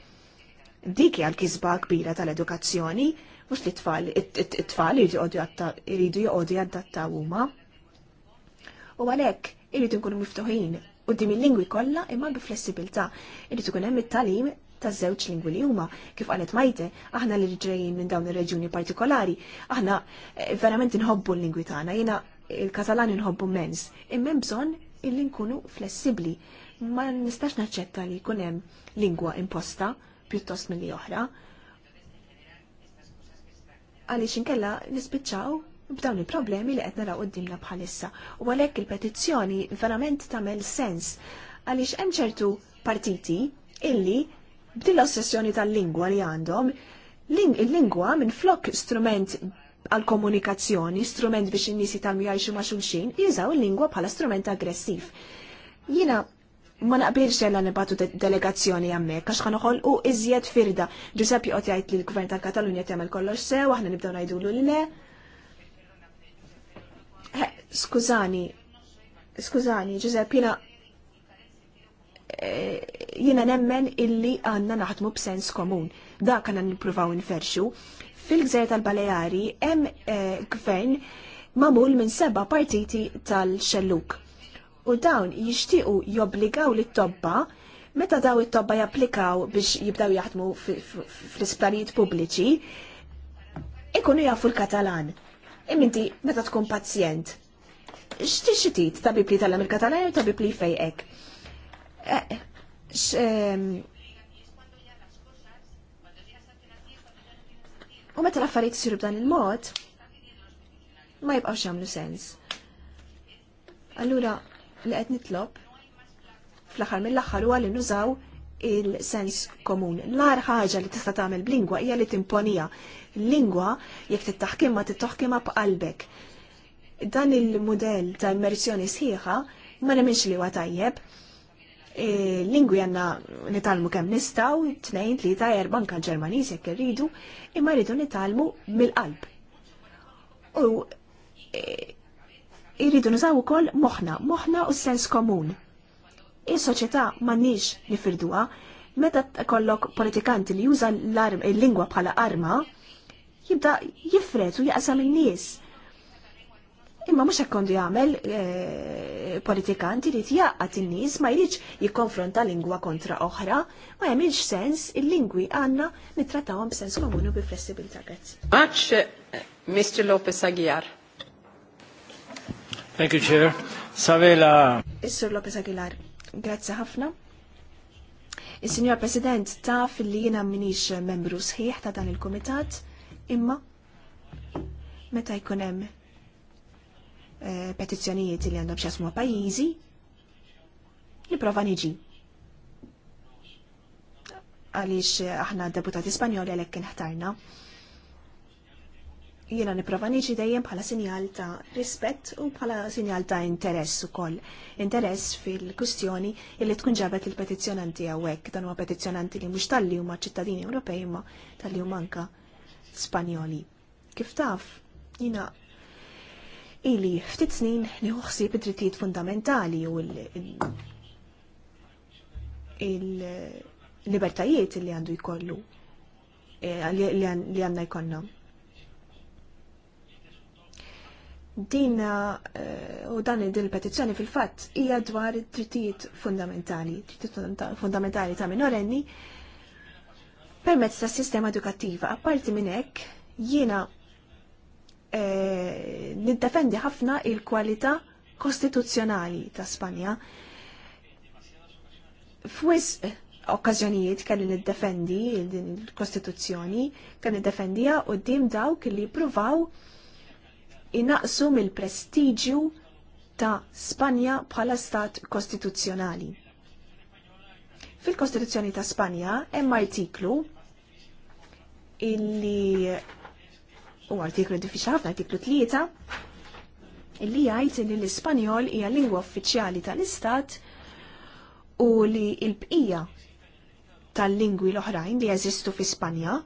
Speaker 3: Dik hija l-kisba kbira tal-edukazzjoni, mhux li tfal it-tfal iridu joqogħdu jadattaw huma. U għalhekk irid nkunu miftuħin u dim il-lingwi kollha imma bi flessibilità irid ikun hemm it-talim ta' żewġ lingwi li huma kif qalet Majte, aħna li ġejjin minn dawn ir-reġjuni partikolari, aħna eh, verament inħobbu l-lingwi tagħna, jiena il-Katalan inħobbu mens, imma bżonn illi nkunu flessibbli. Ma nistax naċċetta li jkun hemm lingwa imposta pjuttost milli oħra. Għaliex inkella nispiċċaw b'dawn il-problemi li qed naraw qudiemna bħalissa. U għalhekk il-petizzjoni verament tagħmel sens għaliex hemm ċertu partiti illi b'dilla l-ossessjoni tal-lingwa li għandhom, il-lingwa minn flok strument għal komunikazzjoni, strument biex in-nies jitalmu jgħixu ma' xulxin, jużaw il-lingwa bħala strument aggressiv. Jiena ma naqbilx jella nibatu delegazzjoni għammek, għax uħol u iżjed firda. Giuseppe jgħot jgħajt li l-Gvern tal-Katalunja temmel kollox sew, aħna nibdew najdu l le, Eh, skużani, skużani, Giuseppe, jina eh, jina nemmen illi għanna naħdmu b'sens komun. Da għanna niprufaw nferxu. Fil-gżer tal-Baleari hemm eh, gvern mamul minn seba partiti tal-xelluk. U dawn jishtiqu jobbligaw li tobba meta daw it-tobba japplikaw biex jibdaw jaħdmu fl-isplanijiet pubbliċi ikunu jafu l-Katalan. Imminti, meta tkun pazjent, xitit, tabib li tal-Amerika tal ajr tabib li fejek? Eh, eh, u meta l-affarijiet isiru b'dan il-mod, ma jibqgħux xamlu sens. Allura li qed nitlob fl-aħħar mill-aħħar huwa li nużaw il-sens komun. L-ar ħaġa li tista' tagħmel b'lingwa hija li timponija. Lingwa jekk tittaħkimha titaħkimha b'qalbek. Dan il-mudell ta' immersjoni sħiħa ma nemminx li huwa tajjeb. E, lingwi għanna nitalmu kemm nistaw, tnejn, tlieta, erba' anke Ġermaniż jekk irridu, imma rridu nitalmu mill-qalb. U e, irridu nużaw ukoll moħħna, moħħna u s-sens komun Is-soċjetà m'għandniex nifirduha. Meta kollok politikanti li juża l-lingwa bħala arma, jibda jifret u jaqsam in-nies. Imma mhux hekk kondu jagħmel eh, politikanti li tjaqgħat in-nies ma jridx jikkonfronta lingwa kontra oħra, ma jagħmilx sens il-lingwi għandna nittrattawhom b'sens komuni u bi flessibilità. Grazzi.
Speaker 1: Mr. Eh, Lopez
Speaker 3: Aguiar.
Speaker 4: Thank you, Chair. Savela.
Speaker 3: Mr. Lopez Aguilar. Grazzi ħafna. Is-Sinjor President taf li jiena minix membru sħiħ ta' dan il-Kumitat, imma meta jkun hemm eh, petizzjonijiet li għandhom x'jasmu pajjiżi, nipprova niġi għaliex aħna deputati Spanjoli għalhekk ħtarna jiena nipprova niġi dejjem bħala sinjal ta' rispett u bħala sinjal ta' interess ukoll. Interess fil-kustjoni illi tkun ġabet il-petizzjonanti hawnhekk dan huwa petizzjonanti li mhux tal-li huma ċittadini Ewropej ma tal-li huma anka Spanjoli. Kif taf, jiena ili ftit snin li uħsi id-drittijiet fundamentali u il-libertajiet li għandu jkollu eh, li għanna jkonna. din eh, u dan il-petizzjoni fil-fatt hija dwar drittijiet fundamentali, drittijiet fundamentali ta' minorenni permezz ta' sistema edukattiva. Apparti minn hekk jiena eh, niddefendi ħafna il-kwalità kostituzzjonali ta' Spanja. Fwis okkazjonijiet kelli niddefendi din il-Kostituzzjoni, kelli niddefendija u dim dawk li pruvaw inaqsu mill-prestiġju ta' Spanja bħala stat kostituzzjonali. Fil-Kostituzzjoni ta' Spanja hemm artiklu illi u artiklu diffiċli ħafna artiklu tlieta illi jgħid li l-Ispanjol hija lingwa uffiċjali tal-Istat u li l-bqija tal-lingwi l-oħrajn li jeżistu fi Spanja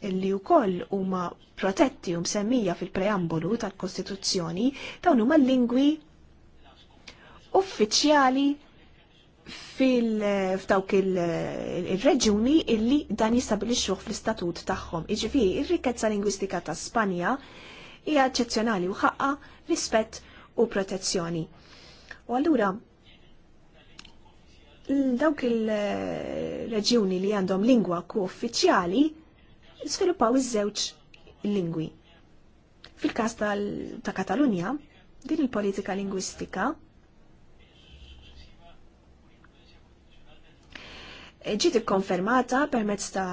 Speaker 3: illi wkoll huma protetti u msemmija fil-preambolu tal-Kostituzzjoni dawn huma lingwi uffiċjali fil-fdawk il-reġuni illi dan jistabilixxuh fl-istatut tagħhom. Iġifieri, ir-rikkezza lingwistika ta' Spanja hija eċċezzjonali u ħaqqa rispett u protezzjoni. U allura dawk il-reġjuni li għandhom lingwa ku uffiċjali sviluppaw iż-żewġ lingwi. Fil-każ ta' Katalunja, din il-politika lingwistika ġiet ikkonfermata permezz ta'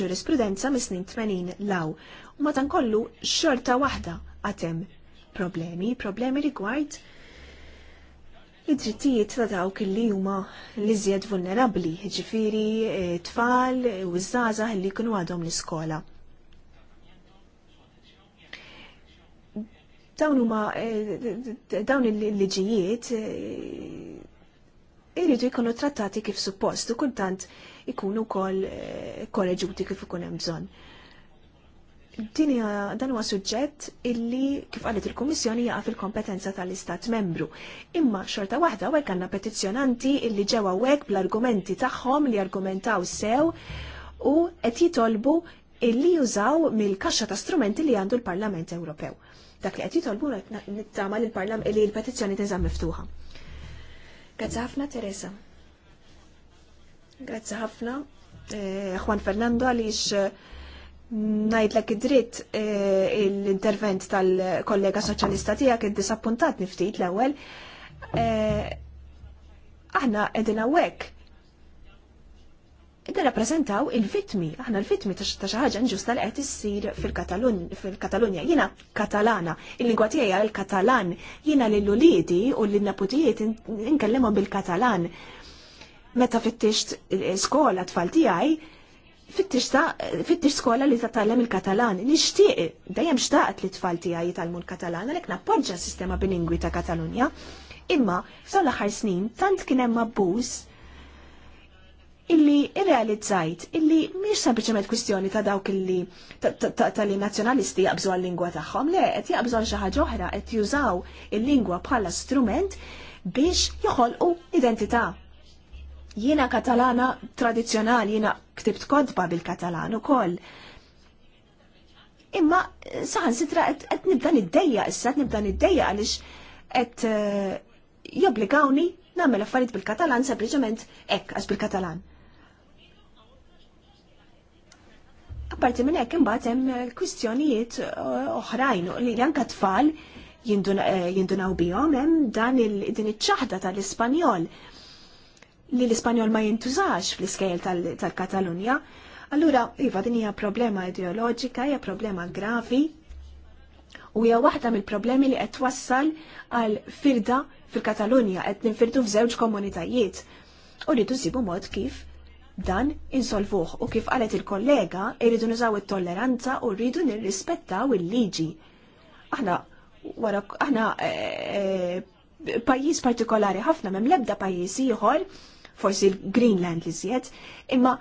Speaker 3: ġurisprudenza mis-snin 80 law u matankollu xorta waħda għatem problemi, problemi rigward id-drittijiet ta' dawk li huma li żjed vulnerabbli, ġifiri eh, tfal u żgħażagħ li jkunu għadhom l-iskola. Dawn huma eh, dawn il-liġijiet eh, irridu jkunu trattati kif suppost u kultant ikunu wkoll korreġuti kif ikun hemm bżonn. Dinja dan huwa suġġett illi kif qalet il-Kummissjoni jaqa' fil-kompetenza tal-Istat membru. Imma xorta waħda hekk għandna petizzjonanti illi ġew hawnhekk bl-argumenti tagħhom li argumentaw sew u qed jitolbu illi jużaw mill-kaxxa ta' strumenti li għandu l-Parlament Ewropew. Dak li qed jitolbu nittama lill-Parlament li l-petizzjoni tinżamm miftuħa. Grazzi ħafna Teresa. Grazzi ħafna eh, Juan Fernando għaliex eh, najdlek id-dritt eh, l-intervent tal-kollega soċjalista tiegħek id-disappuntat niftit l-ewwel. Eh, aħna edin hawnhekk. Id rappresentaw il-vitmi, aħna l-vitmi ta' xi ħaġa nġusta li qed issir fil-Katalunja. Jiena Katalana, il-lingwa tiegħi l-Katalan, jiena l uliedi u l naputijiet inkellimhom bil-Katalan. Meta fittixt eh, skola tfal tiegħi, fittix skola li tatallem il-Katalan. nishtiq, dejjem xtaqt li tfal tiegħi jitalmu l-Katalan għalhekk nappoġġa s-sistema bilingwi ta' Katalunja. Imma sol l snin tant kien hemm abbuż illi irrealizzajt illi mhix sempliċement kwistjoni ta' dawk illi tal-li nazzjonalisti jaqbżu għal-lingwa tagħhom, le qed jaqbżu għal xi ħaġa oħra qed jużaw il-lingwa bħala strument biex joħolqu identità Jiena katalana tradizjonali, jiena ktibt kodba bil-katalan ukoll. Imma saħan sitra qed nibda niddeja issa għet nibda niddejja għaliex qed eh, jobligawni nagħmel affarijiet bil-Katalan sempliċement hekk għas bil-Katalan. Apparti minn hekk imbagħad hemm eh, kwistjonijiet eh, oħrajn li anke tfal jindunaw bihom hemm dan din iċ-ċaħda tal-Ispanjol li l-Ispanjol ma jintużax fl-iskejl tal-Katalunja. Allura, iva, din hija problema ideoloġika, hija problema gravi, u hija waħda mill-problemi li qed twassal għal firda fil-Katalunja qed ninfirdu f'żewġ komunitajiet. U rridu nsibu mod kif dan insolvuh u kif qalet il-kollega irridu nużaw it-tolleranza u rridu nirrispettaw il-liġi. Aħna wara aħna eh, eh, pajjiż partikolari ħafna m'hemm lebda ebda pajjiż ieħor forsi l-Greenland li zjed, imma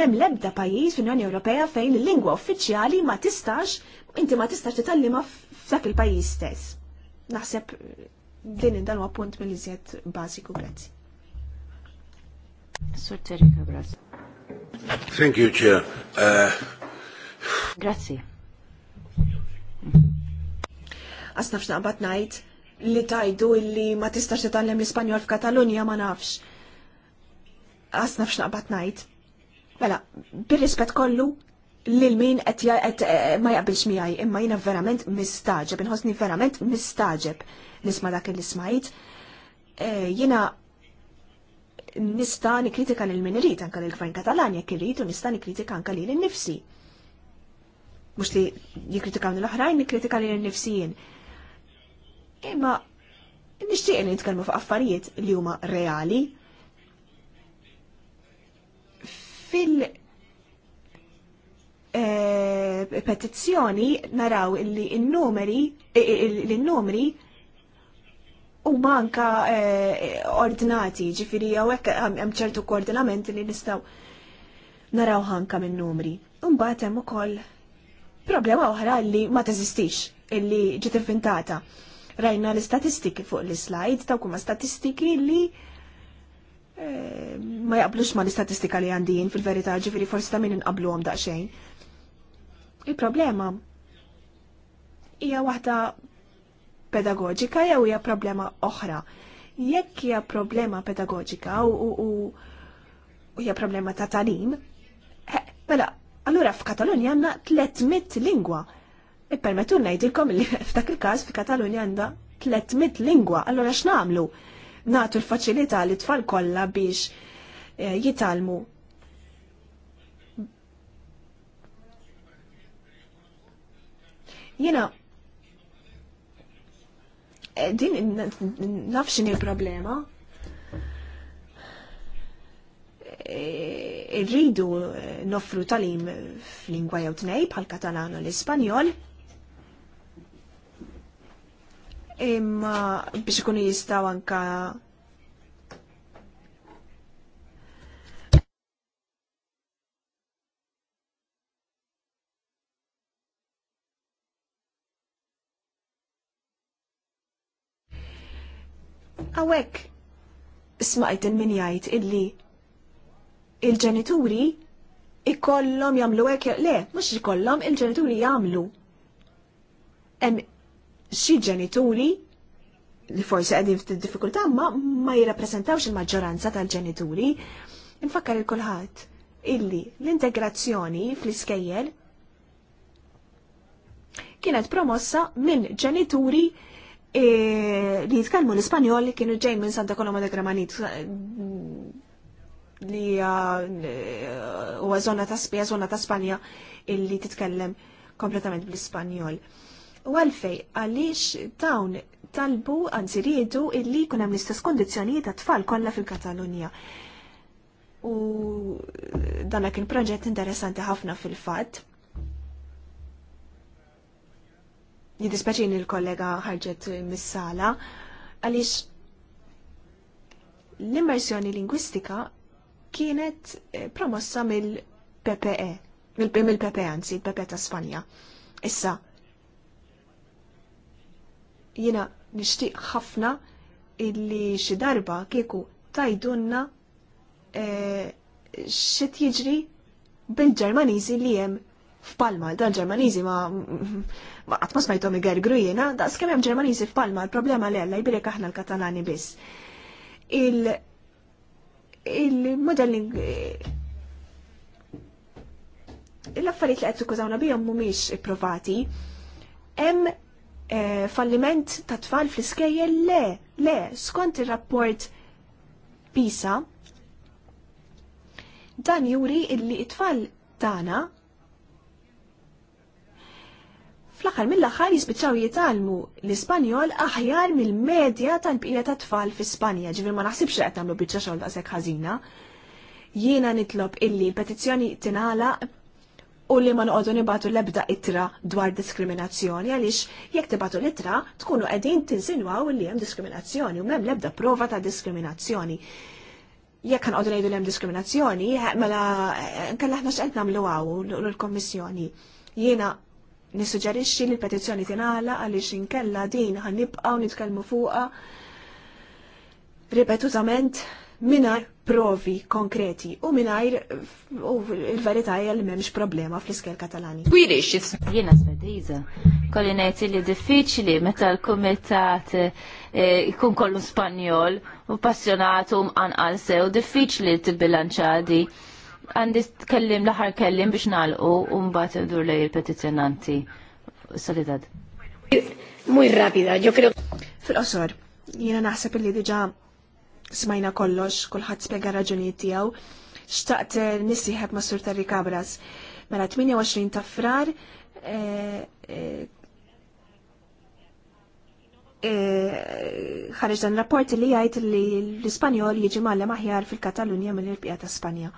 Speaker 3: mem lebda pajjiż fl-Unjoni Ewropea fejn il-lingwa uffiċjali ma tistax, inti ma tistax titallima f'dak il-pajjiż stess. Naħseb eh, din dan huwa punt mill-iżjed bażiku, grazzi. Sur Terika, grazzi.
Speaker 4: Thank you, Chair. Uh...
Speaker 3: Grazie. Għasnafx naqbat najt li tajdu illi ma tistax titallem l-Ispanjol f'Katalunja ma nafx għasna f'xnaqbat najt. Mela, bir-rispet kollu lil min qed eh, ma jaqbilx miegħi, imma jiena verament mistaġeb, inħossni verament mistaġeb nisma' dak li smajt. Eh, jiena nista' nikkritika lil min irid anke lil gvern Katalan jekk irid u nista' nikkritika anke lil innifsi. Mhux li jikkritikawni l-oħrajn, nikkritika lil innifsijien. Imma nixtieq li nitkellmu fuq affarijiet li huma reali, Fil- eh, petizzjoni naraw illi n-numeri eh, eh, l-numeri u manka ordinati ġifiri hekk hemm ċertu koordinament li nistaw naraw ħanka min numri. Imbagħad hemm ukoll problema oħra li ma teżistix illi ġiet inventata. Rajna l-istatistiki fuq l-slide ta' kuma statistiki li ma jaqblux ma l-istatistika li għandijin fil-verità ġifiri forsi ta' min inqablu għom daqxejn. Il-problema hija waħda pedagogika jew hija problema oħra. Jekk hija problema pedagogika u hija problema ta' talim, mela, allura f'Katalunja għandna 300 lingwa. Ippermettu ngħidilkom li f'dak il-każ f'Katalunja għandha 300 lingwa, allura x'namlu? natu l-faċilità li tfal kollha biex eh, jitalmu. Jina, eh, din nafxin il-problema. Eh, irridu noffru talim f lingwa jew tnej bħal katalan u l-Ispanjol, imma biex ikunu jistaw anka Awek, smajt il-min jajt illi il-ġenituri ikollom jamlu ek, le, mux ikollom il-ġenituri jamlu xi ġenituri li forsi għedin ftit diffikultà ma ma jirrappreżentawx il-maġġoranza tal-ġenituri. Infakkar il kulħadd illi l-integrazzjoni fl-iskejjel kienet promossa minn ġenituri e, li jitkellmu l-Ispanjol li kienu ġej minn Santa Coloma de Gramanit li huwa e, uh, zona ta' Spija, zona ta' Spanja illi titkellem kompletament bl-Ispanjol. U għalfej, għaliex dawn talbu għanzi riedu illi kun hemm l-istess kondizzjonijiet ta' tfal kollha fil-Katalunja. U dan kien proġett interessanti ħafna fil-fatt. Jidispeċin il kollega ħarġet mis-sala għaliex l-immersjoni lingwistika kienet eh, promossa mill-PPE, mill-PPE e, anzi, il-PPE ta' Spanja. Issa, Jina nishtiq ħafna illi xi darba kieku tajdunna e, xit jiġri bil-Ġermaniżi li hemm f'Palma. Dan Ġermaniżi ma qatt ma smajthom igergru jiena, daqs kemm hemm Ġermaniżi f'Palma, il-problema li għalla jbirek aħna l-Katalani biss. Il il-modelling l-affarijiet li qed tukkużawna bihom mhumiex ipprovati, hemm Eh, falliment ta' tfal fl-iskejjel le, le, skont ir-rapport PISA, dan juri illi it-tfal tagħna fl-axar mill-axar jispiċċaw jitalmu l-Ispanjol aħjar mill-medja tal-bqija ta' tfal fi Spanja, ġivir ma naħsibx qed għetamlu biċċa xogħol daqshekk ħażina. Jiena nitlob illi petizzjoni tinala u li ma noqogħdu nibatu l-ebda itra dwar diskriminazzjoni għaliex jekk tibatu l-itra tkunu qegħdin tinsinwaw li hemm diskriminazzjoni u m'hemm l-ebda prova ta' diskriminazzjoni. Jekk ħanqogħdu ngħidu hemm diskriminazzjoni, mela nkella aħna x'qed nagħmlu għaw l-Kommissjoni. Jiena nissuġġerixxi li l-petizzjoni tingħala għaliex inkella din ħanibqgħu nitkellmu fuqha ripetutament mingħajr provi konkreti u minajr u il-verità jgħal li m'hemmx problema fl-iskel Katalani.
Speaker 4: Gwirix, jiena Svediża, kolli ngħid li diffiċli meta l-kumitat eh, ikun kollu Spanjol u passjonat u għalse sew diffiċli t-bilanċadi Għandi tkellim l-aħħar kellim biex nagħlqu u mbagħad dur lej il-petizzjonanti. Solidad.
Speaker 3: Muj rapida, jo creo. Fil-qosor, jena naħseb li diġa smajna kollox, kulħadd spjega raġunijiet tiegħu. Xtaqt eh, nisiħeb ma' Sur Terri Kabras. Mela 28 ta' frar eh, eh, ħareġ dan rapport li jgħid li l-Ispanjol jiġi mallem aħjar fil-Katalunja mill pija ta' Spanja.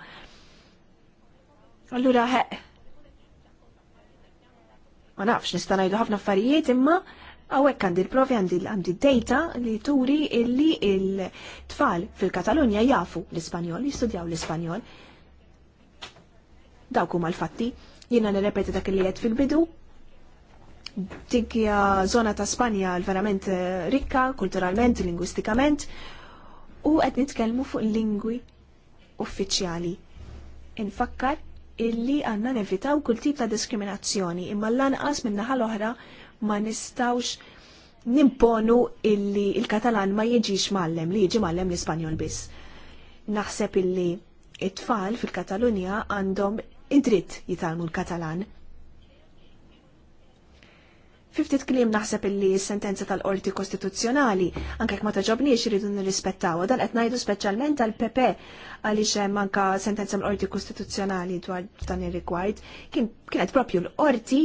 Speaker 3: Allura heq. Ma nafx nista' ngħidu ħafna affarijiet imma Għawek għandi l-provi għandi l-data li turi illi il-tfal fil-Katalunja jafu l-Ispanjol, jistudjaw l-Ispanjol. Dawk huma l-fatti, jiena nirrepeti dak li qed fil-bidu. Tikja zona ta' Spanja verament eh, rikka, kulturalment, lingwistikament, u qed nitkellmu fuq lingwi uffiċjali. Infakkar illi għanna nevitaw kull tip ta' diskriminazzjoni imma l-lanqas minnaħal oħra ma nistawx nimponu illi il-Katalan ma jiġix mallem li jiġi mallem l-Ispanjol biss. Naħseb illi it-tfal fil-Katalunja għandhom id-dritt jitalmu l-Katalan. Fiftit klim naħseb illi s-sentenza tal-qorti kostituzzjonali, anke ma taġobniex irridu nirrispettaw, dan qed ngħidu speċjalment għal PP għaliex hemm anke sentenza l qorti kostituzzjonali dwar dan ir-rigward, kienet propju l-qorti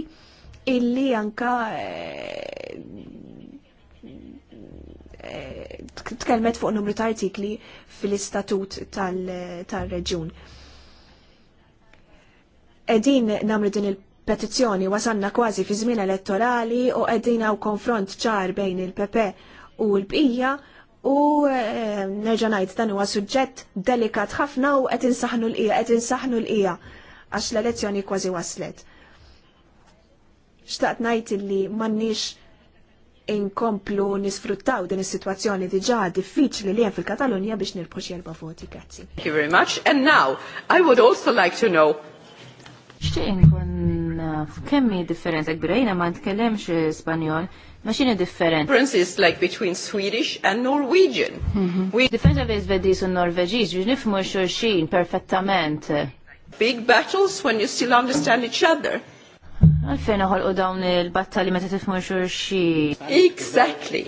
Speaker 3: illi anka eh, eh, tkellmet fuq numru ta' artikli fil-istatut tal-reġjun. Edin namru din il-petizzjoni wasanna kważi fi żmien elettorali u qegħdin hawn konfront ċar bejn il-PP u l-bqija u eh, nerġa' ngħid dan huwa suġġett delikat ħafna u qed insaħnu l-qija, qed insaħnu l-qija għax l-elezzjoni kważi waslet xtaqt najt li mannix inkomplu nisfruttaw din is-sitwazzjoni diġà diffiċli li hemm fil-Katalunja biex nirbħu xi erba' voti. Grazzi.
Speaker 1: Thank you very much. And now I would also like to know
Speaker 4: Xtieq kun naf kemm hi differenza kbira jiena ma nitkellemx Spanjol, ma x'inhi different. Difference is like between Swedish and Norwegian. Mhm. Differenza bejn Svediż u Norveġiż biex nifhmu x'urxin perfettament. Big battles when you still understand each other. Għalfejn uħolqu dawn il-battali meta tifmu xurxi. Exactly.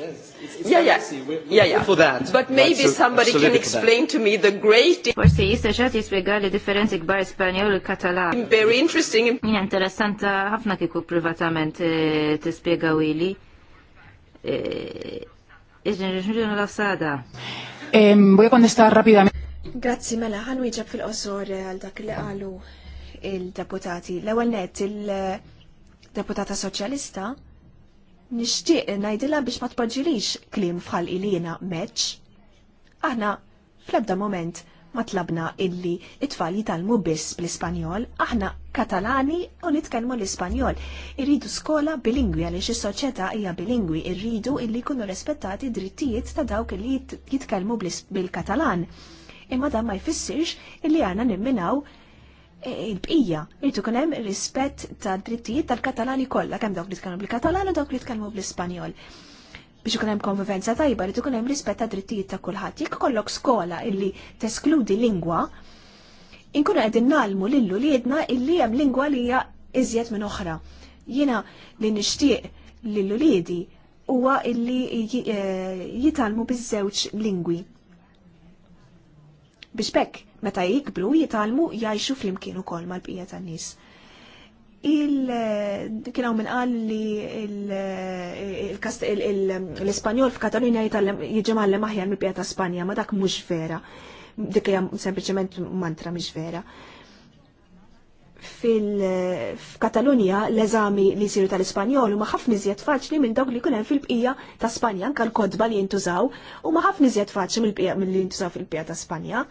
Speaker 4: Yeah, yeah. Yeah, yeah. For that. But maybe somebody can explain to me the great... Forsi jista xaħt jispiega li differenzi kbar Spanjol u Katalan. Very interesting. Jina interessanta ħafna kiku privatament eh, tispiega u ili. Eh, Iġin rġun l-osada.
Speaker 2: Voy a contestar rápidamente.
Speaker 3: Grazzi mela, ħanwiġab fil-qosor għal dak li qalu il-deputati. L-ewwel net il- deputata soċjalista, nixtieq ngħidilha biex ma tpoġġilix kliem fħal ilina meċ. Aħna fl-ebda moment ma tlabna illi it-tfal jitalmu biss bl-Ispanjol, aħna Katalani u nitkellmu l-Ispanjol. Irridu skola bilingwi għaliex is-soċjetà hija bilingwi, irridu illi jkunu rispettati drittijiet ta' dawk illi jitkellmu bil-Katalan. Imma dan ma jfissirx illi għana nimminaw il-bqija irtu kunem rispett ta' drittijiet tal-Katalani kollha kemm dawk li tkellmu bil-Katalan u dawk li tkellmu bl-Ispanjol. Biex ikun hemm konvivenza tajba li ikun hemm rispett ta' drittijiet ta' kulħadd. Jekk kollok skola illi teskludi lingwa, inkunu qegħdin nagħlmu lillu li jedna illi hemm lingwa li hija iżjed minn oħra. Jiena li nixtieq lillu liedi huwa illi eh, jitalmu biż-żewġ lingwi. Biex bekk meta jikbru jitalmu jajxu flimkien u ukoll mal-bqija tan-nies. Eh, kien hawn qal li eh, l-Ispanjol f'Katalunja jiġi għallem aħjar mill bija ta' Spanja, ma dak mhux vera. Dik hija sempliċement mantra mhix vera fil-Katalunja eh, l-eżami li siru tal-Ispanjol u ħafna iżjed faċli minn dawk li kunem fil-bqija ta' Spanja nkal l-kodba li jintużaw huma ħafna iżjed faċli mill-bqija li jintużaw fil bija ta' Spanja.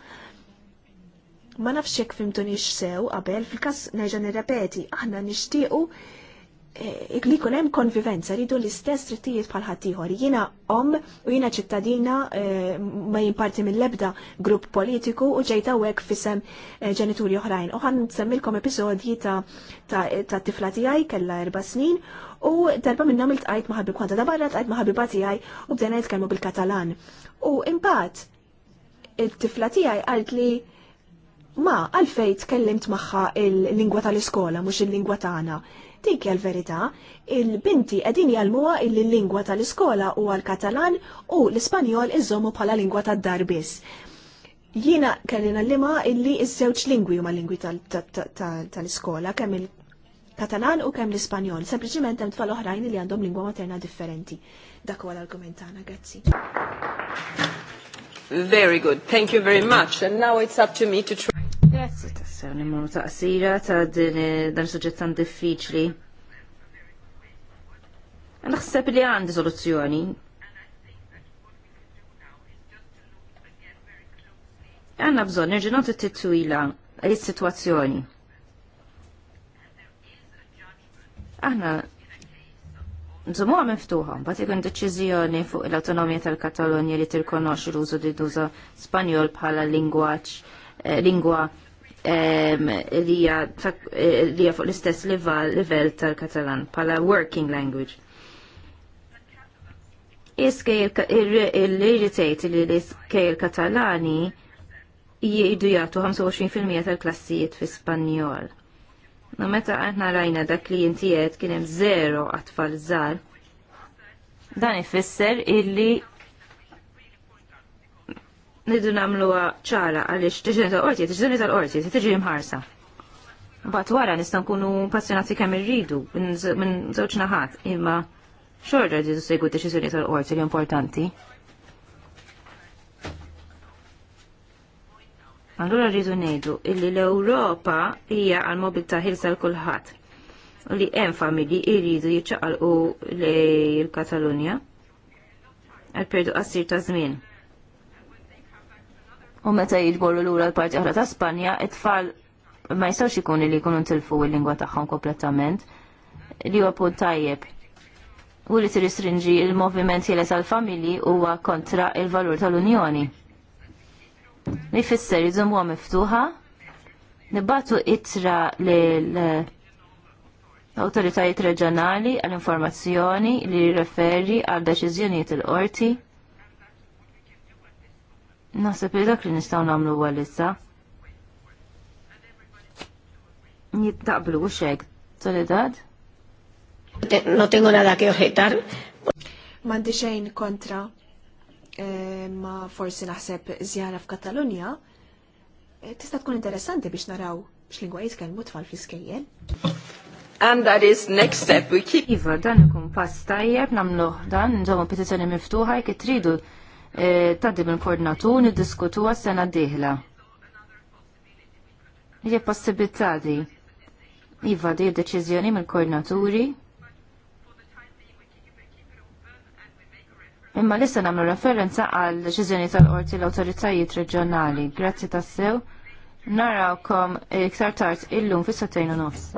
Speaker 3: Ma nafx jekk fimtuni sew qabel fil-każ nerġa' nirrepeti, aħna nixtiequ eh, li jkun hemm konvivenza rridu l-istess drittijiet bħal ħaddieħor. Jiena om u jiena ċittadina eh, ma jimparti mill-ebda grupp politiku u ġejta hekk fisem eh, ġenituri oħrajn. U ħan nsemmilkom episodji ta' tifla tiegħi kellha erba' snin u darba minnhom iltqajt ma' ħabib kwanta da barra tqajt ma' ħabiba tiegħi u bdejna jitkellmu bil-Katalan. U imbagħad it-tifla tiegħi qalt li ma għalfej tkellimt magħha il-lingwa tal-iskola mhux il-lingwa tagħna. Dik l verità il-binti qegħdin jalmuha il-lingwa tal-iskola huwa l-Katalan u l-Ispanjol iżommu bħala lingwa tad-dar biss. Jiena kelli nallima illi iż-żewġ lingwi huma lingwi tal-iskola kemm il-Katalan u kemm l-Ispanjol, sempliċiment hemm tfal oħrajn li għandhom lingwa materna differenti. Dak huwa l argumentana grazzi.
Speaker 4: Very good.
Speaker 1: Thank you very
Speaker 3: much. And now it's up to me to try.
Speaker 4: Grazzi tassew, nimmu taqsira ta' din eh, dan suġġett diffiċli. Naħseb li għandi soluzzjoni. Għanna bżon nirġinot it-titwila il-situazzjoni. Aħna għam miftuħa, bat ikun deċiżjoni fuq l-autonomija tal-Katalonja li tirkonoxxi l-użu di duża Spanjol bħala lingwaġġ eh, lingwa Eh, li hija fuq l-istess livell tal-Katalan bħala working language. Iskej il-irritate li l iske il-Katalani jgħidu jgħatu 25% tal-klassijiet fi Spanjol. No meta għetna rajna dak li jintijiet kienem zero għatfall zar, dan ifisser illi nidu namluwa ċara għaliex tiġini tal-qorti, tiġini tal-qorti, tiġi mħarsa. Bat wara nistan kunu passjonati kemm irridu minn żewġ naħat, imma xorġa ġidu segu deċiżjoni tal-qorti li importanti. Allura rridu ngħidu illi l-Ewropa hija għal mobil ta' ħilsa l-kulħadd li hemm familji jridu jiċċaqalqu l-Katalunja għal perdu qasir ta' żmien U meta l lura l-parti oħra ta' Spanja, it-tfal ma jistawx ikun li jkunu ntilfu il-lingwa tagħhom kompletament. Li huwa punt tajjeb. U li tirristrinġi il-moviment jeles tal familji huwa kontra il-valur tal-Unjoni. Li fisser huwa miftuħa, nibbatu itra lil eh, autoritajiet reġjonali għall-informazzjoni li jirreferi għal deċiżjonijiet il-qorti Naħseb li dak li nistgħu nagħmlu huwa issa. xejn, Soledad? No tengo nada que
Speaker 3: objetar. Mandi xejn kontra eh, ma forsi naħseb żjara f'Katalunja. Eh, tista' tkun interessanti biex naraw x'lingwa jitkellmu tfal fl-iskejjel.
Speaker 4: And that is next step we keep. Iva, dan ikun pass tajjeb namluħ dan, nżommu petizjoni miftuħa jekk tridu E, ta' dim il-koordinatur niddiskutu għas-sena d-dieħla. possibilità di. Iva di deċiżjoni mill-koordinaturi. Imma lissa nagħmlu referenza għal deċiżjoni tal-qorti l-awtoritajiet reġjonali. Grazzi tassew. Narawkom e, iktar tard illum fis nofs.